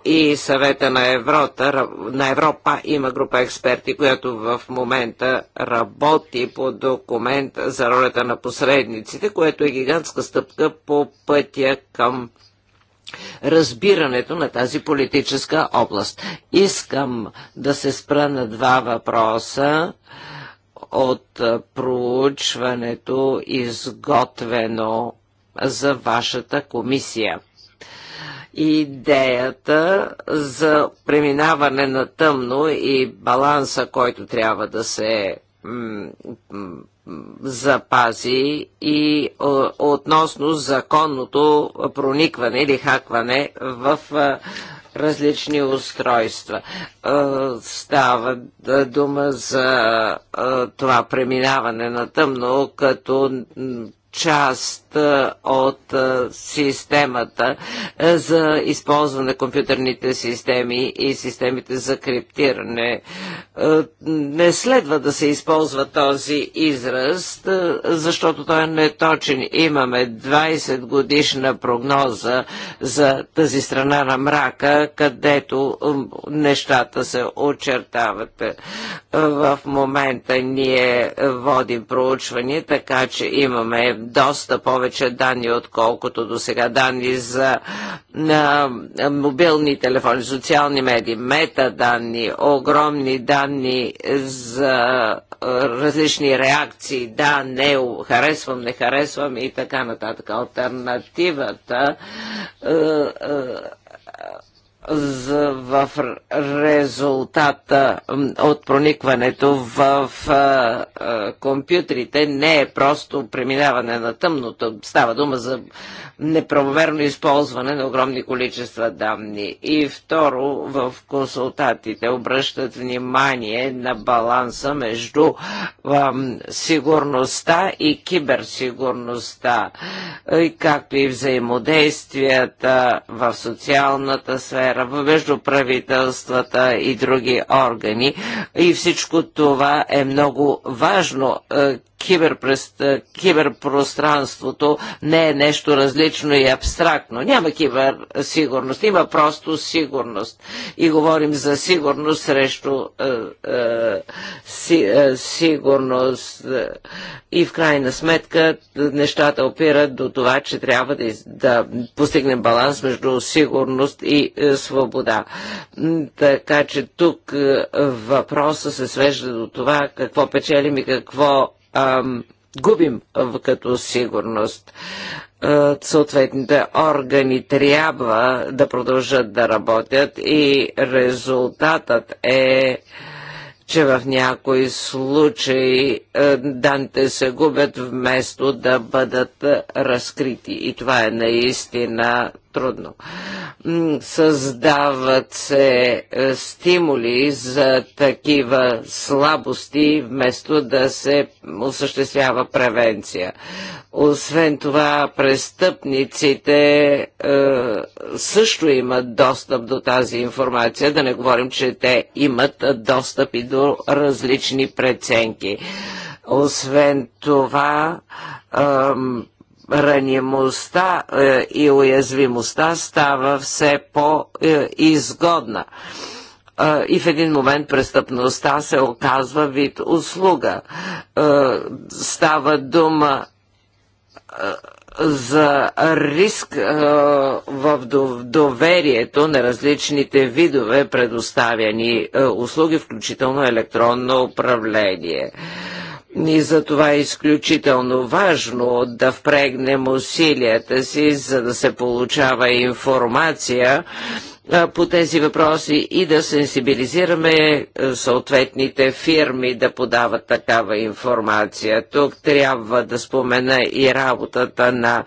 Speaker 3: И съвета на, Еврота, на Европа има група експерти, която в момента работи по документ за ролята на посредниците, което е гигантска стъпка по пътя към разбирането на тази политическа област. Искам да се спра на два въпроса от проучването, изготвено за вашата комисия идеята за преминаване на тъмно и баланса, който трябва да се запази и е, относно законното проникване или хакване в е, различни устройства. Е, става дума за това преминаване на тъмно като част от системата за използване на компютърните системи и системите за криптиране. Не следва да се използва този израз, защото той е неточен. Имаме 20 годишна прогноза за тази страна на мрака, където нещата се очертават. В момента ние водим проучвания, така че имаме доста повече данни, отколкото до сега данни за на, мобилни телефони, социални медии, метаданни, огромни данни за различни реакции, да, не, харесвам, не харесвам и така нататък. Альтернативата за, в резултата от проникването в, а, компютрите не е просто преминаване на тъмното. Става дума за неправомерно използване на огромни количества данни. И второ, в консултатите обръщат внимание на баланса между а, сигурността и киберсигурността, както и взаимодействията в социалната сфера сфера, между правителствата и други органи. И всичко това е много важно е, киберпространството не е нещо различно и абстрактно. Няма киберсигурност, има просто сигурност. И говорим за сигурност срещу е, е, е сигурност. И в крайна сметка нещата опират до това, че трябва да, да постигнем баланс между сигурност и е, свобода. Така че тук е, въпросът се свежда до това какво печелим и какво а, губим като сигурност. Съответните органи трябва да продължат да работят и резултатът е че в някои случаи данте се губят вместо да бъдат разкрити. И това е наистина трудно. Създават се е, стимули за такива слабости, вместо да се осъществява превенция. Освен това, престъпниците е, също имат достъп до тази информация, да не говорим, че те имат достъп и до различни преценки. Освен това, е, ранимостта е, и уязвимостта става все по-изгодна. Е, и в един момент престъпността се оказва вид услуга. Е, става дума за риск в доверието на различните видове предоставяни услуги, включително електронно управление. И за това е изключително важно да впрегнем усилията си, за да се получава информация по тези въпроси и да сенсибилизираме съответните фирми да подават такава информация. Тук трябва да спомена и работата на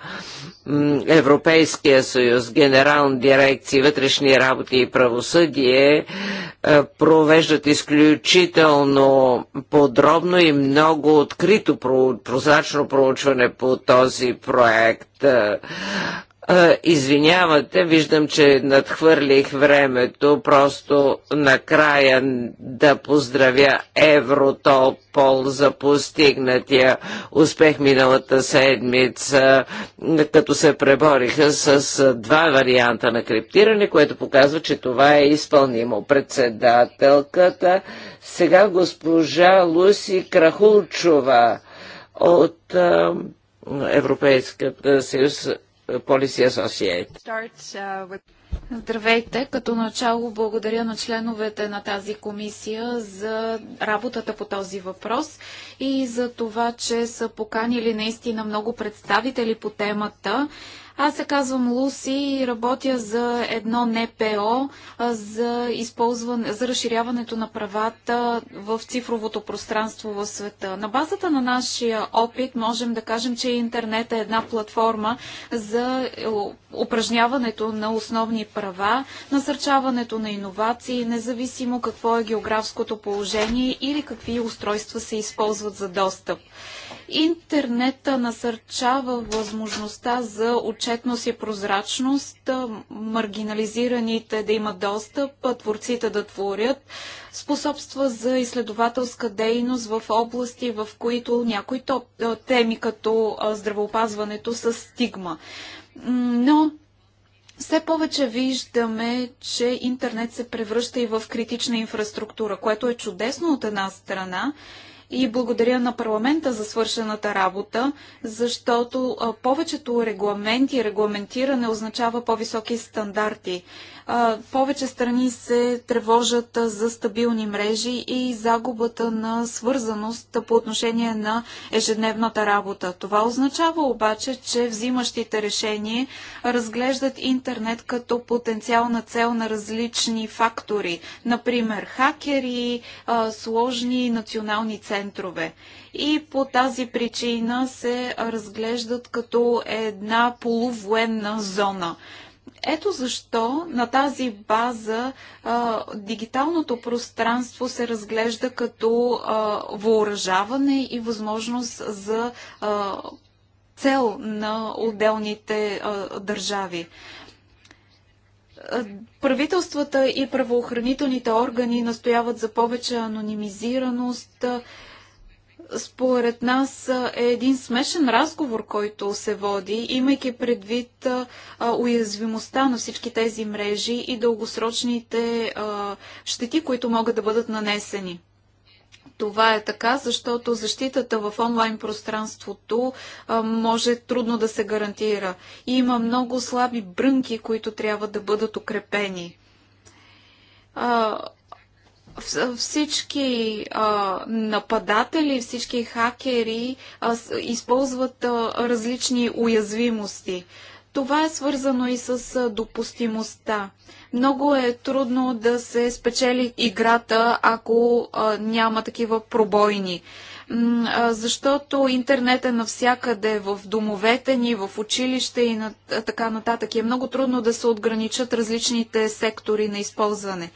Speaker 3: Европейския съюз, Генерална дирекция вътрешни работи и правосъдие провеждат изключително подробно и много открито прозрачно проучване по този проект. Извинявате, виждам, че надхвърлих времето, просто накрая да поздравя Евротопол за постигнатия успех миналата седмица, като се пребориха с два варианта на криптиране, което показва, че това е изпълнимо. Председателката, сега госпожа Луси Крахулчова от Европейската съюз Policy Associate.
Speaker 1: Uh, Здравейте! Като начало благодаря на членовете на тази комисия за работата по този въпрос и за това, че са поканили наистина много представители по темата. Аз се казвам Луси и работя за едно НПО за, използване, за разширяването на правата в цифровото пространство в света. На базата на нашия опит можем да кажем, че интернет е една платформа за е, упражняването на основни права, насърчаването на иновации, независимо какво е географското положение или какви устройства се използват за достъп. Интернет насърчава възможността за отчетност и прозрачност, маргинализираните да имат достъп, творците да творят, способства за изследователска дейност в области, в които някои топ, теми като здравеопазването са стигма. Но все повече виждаме, че интернет се превръща и в критична инфраструктура, което е чудесно от една страна и благодаря на парламента за свършената работа, защото повечето регламенти и регламентиране означава по-високи стандарти повече страни се тревожат за стабилни мрежи и загубата на свързаност по отношение на ежедневната работа. Това означава обаче, че взимащите решение разглеждат интернет като потенциална цел на различни фактори, например хакери, сложни национални центрове и по тази причина се разглеждат като една полувоенна зона. Ето защо на тази база а, дигиталното пространство се разглежда като а, въоръжаване и възможност за а, цел на отделните а, държави правителствата и правоохранителните органи настояват за повече анонимизираност според нас е един смешен разговор, който се води, имайки предвид уязвимостта на всички тези мрежи и дългосрочните щети, които могат да бъдат нанесени. Това е така, защото защитата в онлайн пространството може трудно да се гарантира. И има много слаби брънки, които трябва да бъдат укрепени всички а, нападатели, всички хакери а, използват а, различни уязвимости. Това е свързано и с допустимостта. Много е трудно да се спечели играта, ако а, няма такива пробойни. М а, защото интернет е навсякъде, в домовете ни, в училище и на, а, така нататък. И е много трудно да се отграничат различните сектори на използване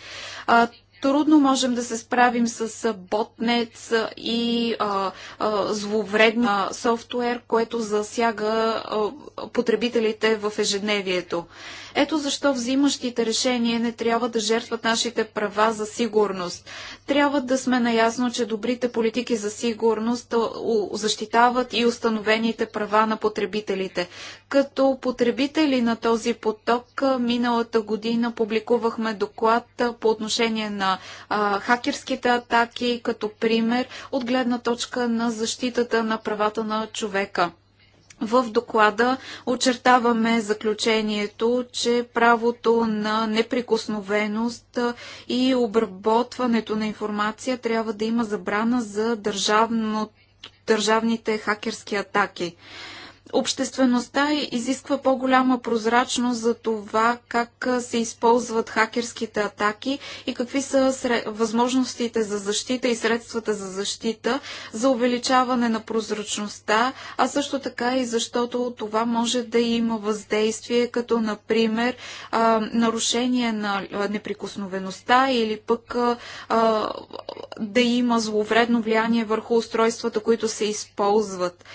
Speaker 1: трудно можем да се справим с ботнет и а, а, зловредна софтуер, което засяга а, потребителите в ежедневието. Ето защо взимащите решения не трябва да жертват нашите права за сигурност. Трябва да сме наясно, че добрите политики за сигурност защитават и установените права на потребителите. Като потребители на този поток, миналата година публикувахме доклад по отношение на а, хакерските атаки като пример от гледна точка на защитата на правата на човека. В доклада очертаваме заключението, че правото на неприкосновеност и обработването на информация трябва да има забрана за държавно, държавните хакерски атаки. Обществеността изисква по-голяма прозрачност за това как се използват хакерските атаки и какви са възможностите за защита и средствата за защита за увеличаване на прозрачността, а също така и защото това може да има въздействие, като например нарушение на неприкосновеността или пък да има зловредно влияние върху устройствата, които се използват.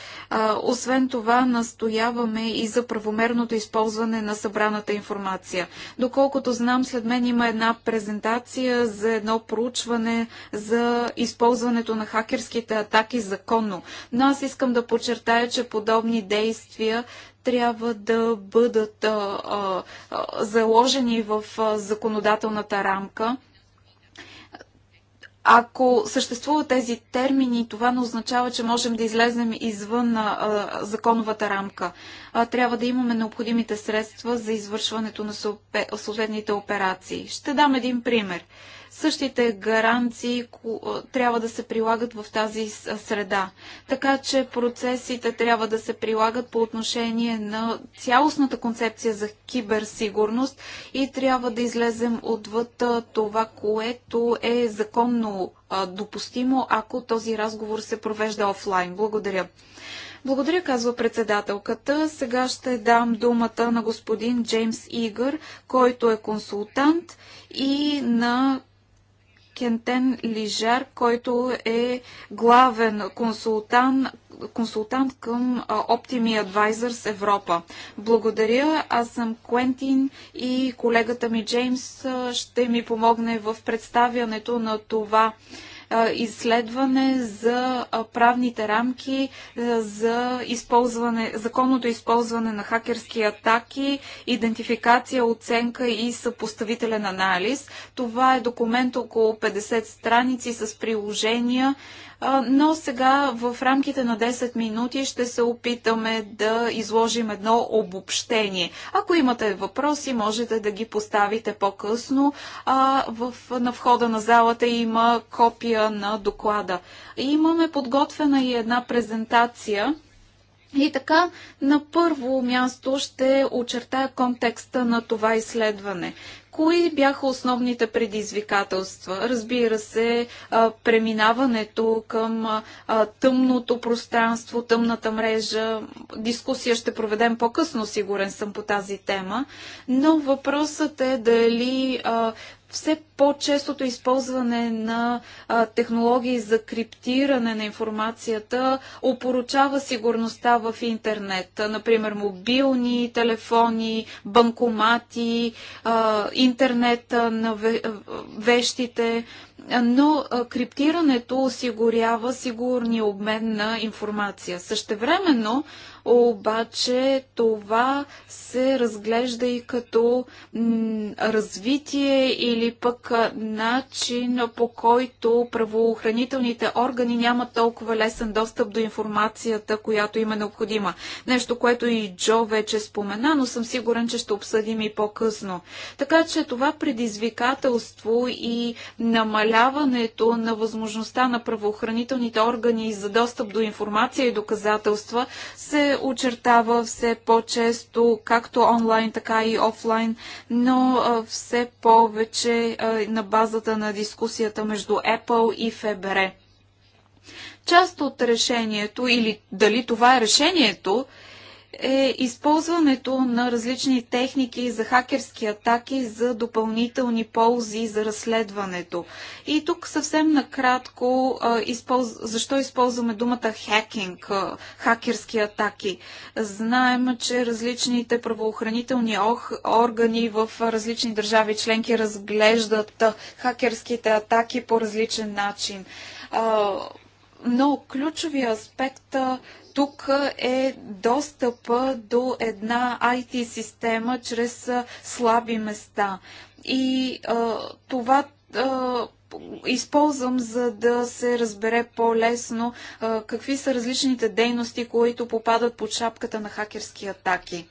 Speaker 1: освен това, настояваме и за правомерното използване на събраната информация. Доколкото знам, след мен има една презентация за едно проучване за използването на хакерските атаки законно. Но аз искам да подчертая, че подобни действия трябва да бъдат а, а, заложени в законодателната рамка ако съществуват тези термини, това не означава, че можем да излезем извън а, законовата рамка. А, трябва да имаме необходимите средства за извършването на съответните операции. Ще дам един пример същите гаранции трябва да се прилагат в тази среда. Така че процесите трябва да се прилагат по отношение на цялостната концепция за киберсигурност и трябва да излезем отвъд това, което е законно допустимо, ако този разговор се провежда офлайн. Благодаря. Благодаря, казва председателката. Сега ще дам думата на господин Джеймс Игър, който е консултант и на Кентен Лижар, който е главен консултант консултант към Optimi Advisors Европа. Благодаря, аз съм Квентин и колегата ми Джеймс ще ми помогне в представянето на това изследване за правните рамки за използване, законното използване на хакерски атаки, идентификация, оценка и съпоставителен анализ. Това е документ около 50 страници с приложения но сега в рамките на 10 минути ще се опитаме да изложим едно обобщение. Ако имате въпроси, можете да ги поставите по-късно. на входа на залата има копия на доклада. Имаме подготвена и една презентация. И така, на първо място ще очертая контекста на това изследване. Кои бяха основните предизвикателства? Разбира се, преминаването към тъмното пространство, тъмната мрежа. Дискусия ще проведем по-късно, сигурен съм по тази тема. Но въпросът е дали все по-честото използване на а, технологии за криптиране на информацията опоручава сигурността в интернет. Например, мобилни телефони, банкомати, а, интернет на ве, вещите. Но а, криптирането осигурява сигурния обмен на информация. Същевременно обаче това се разглежда и като развитие или пък начин по който правоохранителните органи нямат толкова лесен достъп до информацията, която им е необходима. Нещо, което и Джо вече спомена, но съм сигурен, че ще обсъдим и по-късно. Така че това предизвикателство и намаляването на възможността на правоохранителните органи за достъп до информация и доказателства се очертава все по-често, както онлайн, така и офлайн, но все повече на базата на дискусията между Apple и ФБР. Част от решението или дали това е решението е използването на различни техники за хакерски атаки за допълнителни ползи за разследването. И тук съвсем накратко защо използваме думата хакинг, хакерски атаки. Знаем, че различните правоохранителни органи в различни държави членки разглеждат хакерските атаки по различен начин но ключовия аспект тук е достъпа до една IT система чрез слаби места. И а, това а, използвам, за да се разбере по-лесно какви са различните дейности, които попадат под шапката на хакерски атаки.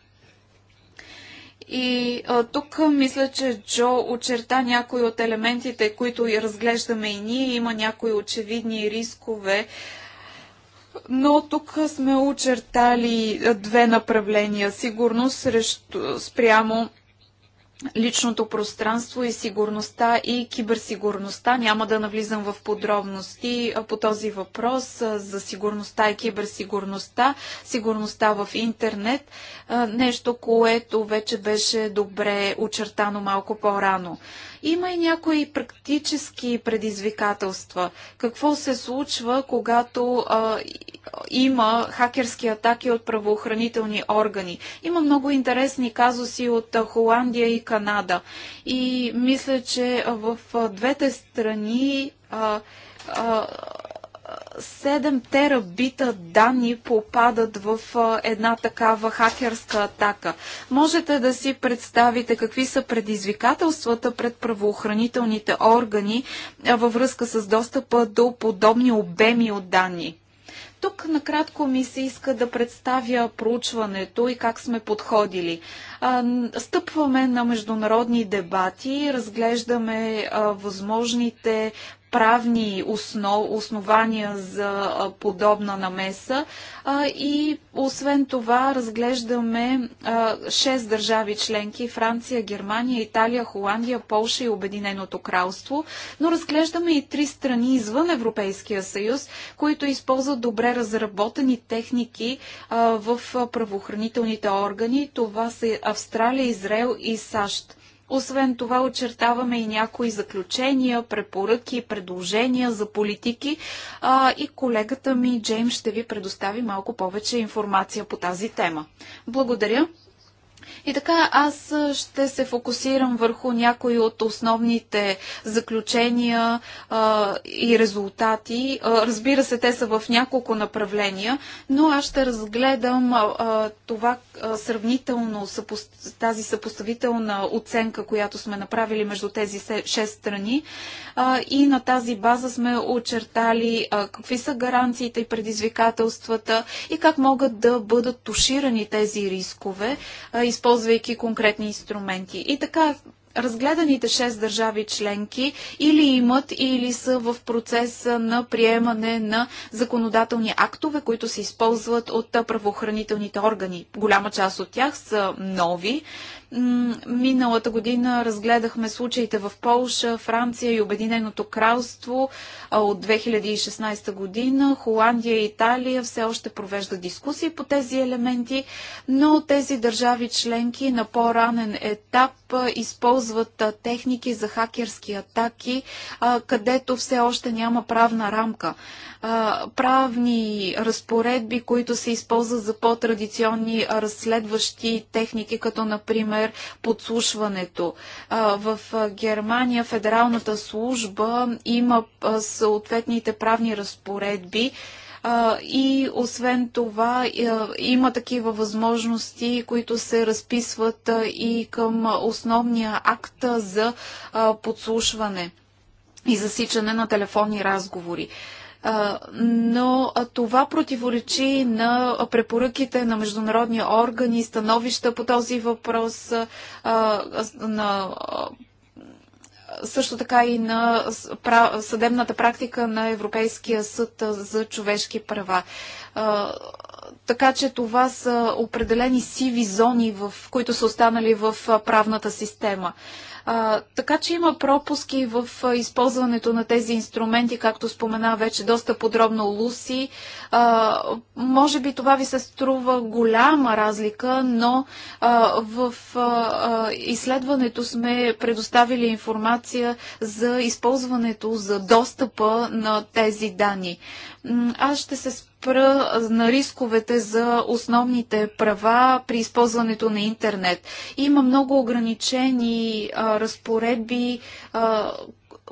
Speaker 1: И а, тук мисля, че Джо очерта някои от елементите, които разглеждаме и ние. Има някои очевидни рискове но тук сме очертали две направления. Сигурност срещу, спрямо личното пространство и сигурността и киберсигурността. Няма да навлизам в подробности по този въпрос за сигурността и киберсигурността, сигурността в интернет, нещо, което вече беше добре очертано малко по-рано. Има и някои практически предизвикателства. Какво се случва, когато а, има хакерски атаки от правоохранителни органи? Има много интересни казуси от Холандия и Канада. И мисля, че в двете страни. А, а, 7 терабита данни попадат в една такава хакерска атака. Можете да си представите какви са предизвикателствата пред правоохранителните органи във връзка с достъпа до подобни обеми от данни. Тук накратко ми се иска да представя проучването и как сме подходили. Стъпваме на международни дебати, разглеждаме възможните правни основ, основания за подобна намеса и освен това разглеждаме 6 държави членки Франция, Германия, Италия, Холандия, Полша и Обединеното кралство, но разглеждаме и три страни извън Европейския съюз, които използват добре разработени техники в правоохранителните органи. Това са Австралия, Израел и САЩ. Освен това, очертаваме и някои заключения, препоръки, предложения за политики а, и колегата ми Джейм ще ви предостави малко повече информация по тази тема. Благодаря. И така аз ще се фокусирам върху някои от основните заключения а, и резултати. А, разбира се, те са в няколко направления, но аз ще разгледам а, това а, сравнително, тази съпоставителна оценка, която сме направили между тези шест страни. А, и на тази база сме очертали а, какви са гаранциите и предизвикателствата и как могат да бъдат туширани тези рискове, а, използвани използвайки конкретни инструменти. И така, разгледаните 6 държави членки или имат, или са в процеса на приемане на законодателни актове, които се използват от правоохранителните органи. Голяма част от тях са нови, Миналата година разгледахме случаите в Полша, Франция и Обединеното кралство от 2016 година. Холандия и Италия все още провежда дискусии по тези елементи, но тези държави членки на по-ранен етап използват техники за хакерски атаки, където все още няма правна рамка. Правни разпоредби, които се използват за по-традиционни разследващи техники, като например например, подслушването. В Германия федералната служба има съответните правни разпоредби, и освен това има такива възможности, които се разписват и към основния акт за подслушване и засичане на телефонни разговори но това противоречи на препоръките на международни органи, становища по този въпрос, на също така и на съдебната практика на Европейския съд за човешки права. Така че това са определени сиви зони, в които са останали в правната система. А, така че има пропуски в използването на тези инструменти, както спомена вече доста подробно Луси. А, може би това ви се струва голяма разлика, но а, в а, изследването сме предоставили информация за използването, за достъпа на тези данни. Аз ще се спра на рисковете за основните права при използването на интернет. Има много ограничени а, разпоредби а,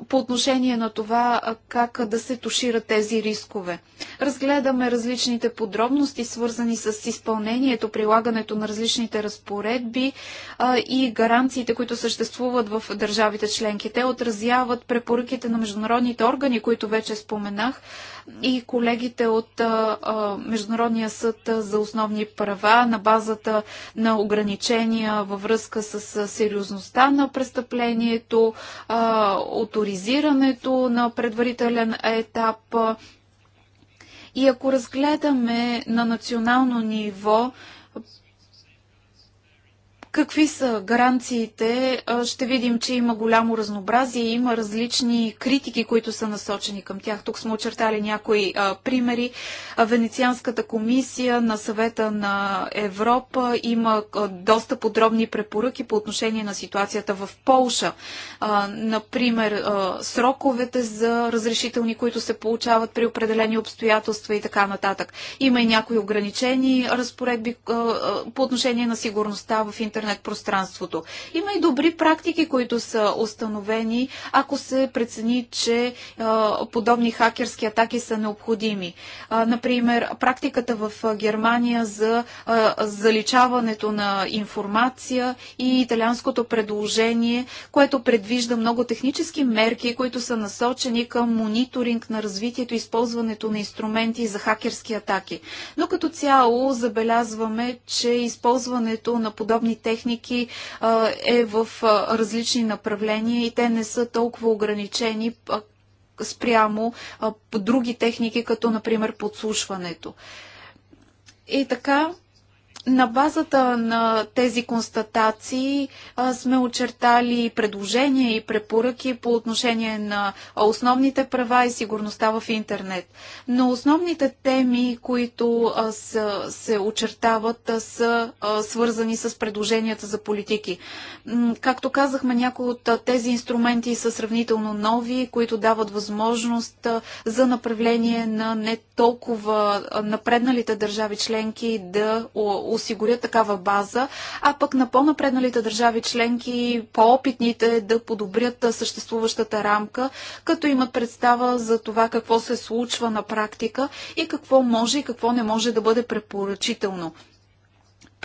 Speaker 1: по отношение на това а, как да се тушират тези рискове. Разгледаме различните подробности, свързани с изпълнението, прилагането на различните разпоредби а, и гаранциите, които съществуват в държавите членки. Те отразяват препоръките на международните органи, които вече споменах, и колегите от Международния съд за основни права на базата на ограничения във връзка с сериозността на престъплението, авторизирането на предварителен етап. И ако разгледаме на национално ниво Какви са гаранциите? Ще видим, че има голямо разнообразие, има различни критики, които са насочени към тях. Тук сме очертали някои примери. Венецианската комисия на съвета на Европа има доста подробни препоръки по отношение на ситуацията в Полша. например, сроковете за разрешителни, които се получават при определени обстоятелства и така нататък. Има и някои ограничени разпоредби по отношение на сигурността в интернет интернет пространството. Има и добри практики, които са установени, ако се прецени, че подобни хакерски атаки са необходими. Например, практиката в Германия за заличаването на информация и италианското предложение, което предвижда много технически мерки, които са насочени към мониторинг на развитието и използването на инструменти за хакерски атаки. Но като цяло забелязваме, че използването на подобни техники техники е в различни направления и те не са толкова ограничени спрямо други техники, като например подслушването. И така, на базата на тези констатации а, сме очертали предложения и препоръки по отношение на основните права и сигурността в интернет. Но основните теми, които а, са, се очертават, а, са свързани с предложенията за политики. М както казахме, някои от тези инструменти са сравнително нови, които дават възможност за направление на не толкова напредналите държави членки да осигурят такава база, а пък на по-напредналите държави членки, по-опитните да подобрят съществуващата рамка, като имат представа за това какво се случва на практика и какво може и какво не може да бъде препоръчително.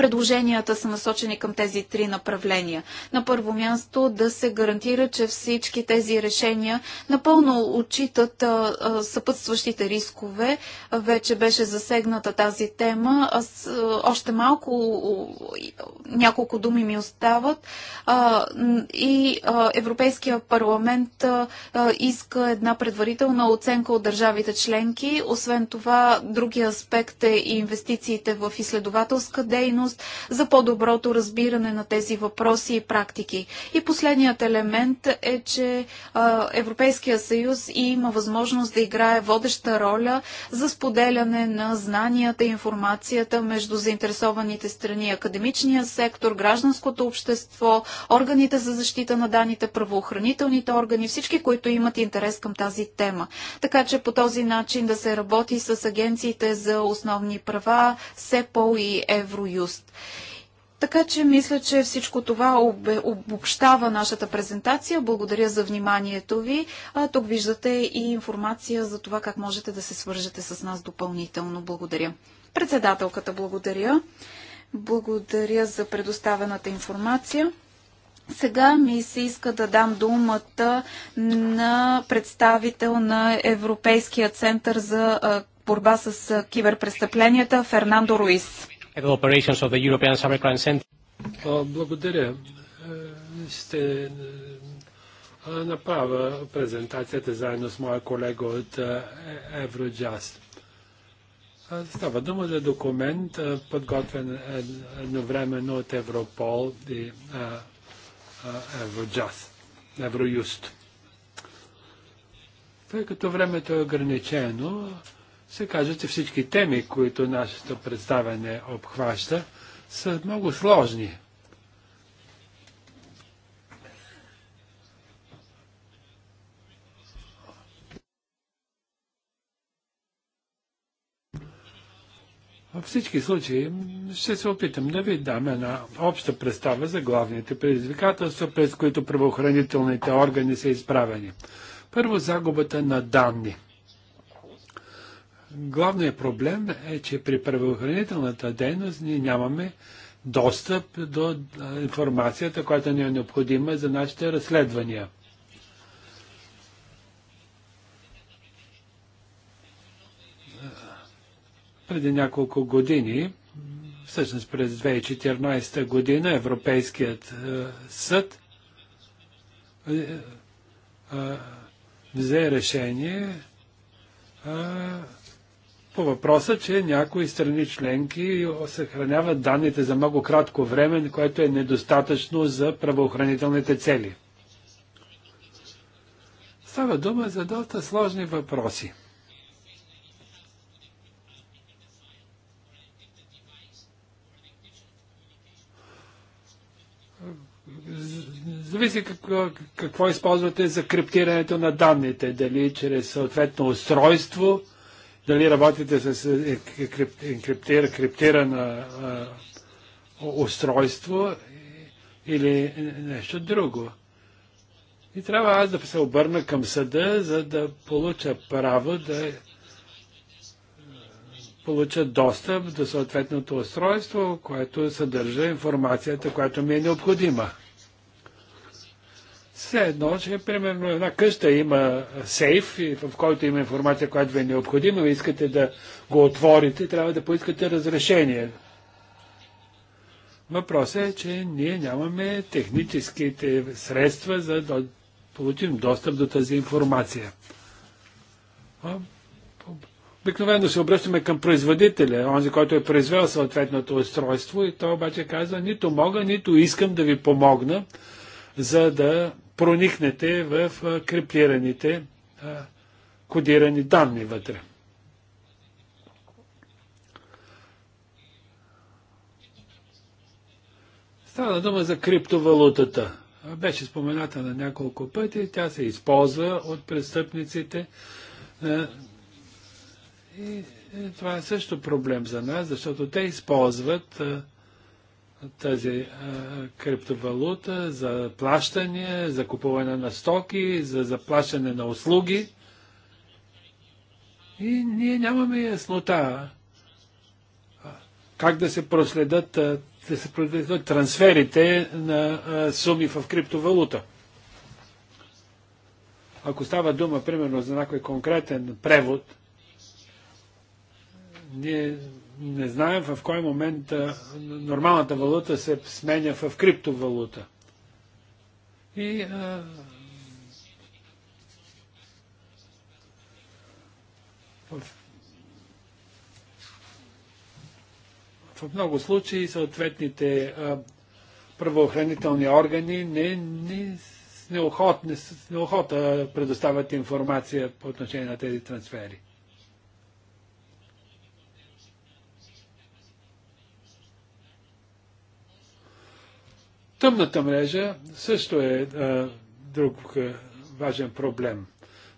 Speaker 1: Предложенията са насочени към тези три направления. На първо място да се гарантира, че всички тези решения напълно отчитат съпътстващите рискове. Вече беше засегната тази тема. Аз още малко, няколко думи ми остават. И Европейския парламент иска една предварителна оценка от държавите членки. Освен това, другия аспект е и инвестициите в изследователска дейност възможност за по-доброто разбиране на тези въпроси и практики. И последният елемент е, че Европейския съюз има възможност да играе водеща роля за споделяне на знанията и информацията между заинтересованите страни, академичния сектор, гражданското общество, органите за защита на даните, правоохранителните органи, всички, които имат интерес към тази тема. Така че по този начин да се работи с агенциите за основни права, СЕПОЛ и Евроюст област. Така че мисля, че всичко това обобщава нашата презентация. Благодаря за вниманието ви. тук виждате и информация за това как можете да се свържете с нас допълнително. Благодаря. Председателката, благодаря. Благодаря за предоставената информация. Сега ми се иска да дам думата на представител на Европейския център за борба с киберпрестъпленията Фернандо Руис
Speaker 3: operations of the European Cybercrime Center.
Speaker 2: Благодаря. Е, ще е, направя презентацията заедно с моя колега от е, Евроджаст. Става дума за документ, подготвен едновременно от Европол и Евроджаст, Евроюст. Тъй като времето е ограничено, се каже, че всички теми, които нашето представяне обхваща, са много сложни. Във всички случаи ще се опитам да ви дам една обща представа за главните предизвикателства, през които правоохранителните органи са изправени. Първо, загубата на данни – Главният проблем е, че при правоохранителната дейност ние нямаме достъп до информацията, която ни е необходима за нашите разследвания. Преди няколко години, всъщност през 2014 година, Европейският съд взе решение по въпроса, че някои страни членки съхраняват данните за много кратко време, което е недостатъчно за правоохранителните цели. Става дума за доста сложни въпроси. зависи какво, какво използвате за криптирането на данните. Дали чрез съответно устройство дали работите с е, е, криптир, криптирано устройство или нещо друго. И трябва аз да се обърна към съда, за да получа право да е, получа достъп до съответното устройство, което съдържа информацията, която ми е необходима. Все едно, че примерно една къща има сейф, в който има информация, която ви е необходима, искате да го отворите, трябва да поискате разрешение. Въпросът е, че ние нямаме техническите средства за да получим достъп до тази информация. Обикновено се обръщаме към производителя, онзи, който е произвел съответното устройство и той обаче казва, нито мога, нито искам да ви помогна, за да проникнете в криптираните, кодирани данни вътре. Става дума за криптовалутата. Беше спомената на няколко пъти, тя се използва от престъпниците. И това е също проблем за нас, защото те използват тази а, криптовалута за плащане, за купуване на стоки, за заплащане на услуги. И ние нямаме яснота как да се проследят, да се проследят трансферите на а, суми в криптовалута. Ако става дума, примерно, за някой конкретен превод, ние не знаем в кой момент нормалната валута се сменя в криптовалута. И а, в, в много случаи съответните а, правоохранителни органи не, не, с, неохота предоставят информация по отношение на тези трансфери. Тъмната мрежа също е а, друг а, важен проблем.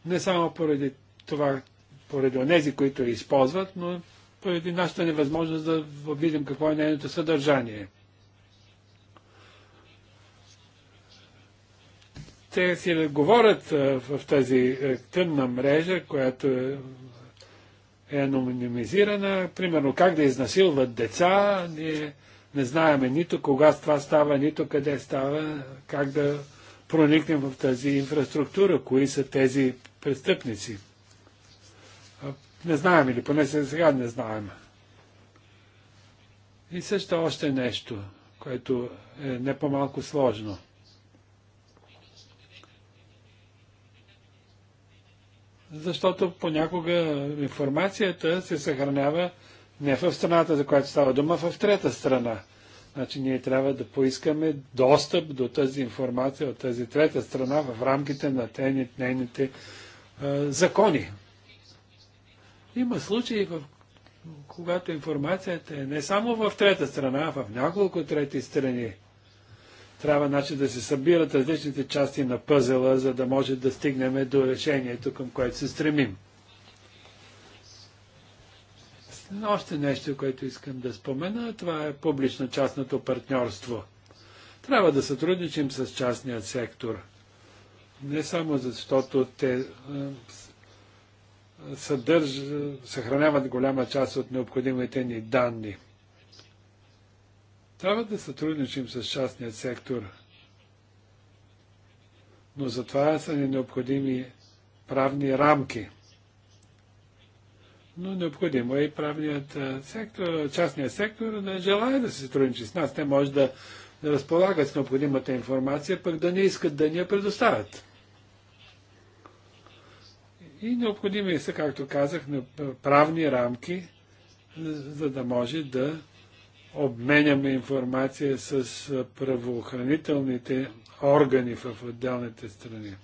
Speaker 2: Не само поради това, поради онези, които я използват, но поради нашата невъзможност да видим какво е нейното съдържание. Те си говорят в тази тъмна мрежа, която е е анонимизирана, примерно как да изнасилват деца, ние не знаеме нито кога това става, нито къде става, как да проникнем в тази инфраструктура, кои са тези престъпници. Не знаем или поне сега не знаем. И също още нещо, което е не по-малко сложно. Защото понякога информацията се съхранява не в страната, за която става дума, в трета страна. Значи ние трябва да поискаме достъп до тази информация от тази трета страна в рамките на тени, нейните а, закони. Има случаи, в, когато информацията е не само в трета страна, а в няколко трети страни. Трябва значи, да се събират различните части на пъзела, за да може да стигнем до решението, към което се стремим. Още нещо, което искам да спомена, това е публично-частното партньорство. Трябва да сътрудничим с частният сектор. Не само защото те е, съдърж, съхраняват голяма част от необходимите ни данни. Трябва да сътрудничим с частният сектор. Но за това са ни необходими правни рамки – но необходимо е и правният сектор, частният сектор да желая да се сътрудничи с нас. Те може да, разполагат с необходимата информация, пък да не искат да ни я предоставят. И необходими са, както казах, правни рамки, за да може да обменяме информация с правоохранителните органи в отделните страни.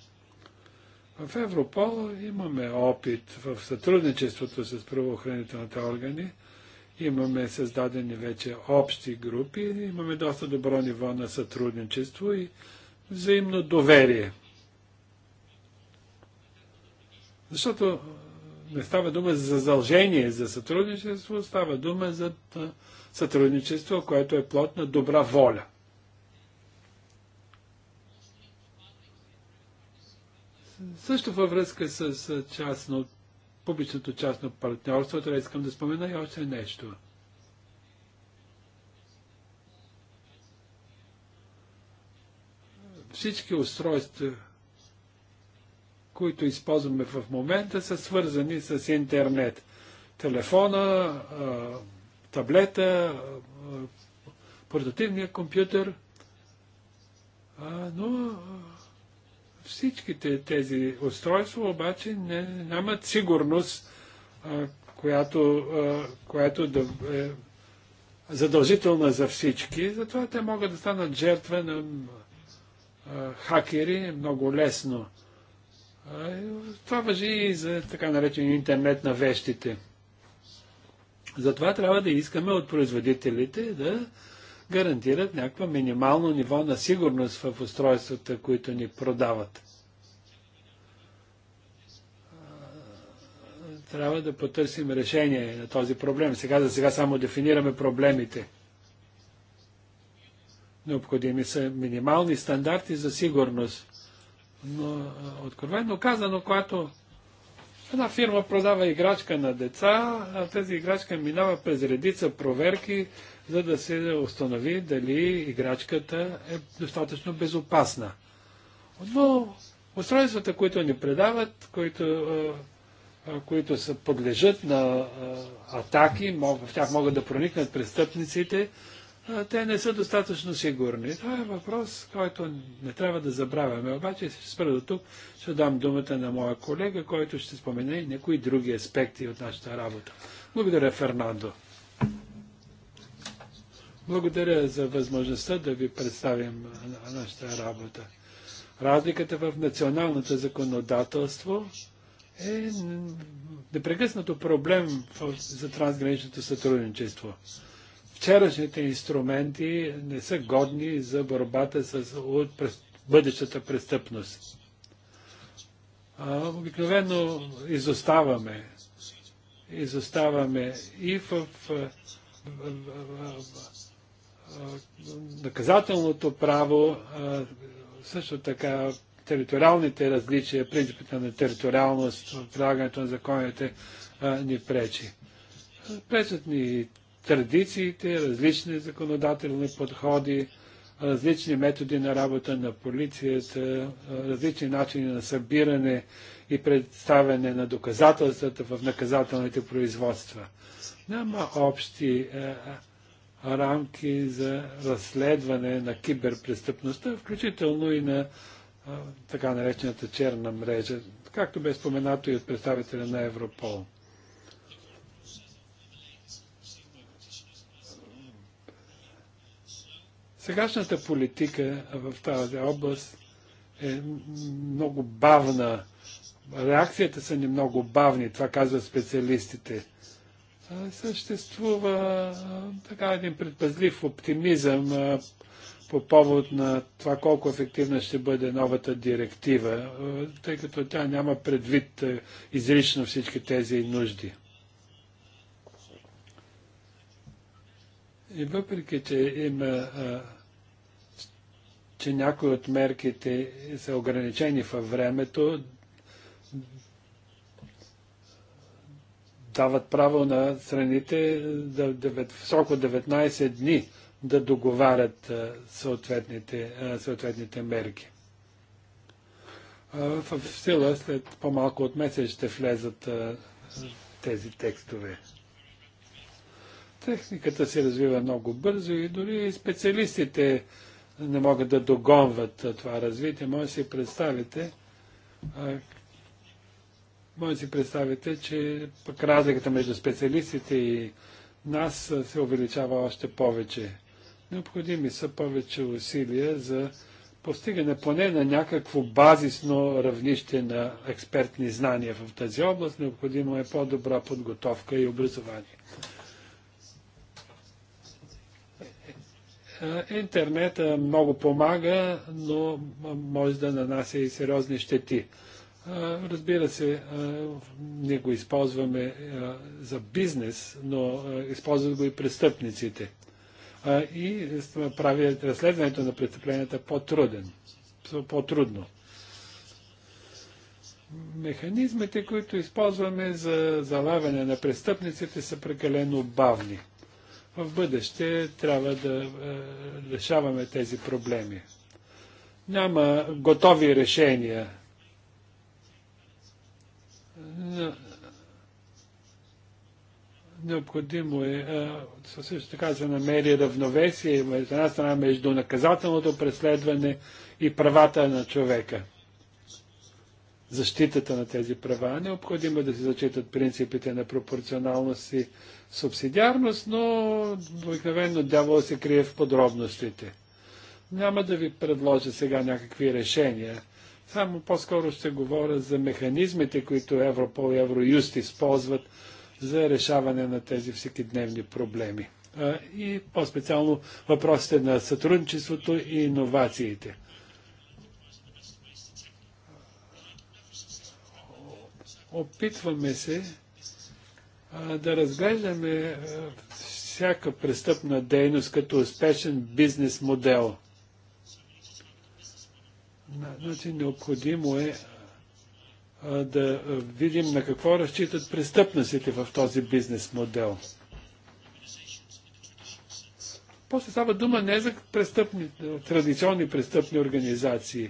Speaker 2: В Европол имаме опит в сътрудничеството с правоохранителните органи. Имаме създадени вече общи групи, имаме доста добро ниво на сътрудничество и взаимно доверие. Защото не става дума за задължение за сътрудничество, става дума за сътрудничество, което е плод на добра воля. Също във връзка с частно, публичното частно партньорство, трябва искам да спомена и още нещо. Всички устройства, които използваме в момента, са свързани с интернет. Телефона, таблета, портативния компютър, но Всичките тези устройства обаче не, нямат сигурност, а, която, а, която да е задължителна за всички. Затова те могат да станат жертва на а, хакери много лесно. А, това въжи и за така наречен интернет на вещите. Затова трябва да искаме от производителите да гарантират някакво минимално ниво на сигурност в устройствата, които ни продават. Трябва да потърсим решение на този проблем. Сега за сега само дефинираме проблемите. Необходими са минимални стандарти за сигурност. Но, откровено казано, когато Една фирма продава играчка на деца, а тази играчка минава през редица проверки, за да се установи дали играчката е достатъчно безопасна. Но устройствата, които ни предават, които, които са, подлежат на атаки, в тях могат да проникнат престъпниците, те не са достатъчно сигурни. Това е въпрос, който не трябва да забравяме. Обаче ще спра до тук, ще дам думата на моя колега, който ще спомене и някои други аспекти от нашата работа. Благодаря, Фернандо. Благодаря за възможността да ви представим нашата работа. Разликата в националното законодателство е непрекъснато проблем за трансграничното сътрудничество. Вчерашните инструменти не са годни за борбата с бъдещата престъпност. Обикновено изоставаме. Изоставаме и в наказателното право, също така териториалните различия, принципите на териториалност, прилагането на законите ни пречи. Пречат ни традициите, различни законодателни подходи, различни методи на работа на полицията, различни начини на събиране и представяне на доказателствата в наказателните производства. Няма общи рамки за разследване на киберпрестъпността, включително и на а, така наречената черна мрежа, както бе споменато и от представителя на Европол. Сегашната политика в тази област е много бавна. Реакцията са ни много бавни, това казват специалистите съществува така един предпазлив оптимизъм по повод на това колко ефективна ще бъде новата директива, тъй като тя няма предвид изрично всички тези нужди. И въпреки, че има че някои от мерките са ограничени във времето, дават право на страните да, да, в срок от 19 дни да договарят съответните, съответните мерки. В сила след по-малко от месец ще влезат тези текстове. Техниката се развива много бързо и дори специалистите не могат да догонват това развитие. Може да си представите може да си представите, че пък разликата между специалистите и нас се увеличава още повече. Необходими са повече усилия за постигане поне на някакво базисно равнище на експертни знания в тази област. Необходимо е по-добра подготовка и образование. Е, е, Интернет много помага, но може да нанася и сериозни щети. Разбира се, ние го използваме за бизнес, но използват го и престъпниците. И прави разследването на престъпленията по-труден, по-трудно. Механизмите, които използваме за залавяне на престъпниците, са прекалено бавни. В бъдеще трябва да решаваме тези проблеми. Няма готови решения Необходимо е също така се намери равновесие от една страна между наказателното преследване и правата на човека. Защитата на тези права. Необходимо е да се зачитат принципите на пропорционалност и субсидиарност, но обикновено дявол се крие в подробностите. Няма да ви предложа сега някакви решения. Само по-скоро ще говоря за механизмите, които Европол и Евроюст използват за решаване на тези всекидневни проблеми. И по-специално въпросите на сътрудничеството и иновациите. Опитваме се а, да разглеждаме а, всяка престъпна дейност като успешен бизнес модел – Значи необходимо е а, да видим на какво разчитат престъпниците в този бизнес модел. После става дума не за престъпни, традиционни престъпни организации.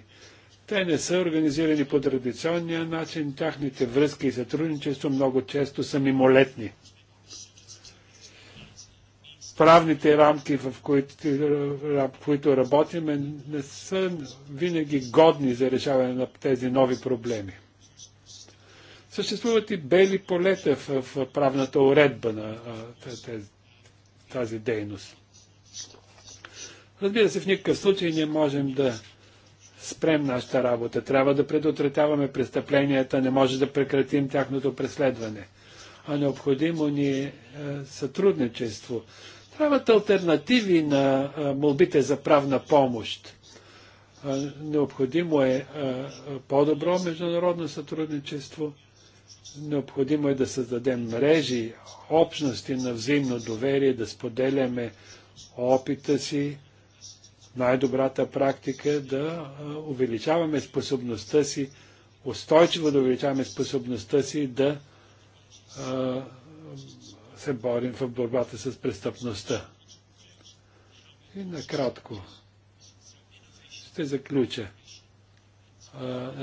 Speaker 2: Те не са организирани по традиционния начин, тяхните връзки и сътрудничество много често са мимолетни правните рамки, в които, в които работим, не са винаги годни за решаване на тези нови проблеми. Съществуват и бели полета в, правната уредба на тази, тази дейност. Разбира се, в никакъв случай не можем да спрем нашата работа. Трябва да предотвратяваме престъпленията, не може да прекратим тяхното преследване. А необходимо ни е, е сътрудничество Трябват альтернативи на молбите за правна помощ. Необходимо е по-добро международно сътрудничество. Необходимо е да създадем мрежи, общности на взаимно доверие, да споделяме опита си, най-добрата практика, да увеличаваме способността си, устойчиво да увеличаваме способността си да се борим в борбата с престъпността. И накратко ще заключа.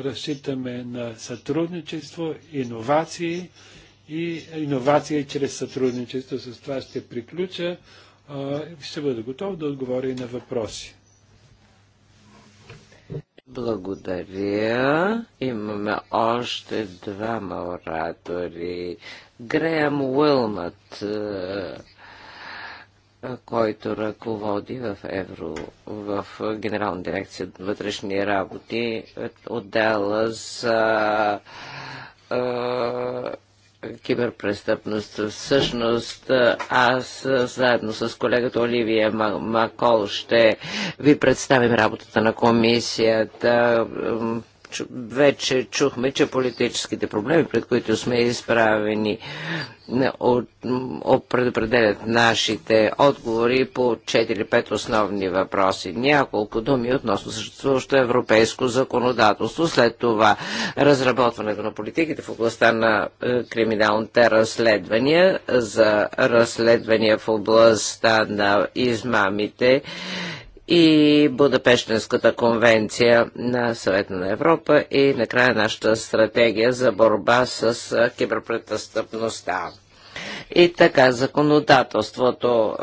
Speaker 2: Разчитаме на сътрудничество, иновации и иновации чрез сътрудничество. С това ще приключа. Ще бъда готов да отговоря и на въпроси.
Speaker 3: Благодаря. Имаме още двама оратори. Греъм Уилмът, е, е, който ръководи в Евро, в Генерална дирекция вътрешни работи, е, отдела за киберпрестъпност. Всъщност аз заедно с колегата Оливия Макол ще ви представим работата на комисията вече чухме, че политическите проблеми, пред които сме изправени, от, от предопределят нашите отговори по 4-5 основни въпроси. Няколко думи относно съществуващо европейско законодателство, след това разработването на политиките в областта на е, криминалните разследвания, за разследвания в областта на измамите и Будапештенската конвенция на Съвета на Европа и накрая нашата стратегия за борба с киберпретъстъпността. И така, законодателството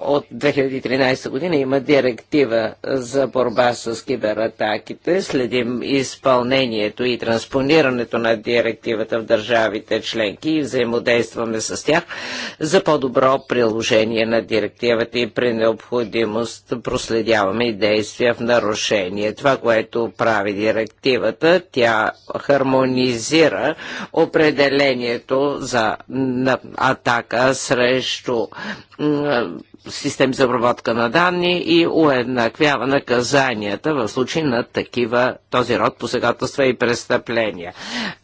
Speaker 3: от 2013 година има директива за борба с кибератаките. Следим изпълнението и транспонирането на директивата в държавите членки и взаимодействаме с тях за по-добро приложение на директивата и при необходимост проследяваме и действия в нарушение. Това, което прави директивата, тя хармонизира определението за атака срещу системи за обработка на данни и уеднаквява наказанията в случай на такива този род посегателства и престъпления.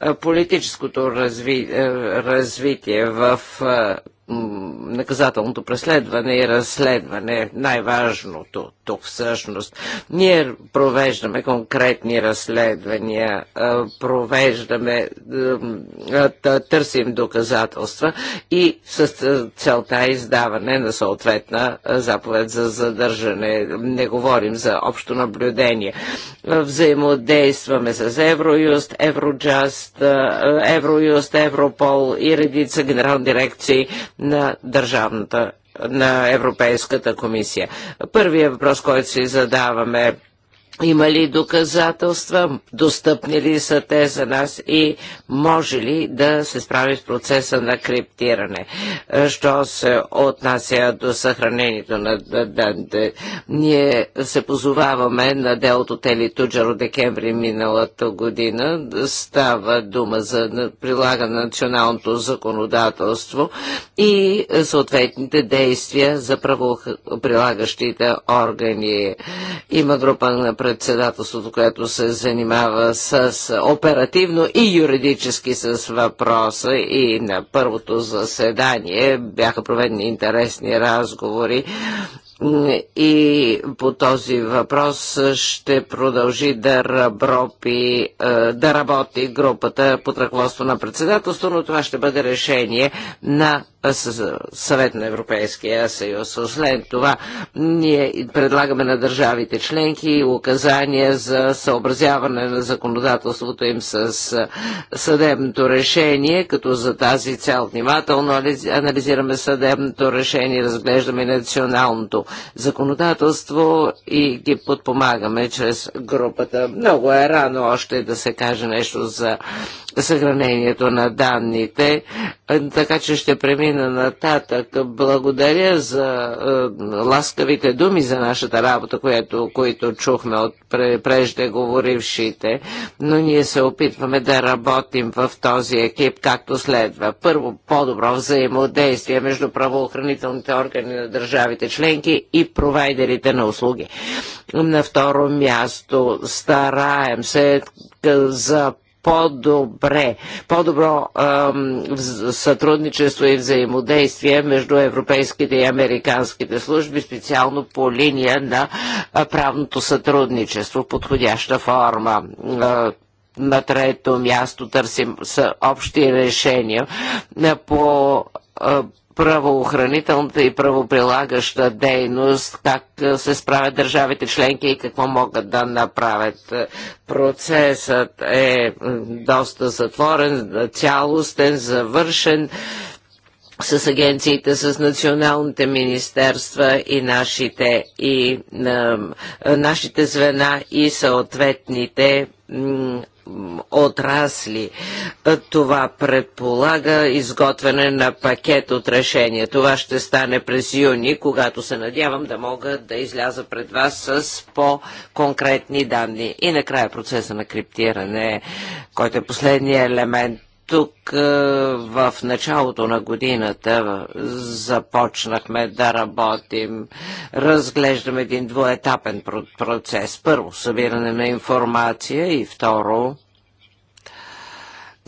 Speaker 3: Е, политическото разви, е, развитие в е, наказателното преследване и разследване най-важното тук всъщност. Ние провеждаме конкретни разследвания, провеждаме, търсим доказателства и с целта издаване на съответна заповед за задържане. Не говорим за общо наблюдение. Взаимодействаме с Евроюст, Евроджаст, Евроюст, Европол и редица генерални дирекции на държавната на Европейската комисия. Първият въпрос, който си задаваме има ли доказателства, достъпни ли са те за нас и може ли да се справи с процеса на криптиране? Е, що се отнася до съхранението на данните? Ние се позоваваме на делото Тели от декември миналата година. Става дума за прилага на националното законодателство и съответните действия за правоприлагащите органи. Има група на председателството, което се занимава с оперативно и юридически с въпроса и на първото заседание бяха проведени интересни разговори и по този въпрос ще продължи да, работи, е, да работи групата под ръководство на председателство, но това ще бъде решение на съвет на Европейския съюз. Освен това, ние предлагаме на държавите членки указания за съобразяване на законодателството им с съдебното решение, като за тази цел внимателно анализираме съдебното решение, разглеждаме националното законодателство и ги подпомагаме чрез групата. Много е рано още да се каже нещо за съхранението на данните, така че ще премина нататък. Благодаря за е, ласкавите думи за нашата работа, която, които чухме от преждеговорившите, но ние се опитваме да работим в този екип както следва. Първо, по-добро взаимодействие между правоохранителните органи на държавите членки и провайдерите на услуги. На второ място, стараем се за по-добре, по-добро сътрудничество и взаимодействие между европейските и американските служби, специално по линия на правното сътрудничество в подходяща форма. На трето място търсим общи решения по правоохранителната и правоприлагаща дейност, как се справят държавите членки и какво могат да направят. Процесът е доста затворен, цялостен, завършен с агенциите, с националните министерства и нашите, и, нашите звена и съответните отрасли. Това предполага изготвяне на пакет от решения. Това ще стане през юни, когато се надявам да мога да изляза пред вас с по-конкретни данни. И накрая процеса на криптиране, който е последният елемент тук е, в началото на годината започнахме да работим. Разглеждаме един двуетапен процес. Първо, събиране на информация и второ,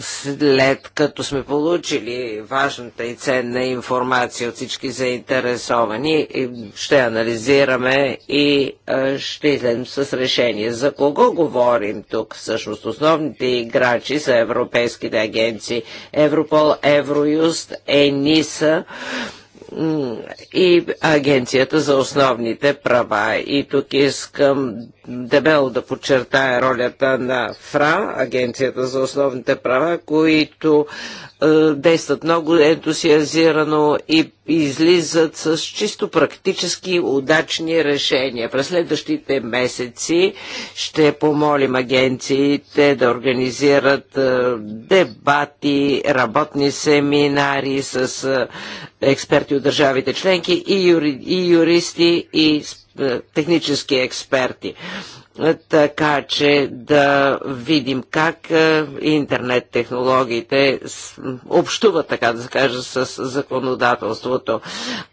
Speaker 3: след като сме получили важната и ценна информация от всички заинтересовани, ще анализираме и ще излезем с решение. За кого говорим тук? Всъщност основните играчи са европейските агенции Европол, Евроюст, ЕНИСА, и Агенцията за основните права. И тук искам дебело да подчертая ролята на ФРА, Агенцията за основните права, които е, действат много ентусиазирано и излизат с чисто практически удачни решения. През следващите месеци ще помолим агенциите да организират е, дебати, работни семинари с е, експерти между държавите членки и, и юристи и е, технически експерти така че да видим как е, интернет технологиите общуват, така да се каже, с законодателството.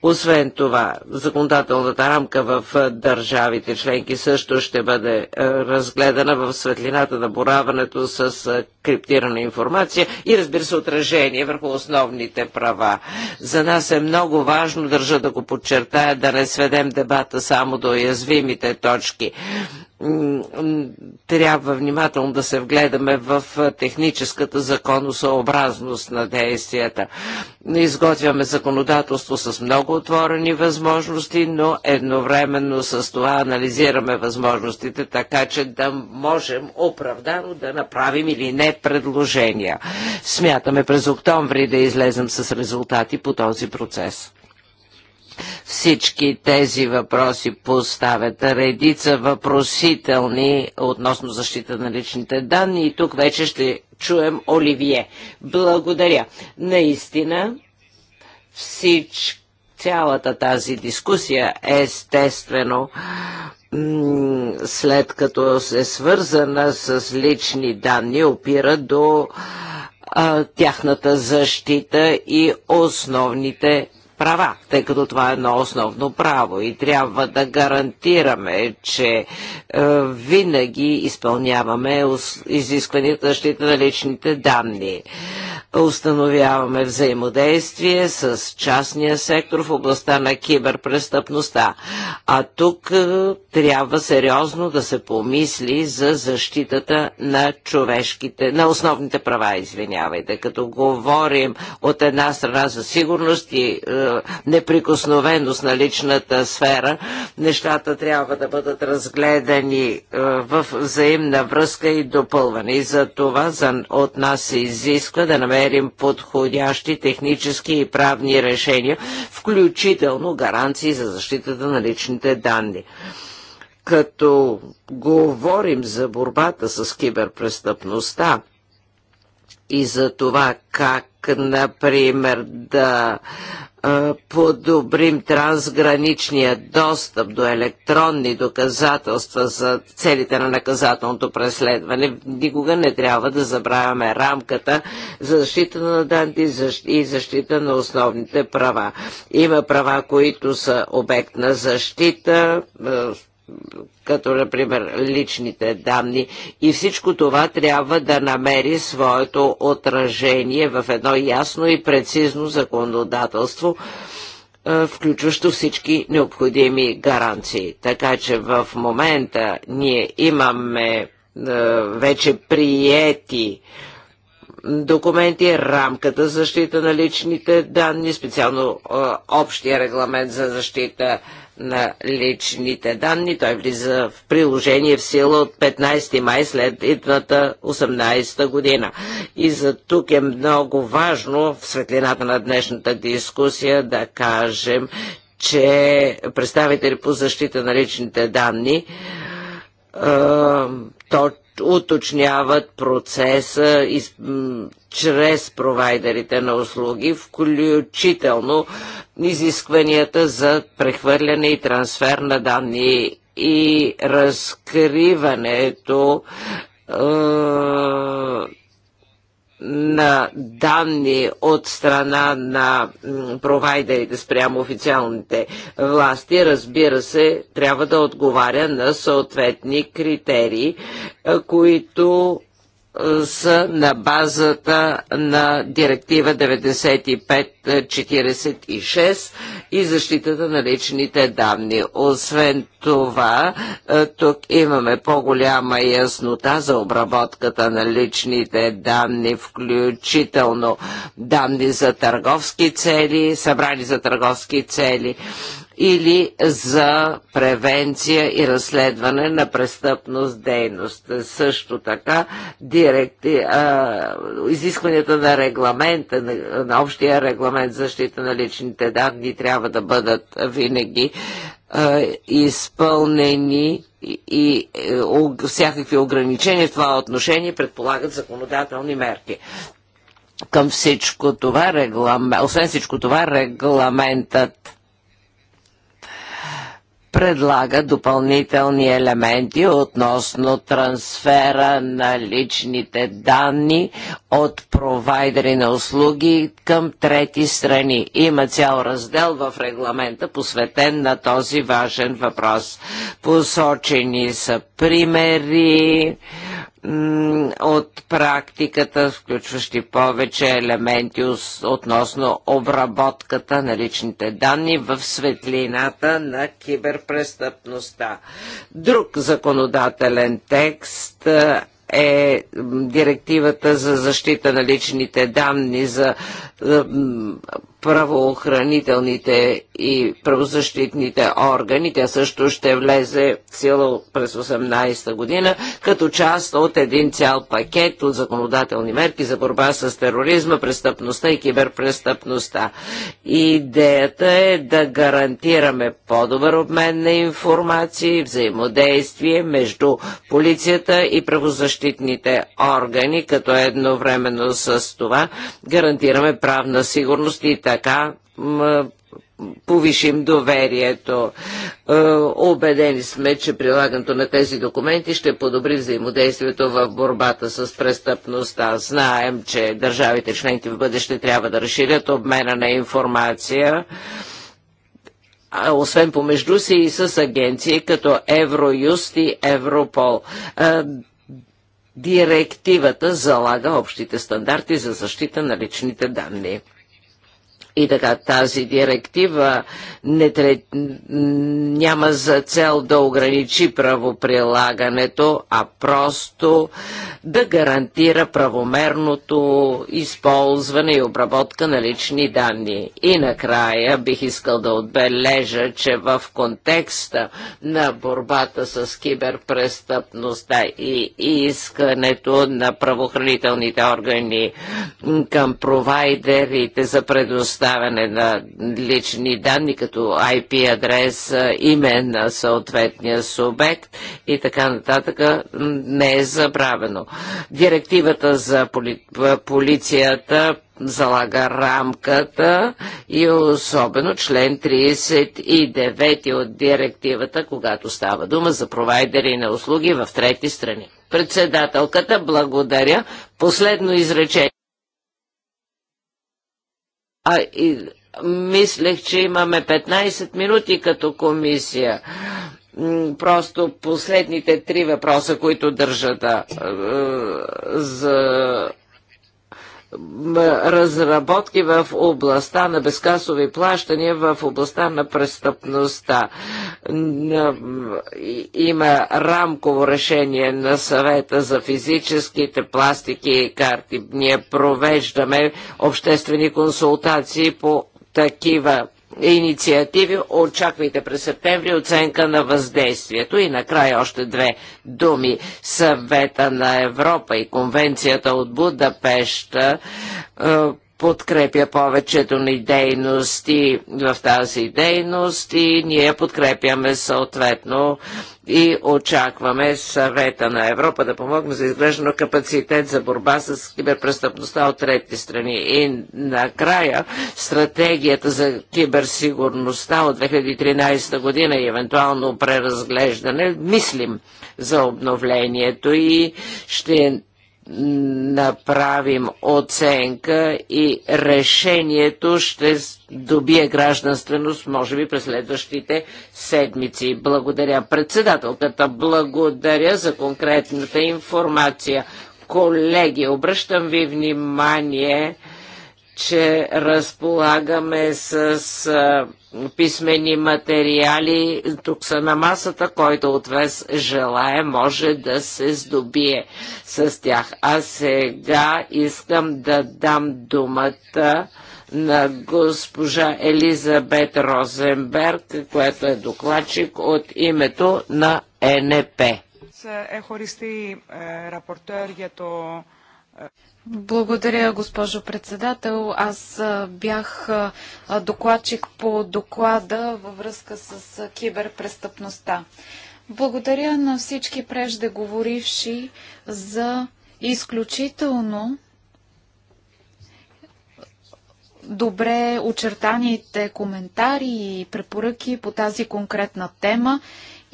Speaker 3: Освен това, законодателната рамка в е, държавите членки също ще бъде е, разгледана в светлината на бораването с криптирана информация и разбира се отражение върху основните права. За нас е много важно, държа да го подчертая, да не сведем дебата само до уязвимите точки трябва внимателно да се вгледаме в техническата законосъобразност на действията. Изготвяме законодателство с много отворени възможности, но едновременно с това анализираме възможностите, така че да можем оправдано да направим или не предложения. Смятаме през октомври да излезем с резултати по този процес. Всички тези въпроси поставят редица въпросителни относно защита на личните данни и тук вече ще чуем Оливие. Благодаря. Наистина всички цялата тази дискусия, естествено, след като се свързана с лични данни, опира до а, тяхната защита и основните права, тъй като това е едно основно право и трябва да гарантираме, че е, винаги изпълняваме изискванията защита на личните данни установяваме взаимодействие с частния сектор в областта на киберпрестъпността. А тук е, трябва сериозно да се помисли за защитата на човешките, на основните права, извинявайте, като говорим от една страна за сигурност и е, неприкосновеност на личната сфера, нещата трябва да бъдат разгледани е, в взаимна връзка и допълване. И за това за, от нас се изисква да намерим намерим подходящи технически и правни решения, включително гаранции за защитата на личните данни като говорим за борбата с киберпрестъпността и за това как например, да подобрим трансграничния достъп до електронни доказателства за целите на наказателното преследване, никога не трябва да забравяме рамката за защита на данните и защита на основните права. Има права, които са обект на защита, като например личните данни и всичко това трябва да намери своето отражение в едно ясно и прецизно законодателство, е, включващо всички необходими гаранции. Така че в момента ние имаме е, вече приети документи, рамката за защита на личните данни, специално е, общия регламент за защита на на личните данни. Той влиза в приложение в сила от 15 май след идната 18 година. И за тук е много важно в светлината на днешната дискусия да кажем, че представители по защита на личните данни то уточняват процеса из, чрез провайдерите на услуги, включително изискванията за прехвърляне и трансфер на данни и разкриването е, на данни от страна на провайдерите спрямо официалните власти, разбира се, трябва да отговаря на съответни критерии, които са на базата на директива 9546 и защитата на личните данни. Освен това, е, тук имаме по-голяма яснота за обработката на личните данни, включително данни за търговски цели, събрани за търговски цели или за превенция и разследване на престъпност дейност. Също така директи, а, изискванията на регламента, на, на общия регламент защита на личните данни трябва да бъдат винаги а, изпълнени и, и е, о, всякакви ограничения в това отношение предполагат законодателни мерки към всичко това, регламент, освен всичко това, регламентът предлага допълнителни елементи относно трансфера на личните данни от провайдери на услуги към трети страни. Има цял раздел в регламента, посветен на този важен въпрос. Посочени са примери, от практиката, включващи повече елементи относно обработката на личните данни в светлината на киберпрестъпността. Друг законодателен текст е директивата за защита на личните данни за правоохранителните и правозащитните органи. Тя също ще влезе в сила през 18-та година, като част от един цял пакет от законодателни мерки за борба с тероризма, престъпността и киберпрестъпността. Идеята е да гарантираме по-добър обмен на информация и взаимодействие между полицията и правозащитните органи, като едновременно с това гарантираме правна сигурност и така така повишим доверието. Обедени е, сме, че прилагането на тези документи ще подобри взаимодействието в борбата с престъпността. Знаем, че държавите членки в бъдеще трябва да разширят обмена на информация освен помежду си и с агенции като Евроюст и Европол. Е, директивата залага общите стандарти за защита на личните данни. И така, тази директива не трет... няма за цел да ограничи правоприлагането, а просто да гарантира правомерното използване и обработка на лични данни. И накрая бих искал да отбележа, че в контекста на борбата с киберпрестъпността и искането на правоохранителните органи към провайдерите за предоставяне предоставяне на лични данни, като IP адрес, име на съответния субект и така нататък, не е забравено. Директивата за поли... полицията залага рамката и особено член 39 от директивата, когато става дума за провайдери на услуги в трети страни. Председателката, благодаря. Последно изречение. А, и, мислех, че имаме 15 минути като комисия. Просто последните три въпроса, които държа да, за разработки в областта на безкасови плащания, в областта на престъпността. Има рамково решение на съвета за физическите пластики и карти. Ние провеждаме обществени консултации по такива инициативи. Очаквайте през септември оценка на въздействието. И накрая още две думи. Съвета на Европа и конвенцията от Будапешта е, подкрепя повечето ни дейности в тази дейност и ние подкрепяме съответно и очакваме съвета на Европа да помогне за изграждане капацитет за борба с киберпрестъпността от трети страни. И накрая стратегията за киберсигурността от 2013 година и евентуално преразглеждане, мислим за обновлението и ще направим оценка и решението ще добие гражданственост, може би през следващите седмици. Благодаря председателката, благодаря за конкретната информация. Колеги, обръщам ви внимание, че разполагаме с писмени материали. Тук са на масата, който от вас желая, може да се здобие с тях. А сега искам да дам думата на госпожа Елизабет Розенберг, която е докладчик от името на НП. Έχω οριστεί για το благодаря, госпожо
Speaker 1: председател. Аз бях докладчик по доклада във връзка с киберпрестъпността. Благодаря на всички преждеговоривши за изключително добре очертаните коментари и препоръки по тази конкретна тема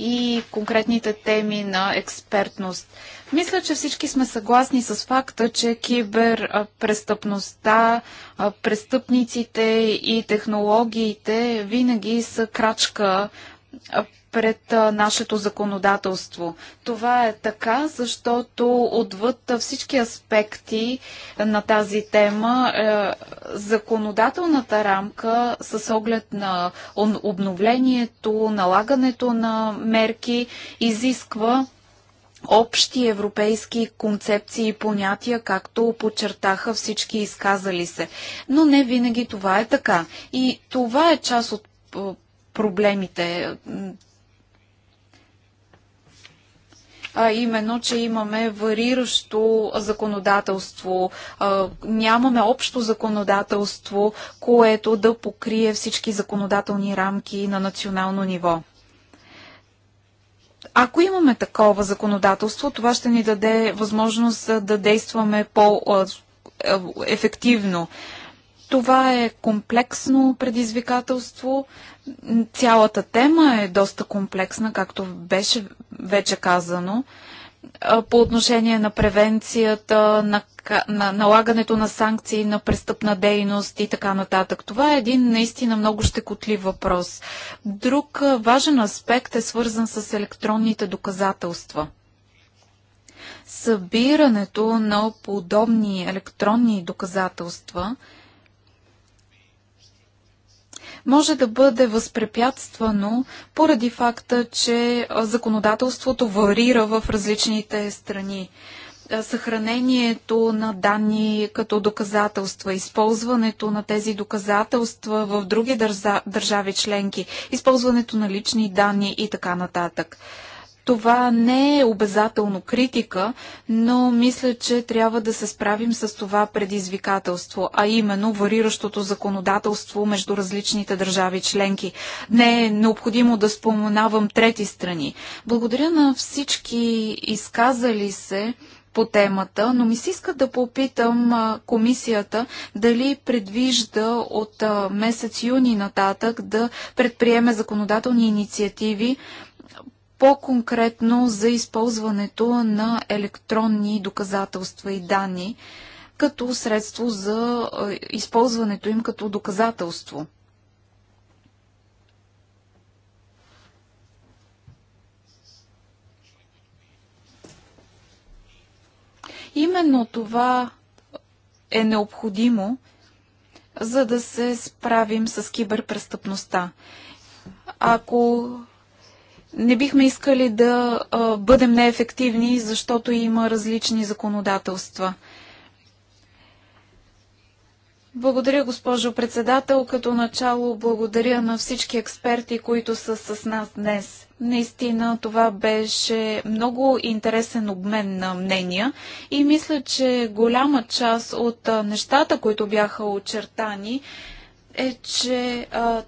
Speaker 1: и конкретните теми на експертност. Мисля, че всички сме съгласни с факта, че киберпрестъпността, престъпниците и технологиите винаги са крачка пред нашето законодателство. Това е така, защото отвъд всички аспекти на тази тема, е, законодателната рамка с оглед на обновлението, налагането на мерки изисква общи европейски концепции и понятия, както подчертаха всички изказали се. Но не винаги това е така. И това е част от проблемите а именно, че имаме вариращо законодателство. А, нямаме общо законодателство, което да покрие всички законодателни рамки на национално ниво. Ако имаме такова законодателство, това ще ни даде възможност да действаме по-ефективно. Това е комплексно предизвикателство. Цялата тема е доста комплексна, както беше вече казано по отношение на превенцията, на, на налагането на санкции на престъпна дейност и така нататък. Това е един наистина много щекотлив въпрос. Друг важен аспект е свързан с електронните доказателства. Събирането на подобни електронни доказателства – може да бъде възпрепятствано поради факта, че законодателството варира в различните страни съхранението на данни като доказателства, използването на тези доказателства в други държави членки, използването на лични данни и така нататък. Това не е обязателно критика, но мисля, че трябва да се справим с това предизвикателство, а именно вариращото законодателство между различните държави членки. Не е необходимо да споменавам трети страни. Благодаря на всички изказали се по темата, но ми се иска да попитам комисията дали предвижда от месец юни нататък да предприеме законодателни инициативи по-конкретно за използването на електронни доказателства и данни като средство за използването им като доказателство. Именно това е необходимо, за да се справим с киберпрестъпността. Ако не бихме искали да а, бъдем неефективни, защото има различни законодателства. Благодаря, госпожо председател. Като начало благодаря на всички експерти, които са с нас днес. Наистина това беше много интересен обмен на мнения и мисля, че голяма част от нещата, които бяха очертани, е, че а,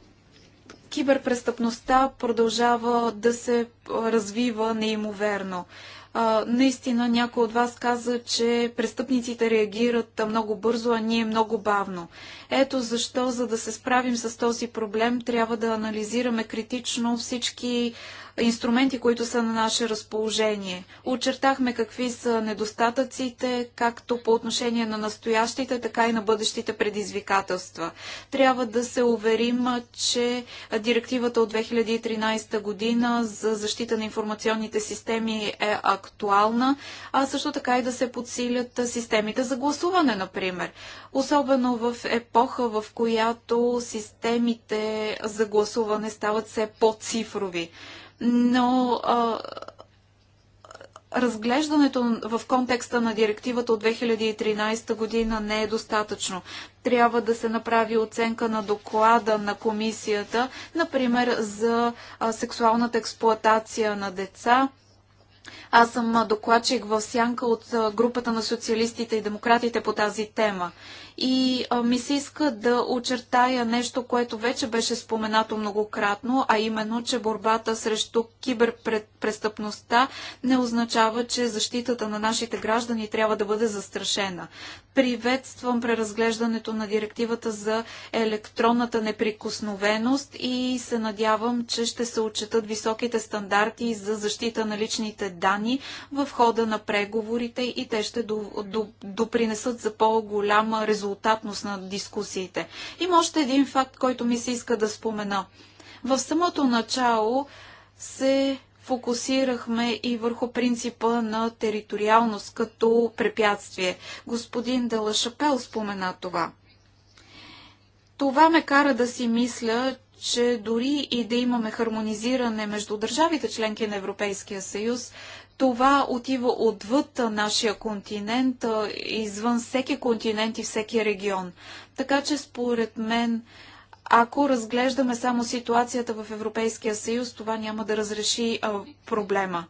Speaker 1: Киберпрестъпността продължава да се развива неимоверно. А, наистина някой от вас каза, че престъпниците реагират много бързо, а ние много бавно. Ето защо, за да се справим с този проблем, трябва да анализираме критично всички инструменти, които са на наше разположение. Очертахме какви са недостатъците, както по отношение на настоящите, така и на бъдещите предизвикателства. Трябва да се уверим, че директивата от 2013 година за защита на информационните системи е актуална, а също така и да се подсилят системите за гласуване, например. Особено в епоха, в която системите за гласуване стават все по-цифрови но а, разглеждането в контекста на директивата от 2013 година не е достатъчно. Трябва да се направи оценка на доклада на комисията, например за а, сексуалната експлоатация на деца аз съм докладчик в сянка от групата на социалистите и демократите по тази тема. И ми се иска да очертая нещо, което вече беше споменато многократно, а именно, че борбата срещу киберпрестъпността не означава, че защитата на нашите граждани трябва да бъде застрашена. Приветствам преразглеждането на директивата за електронната неприкосновеност и се надявам, че ще се отчетат високите стандарти за защита на личните данни данни в хода на преговорите и те ще допринесат за по-голяма резултатност на дискусиите. Има още един факт, който ми се иска да спомена. В самото начало се фокусирахме и върху принципа на териториалност като препятствие. Господин Делашапел спомена това. Това ме кара да си мисля, че дори и да имаме хармонизиране между държавите членки на Европейския съюз, това отива отвъд нашия континент, извън всеки континент и всеки регион. Така че според мен, ако разглеждаме само ситуацията в Европейския съюз, това няма да разреши проблема.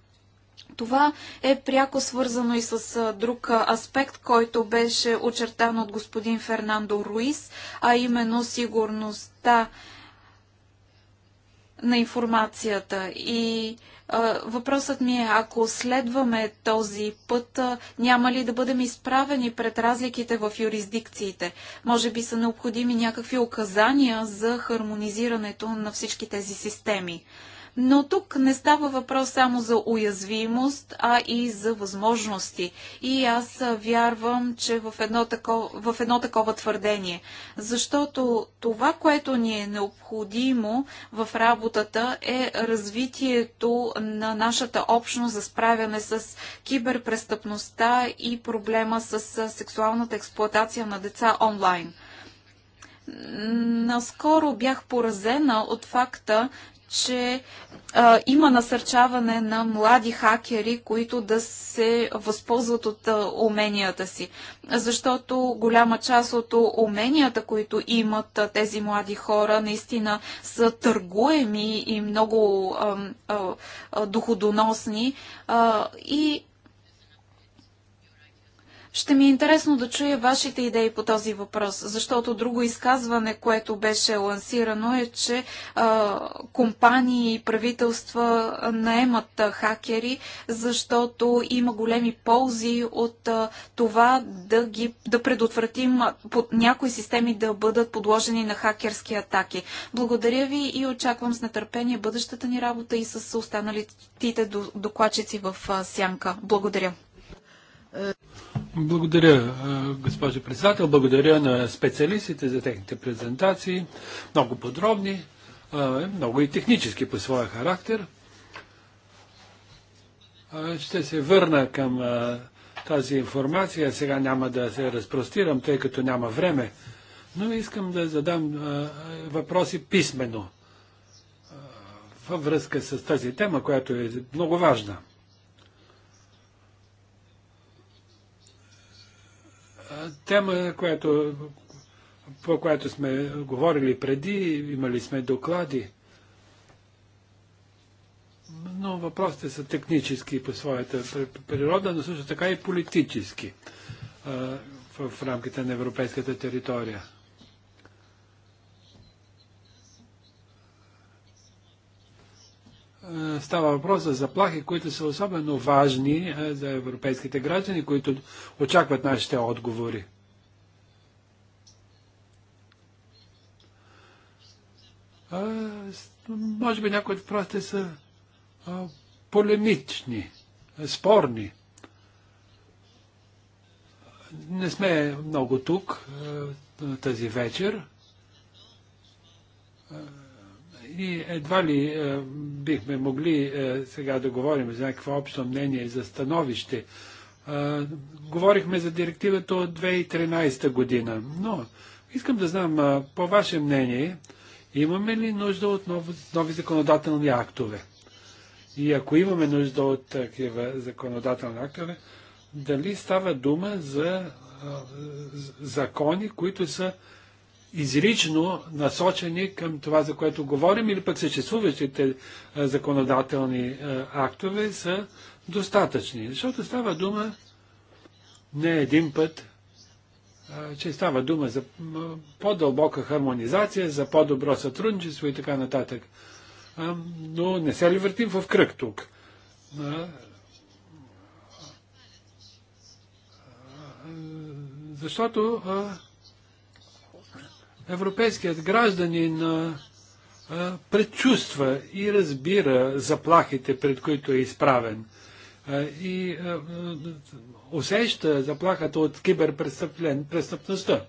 Speaker 1: Това е пряко свързано и с друг аспект, който беше очертан от господин Фернандо Руис, а именно сигурността на информацията. И Въпросът ми е, ако следваме този път, няма ли да бъдем изправени пред разликите в юрисдикциите? Може би са необходими някакви указания за хармонизирането на всички тези системи. Но тук не става въпрос само за уязвимост, а и за възможности. И аз вярвам, че в едно такова, в едно такова твърдение. Защото това, което ни е необходимо в работата е развитието на нашата общност за справяне с киберпрестъпността и проблема с сексуалната експлоатация на деца онлайн. Наскоро бях поразена от факта, че а, има насърчаване на млади хакери, които да се възползват от а, уменията си. Защото голяма част от уменията, които имат а, тези млади хора, наистина са търгуеми и много а, а, доходоносни. А, и ще ми е интересно да чуя вашите идеи по този въпрос, защото друго изказване, което беше лансирано е, че а, компании и правителства наемат а, хакери, защото има големи ползи от а, това да, ги, да предотвратим под някои системи да бъдат подложени на хакерски атаки. Благодаря ви и очаквам с нетърпение бъдещата ни работа и с останалите докладчици в а, Сянка. Благодаря.
Speaker 2: Е, благодаря, госпожо председател. Благодаря на специалистите за техните презентации. Много подробни, много и технически по своя характер. Ще се върна към тази информация. Сега няма да се разпростирам, тъй като няма време. Но искам да задам въпроси писменно във връзка с тази тема, която е много важна. тема, която, по която сме говорили преди, имали сме доклади. Но въпросите са технически по своята природа, но също така и политически в рамките на европейската територия. Е, става въпрос за заплахи, които са особено важни е, за европейските граждани, които очакват нашите отговори. Е, може би някои от въпросите са полемични, спорни. Не сме много тук тази вечер. И едва ли е, бихме могли е, сега да говорим за някакво общо мнение за становище. Е, говорихме за директивата от 2013 година, но искам да знам, е, по ваше мнение, имаме ли нужда от нов, нови законодателни актове? И ако имаме нужда от такива законодателни актове, дали става дума за е, закони, които са изрично насочени към това, за което говорим, или пък съществуващите законодателни актове са достатъчни. Защото става дума не един път, че става дума за по-дълбока хармонизация, за по-добро сътрудничество и така нататък. Но не се ли въртим в кръг тук? Защото Европейският гражданин предчувства и разбира заплахите, пред които е изправен. И усеща заплахата от киберпрестъпността.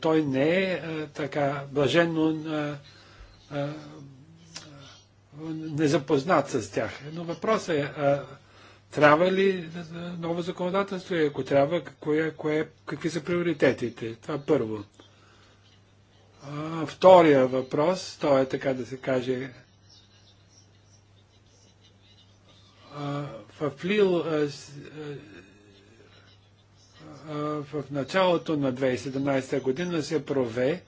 Speaker 2: Той не е така блаженно незапознат с тях. Но въпросът е, а, трябва ли ново законодателство и ако трябва, кое, кое, какви са приоритетите? Това първо втория въпрос, той е така да се каже, в април, в началото на 2017 година се прове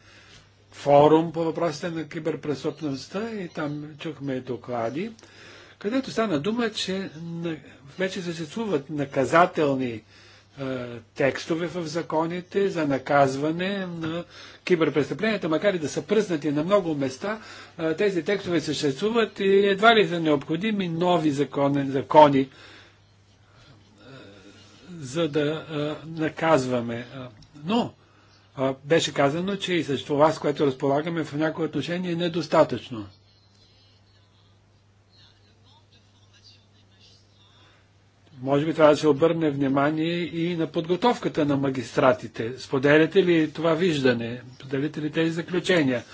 Speaker 2: форум по въпросите на киберпресотността и там чухме доклади, където стана дума, че вече съществуват наказателни е, текстове в законите за наказване на киберпрестъпленията, макар и да са пръснати на много места, е, тези текстове съществуват и едва ли са необходими нови закони, закони е, за да наказваме. Но беше казано, че и с това, с което разполагаме в някои отношения е недостатъчно. Може би трябва да се обърне внимание и на подготовката на магистратите. Споделяте ли това виждане? Споделяте ли тези заключения,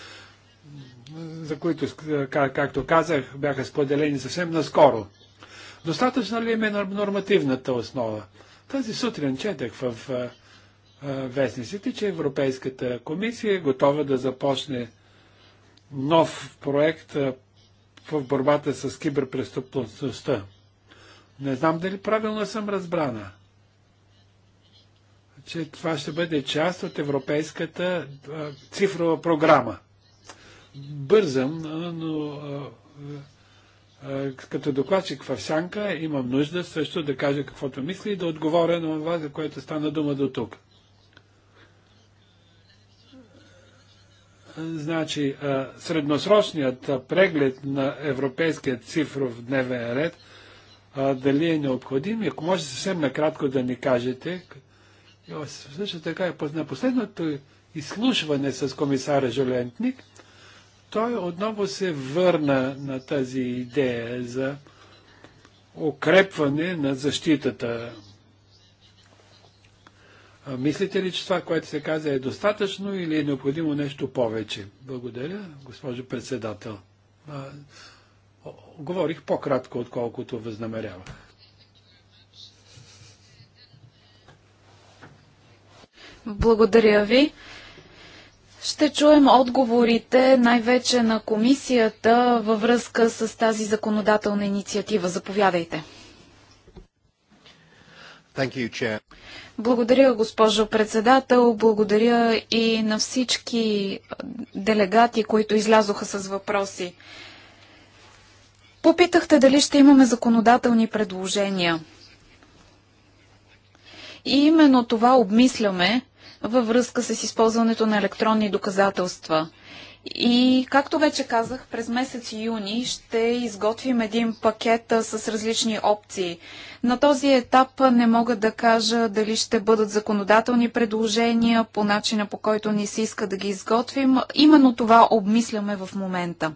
Speaker 2: за които, как, както казах, бяха споделени съвсем наскоро? Достатъчна ли е нормативната основа? Тази сутрин четах в вестниците, че Европейската комисия е готова да започне нов проект в борбата с киберпреступността. Не знам дали правилно съм разбрана. Че това ще бъде част от европейската цифрова програма. Бързам, но като докладчик в Сянка имам нужда също да кажа каквото мисля и да отговоря на това, за което стана дума до тук. Значи, средносрочният преглед на европейския цифров дневен ред – а, дали е необходим и ако може съвсем накратко да ни кажете. Също така е на последното изслушване с комисара Жолентник, той отново се върна на тази идея за укрепване на защитата. А, мислите ли, че това, което се каза, е достатъчно или е необходимо нещо повече? Благодаря, госпожо председател. Говорих по-кратко, отколкото възнамерявах.
Speaker 1: Благодаря ви. Ще чуем отговорите най-вече на комисията във връзка с тази законодателна инициатива. Заповядайте. You, благодаря, госпожо председател. Благодаря и на всички делегати, които излязоха с въпроси. Попитахте дали ще имаме законодателни предложения. И именно това обмисляме във връзка с използването на електронни доказателства. И, както вече казах, през месец юни ще изготвим един пакет с различни опции. На този етап не мога да кажа дали ще бъдат законодателни предложения по начина по който ни се иска да ги изготвим. Именно това обмисляме в момента.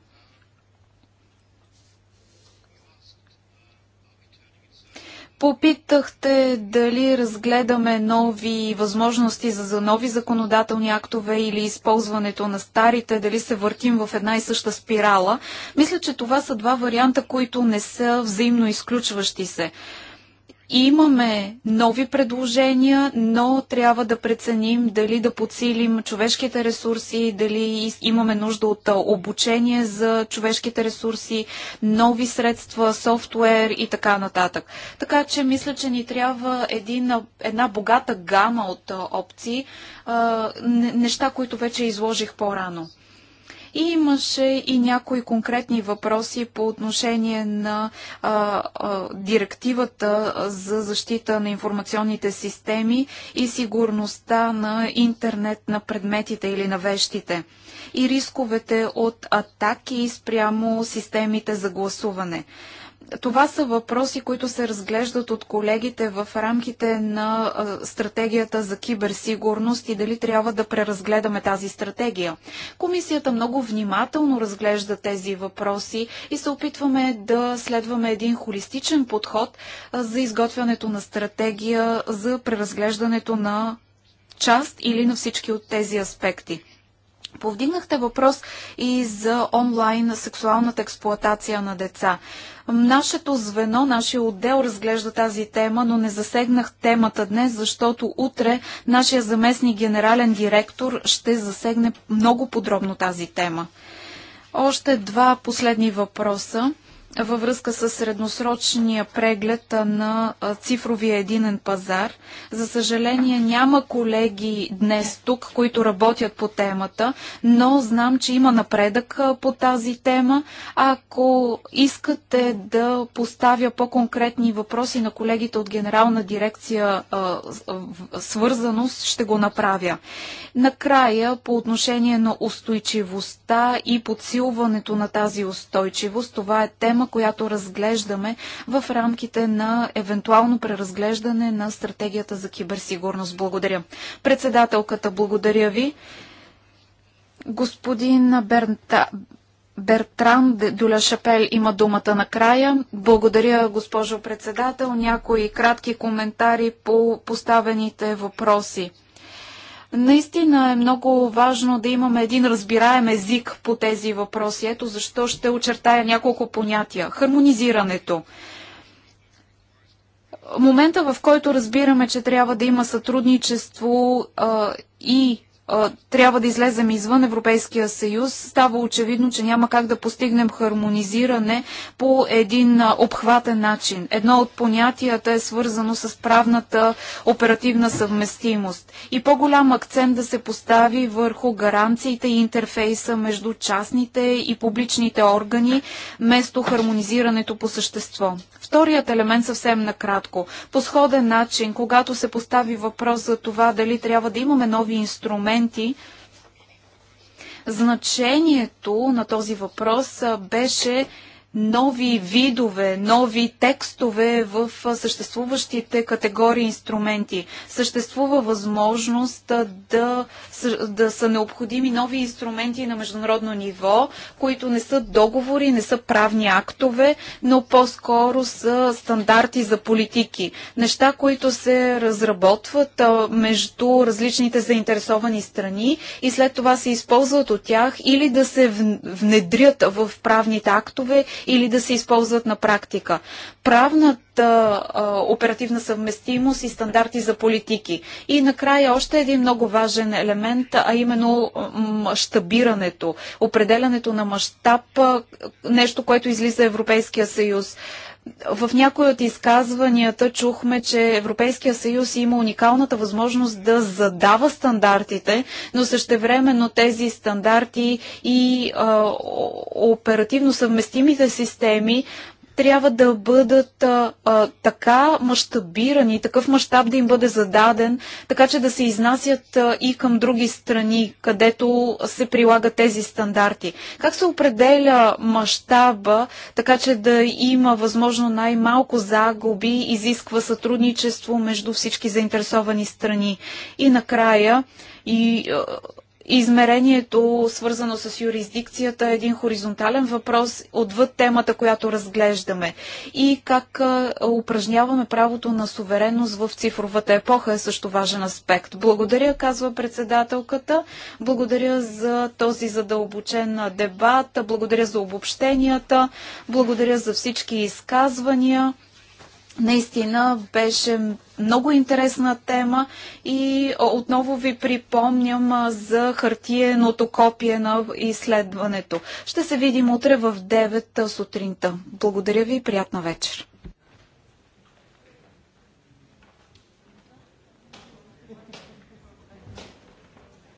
Speaker 1: Попитахте дали разгледаме нови възможности за нови законодателни актове или използването на старите, дали се въртим в една и съща спирала. Мисля, че това са два варианта, които не са взаимно изключващи се. Имаме нови предложения, но трябва да преценим дали да подсилим човешките ресурси, дали имаме нужда от обучение за човешките ресурси, нови средства, софтуер и така нататък. Така че мисля, че ни трябва един, една богата гама от опции, неща, които вече изложих по-рано. И имаше и някои конкретни въпроси по отношение на а, а, директивата за защита на информационните системи и сигурността на интернет на предметите или на вещите и рисковете от атаки спрямо системите за гласуване. Това са въпроси, които се разглеждат от колегите в рамките на стратегията за киберсигурност и дали трябва да преразгледаме тази стратегия. Комисията много внимателно разглежда тези въпроси и се опитваме да следваме един холистичен подход за изготвянето на стратегия за преразглеждането на част или на всички от тези аспекти. Повдигнахте въпрос и за онлайн сексуалната експлоатация на деца. Нашето звено, нашия отдел разглежда тази тема, но не засегнах темата днес, защото утре нашия заместник генерален директор ще засегне много подробно тази тема. Още два последни въпроса във връзка с средносрочния преглед на цифровия единен пазар. За съжаление няма колеги днес тук, които работят по темата, но знам, че има напредък по тази тема. Ако искате да поставя по-конкретни въпроси на колегите от Генерална дирекция свързаност, ще го направя. Накрая, по отношение на устойчивостта и подсилването на тази устойчивост, това е тема, тема, която разглеждаме в рамките на евентуално преразглеждане на стратегията за киберсигурност. Благодаря. Председателката, благодаря ви. Господин Бернта, Бертран Дюля Шапел има думата накрая. Благодаря, госпожо председател. Някои кратки коментари по поставените въпроси. Наистина е много важно да имаме един разбираем език по тези въпроси. Ето защо ще очертая няколко понятия. Хармонизирането. Момента, в който разбираме, че трябва да има сътрудничество а, и трябва да излезем извън Европейския съюз, става очевидно, че няма как да постигнем хармонизиране по един обхватен начин. Едно от понятията е свързано с правната оперативна съвместимост и по-голям акцент да се постави върху гаранциите и интерфейса между частните и публичните органи, вместо хармонизирането по същество. Вторият елемент съвсем накратко. По сходен начин, когато се постави въпрос за това дали трябва да имаме нови инструменти, значението на този въпрос беше нови видове, нови текстове в съществуващите категории инструменти. Съществува възможност да, да са необходими нови инструменти на международно ниво, които не са договори, не са правни актове, но по-скоро са стандарти за политики. Неща, които се разработват между различните заинтересовани страни и след това се използват от тях или да се внедрят в правните актове или да се използват на практика. Правната а, оперативна съвместимост и стандарти за политики. И накрая още един много важен елемент, а именно мащабирането, определянето на мащаб, нещо, което излиза Европейския съюз. В някои от изказванията чухме, че Европейския съюз има уникалната възможност да задава стандартите, но същевременно тези стандарти и а, оперативно съвместимите системи трябва да бъдат а, а, така мащабирани, такъв мащаб да им бъде зададен, така че да се изнасят а, и към други страни, където се прилагат тези стандарти. Как се определя мащаба, така че да има възможно най-малко загуби, изисква сътрудничество между всички заинтересовани страни. И накрая, и Измерението, свързано с юрисдикцията, е един хоризонтален въпрос отвъд темата, която разглеждаме. И как упражняваме правото на суверенност в цифровата епоха е също важен аспект. Благодаря, казва председателката. Благодаря за този задълбочен дебат. Благодаря за обобщенията. Благодаря за всички изказвания. Наистина беше много интересна тема и отново ви припомням за хартиеното копие на изследването. Ще се видим утре в 9 сутринта. Благодаря ви и приятна вечер.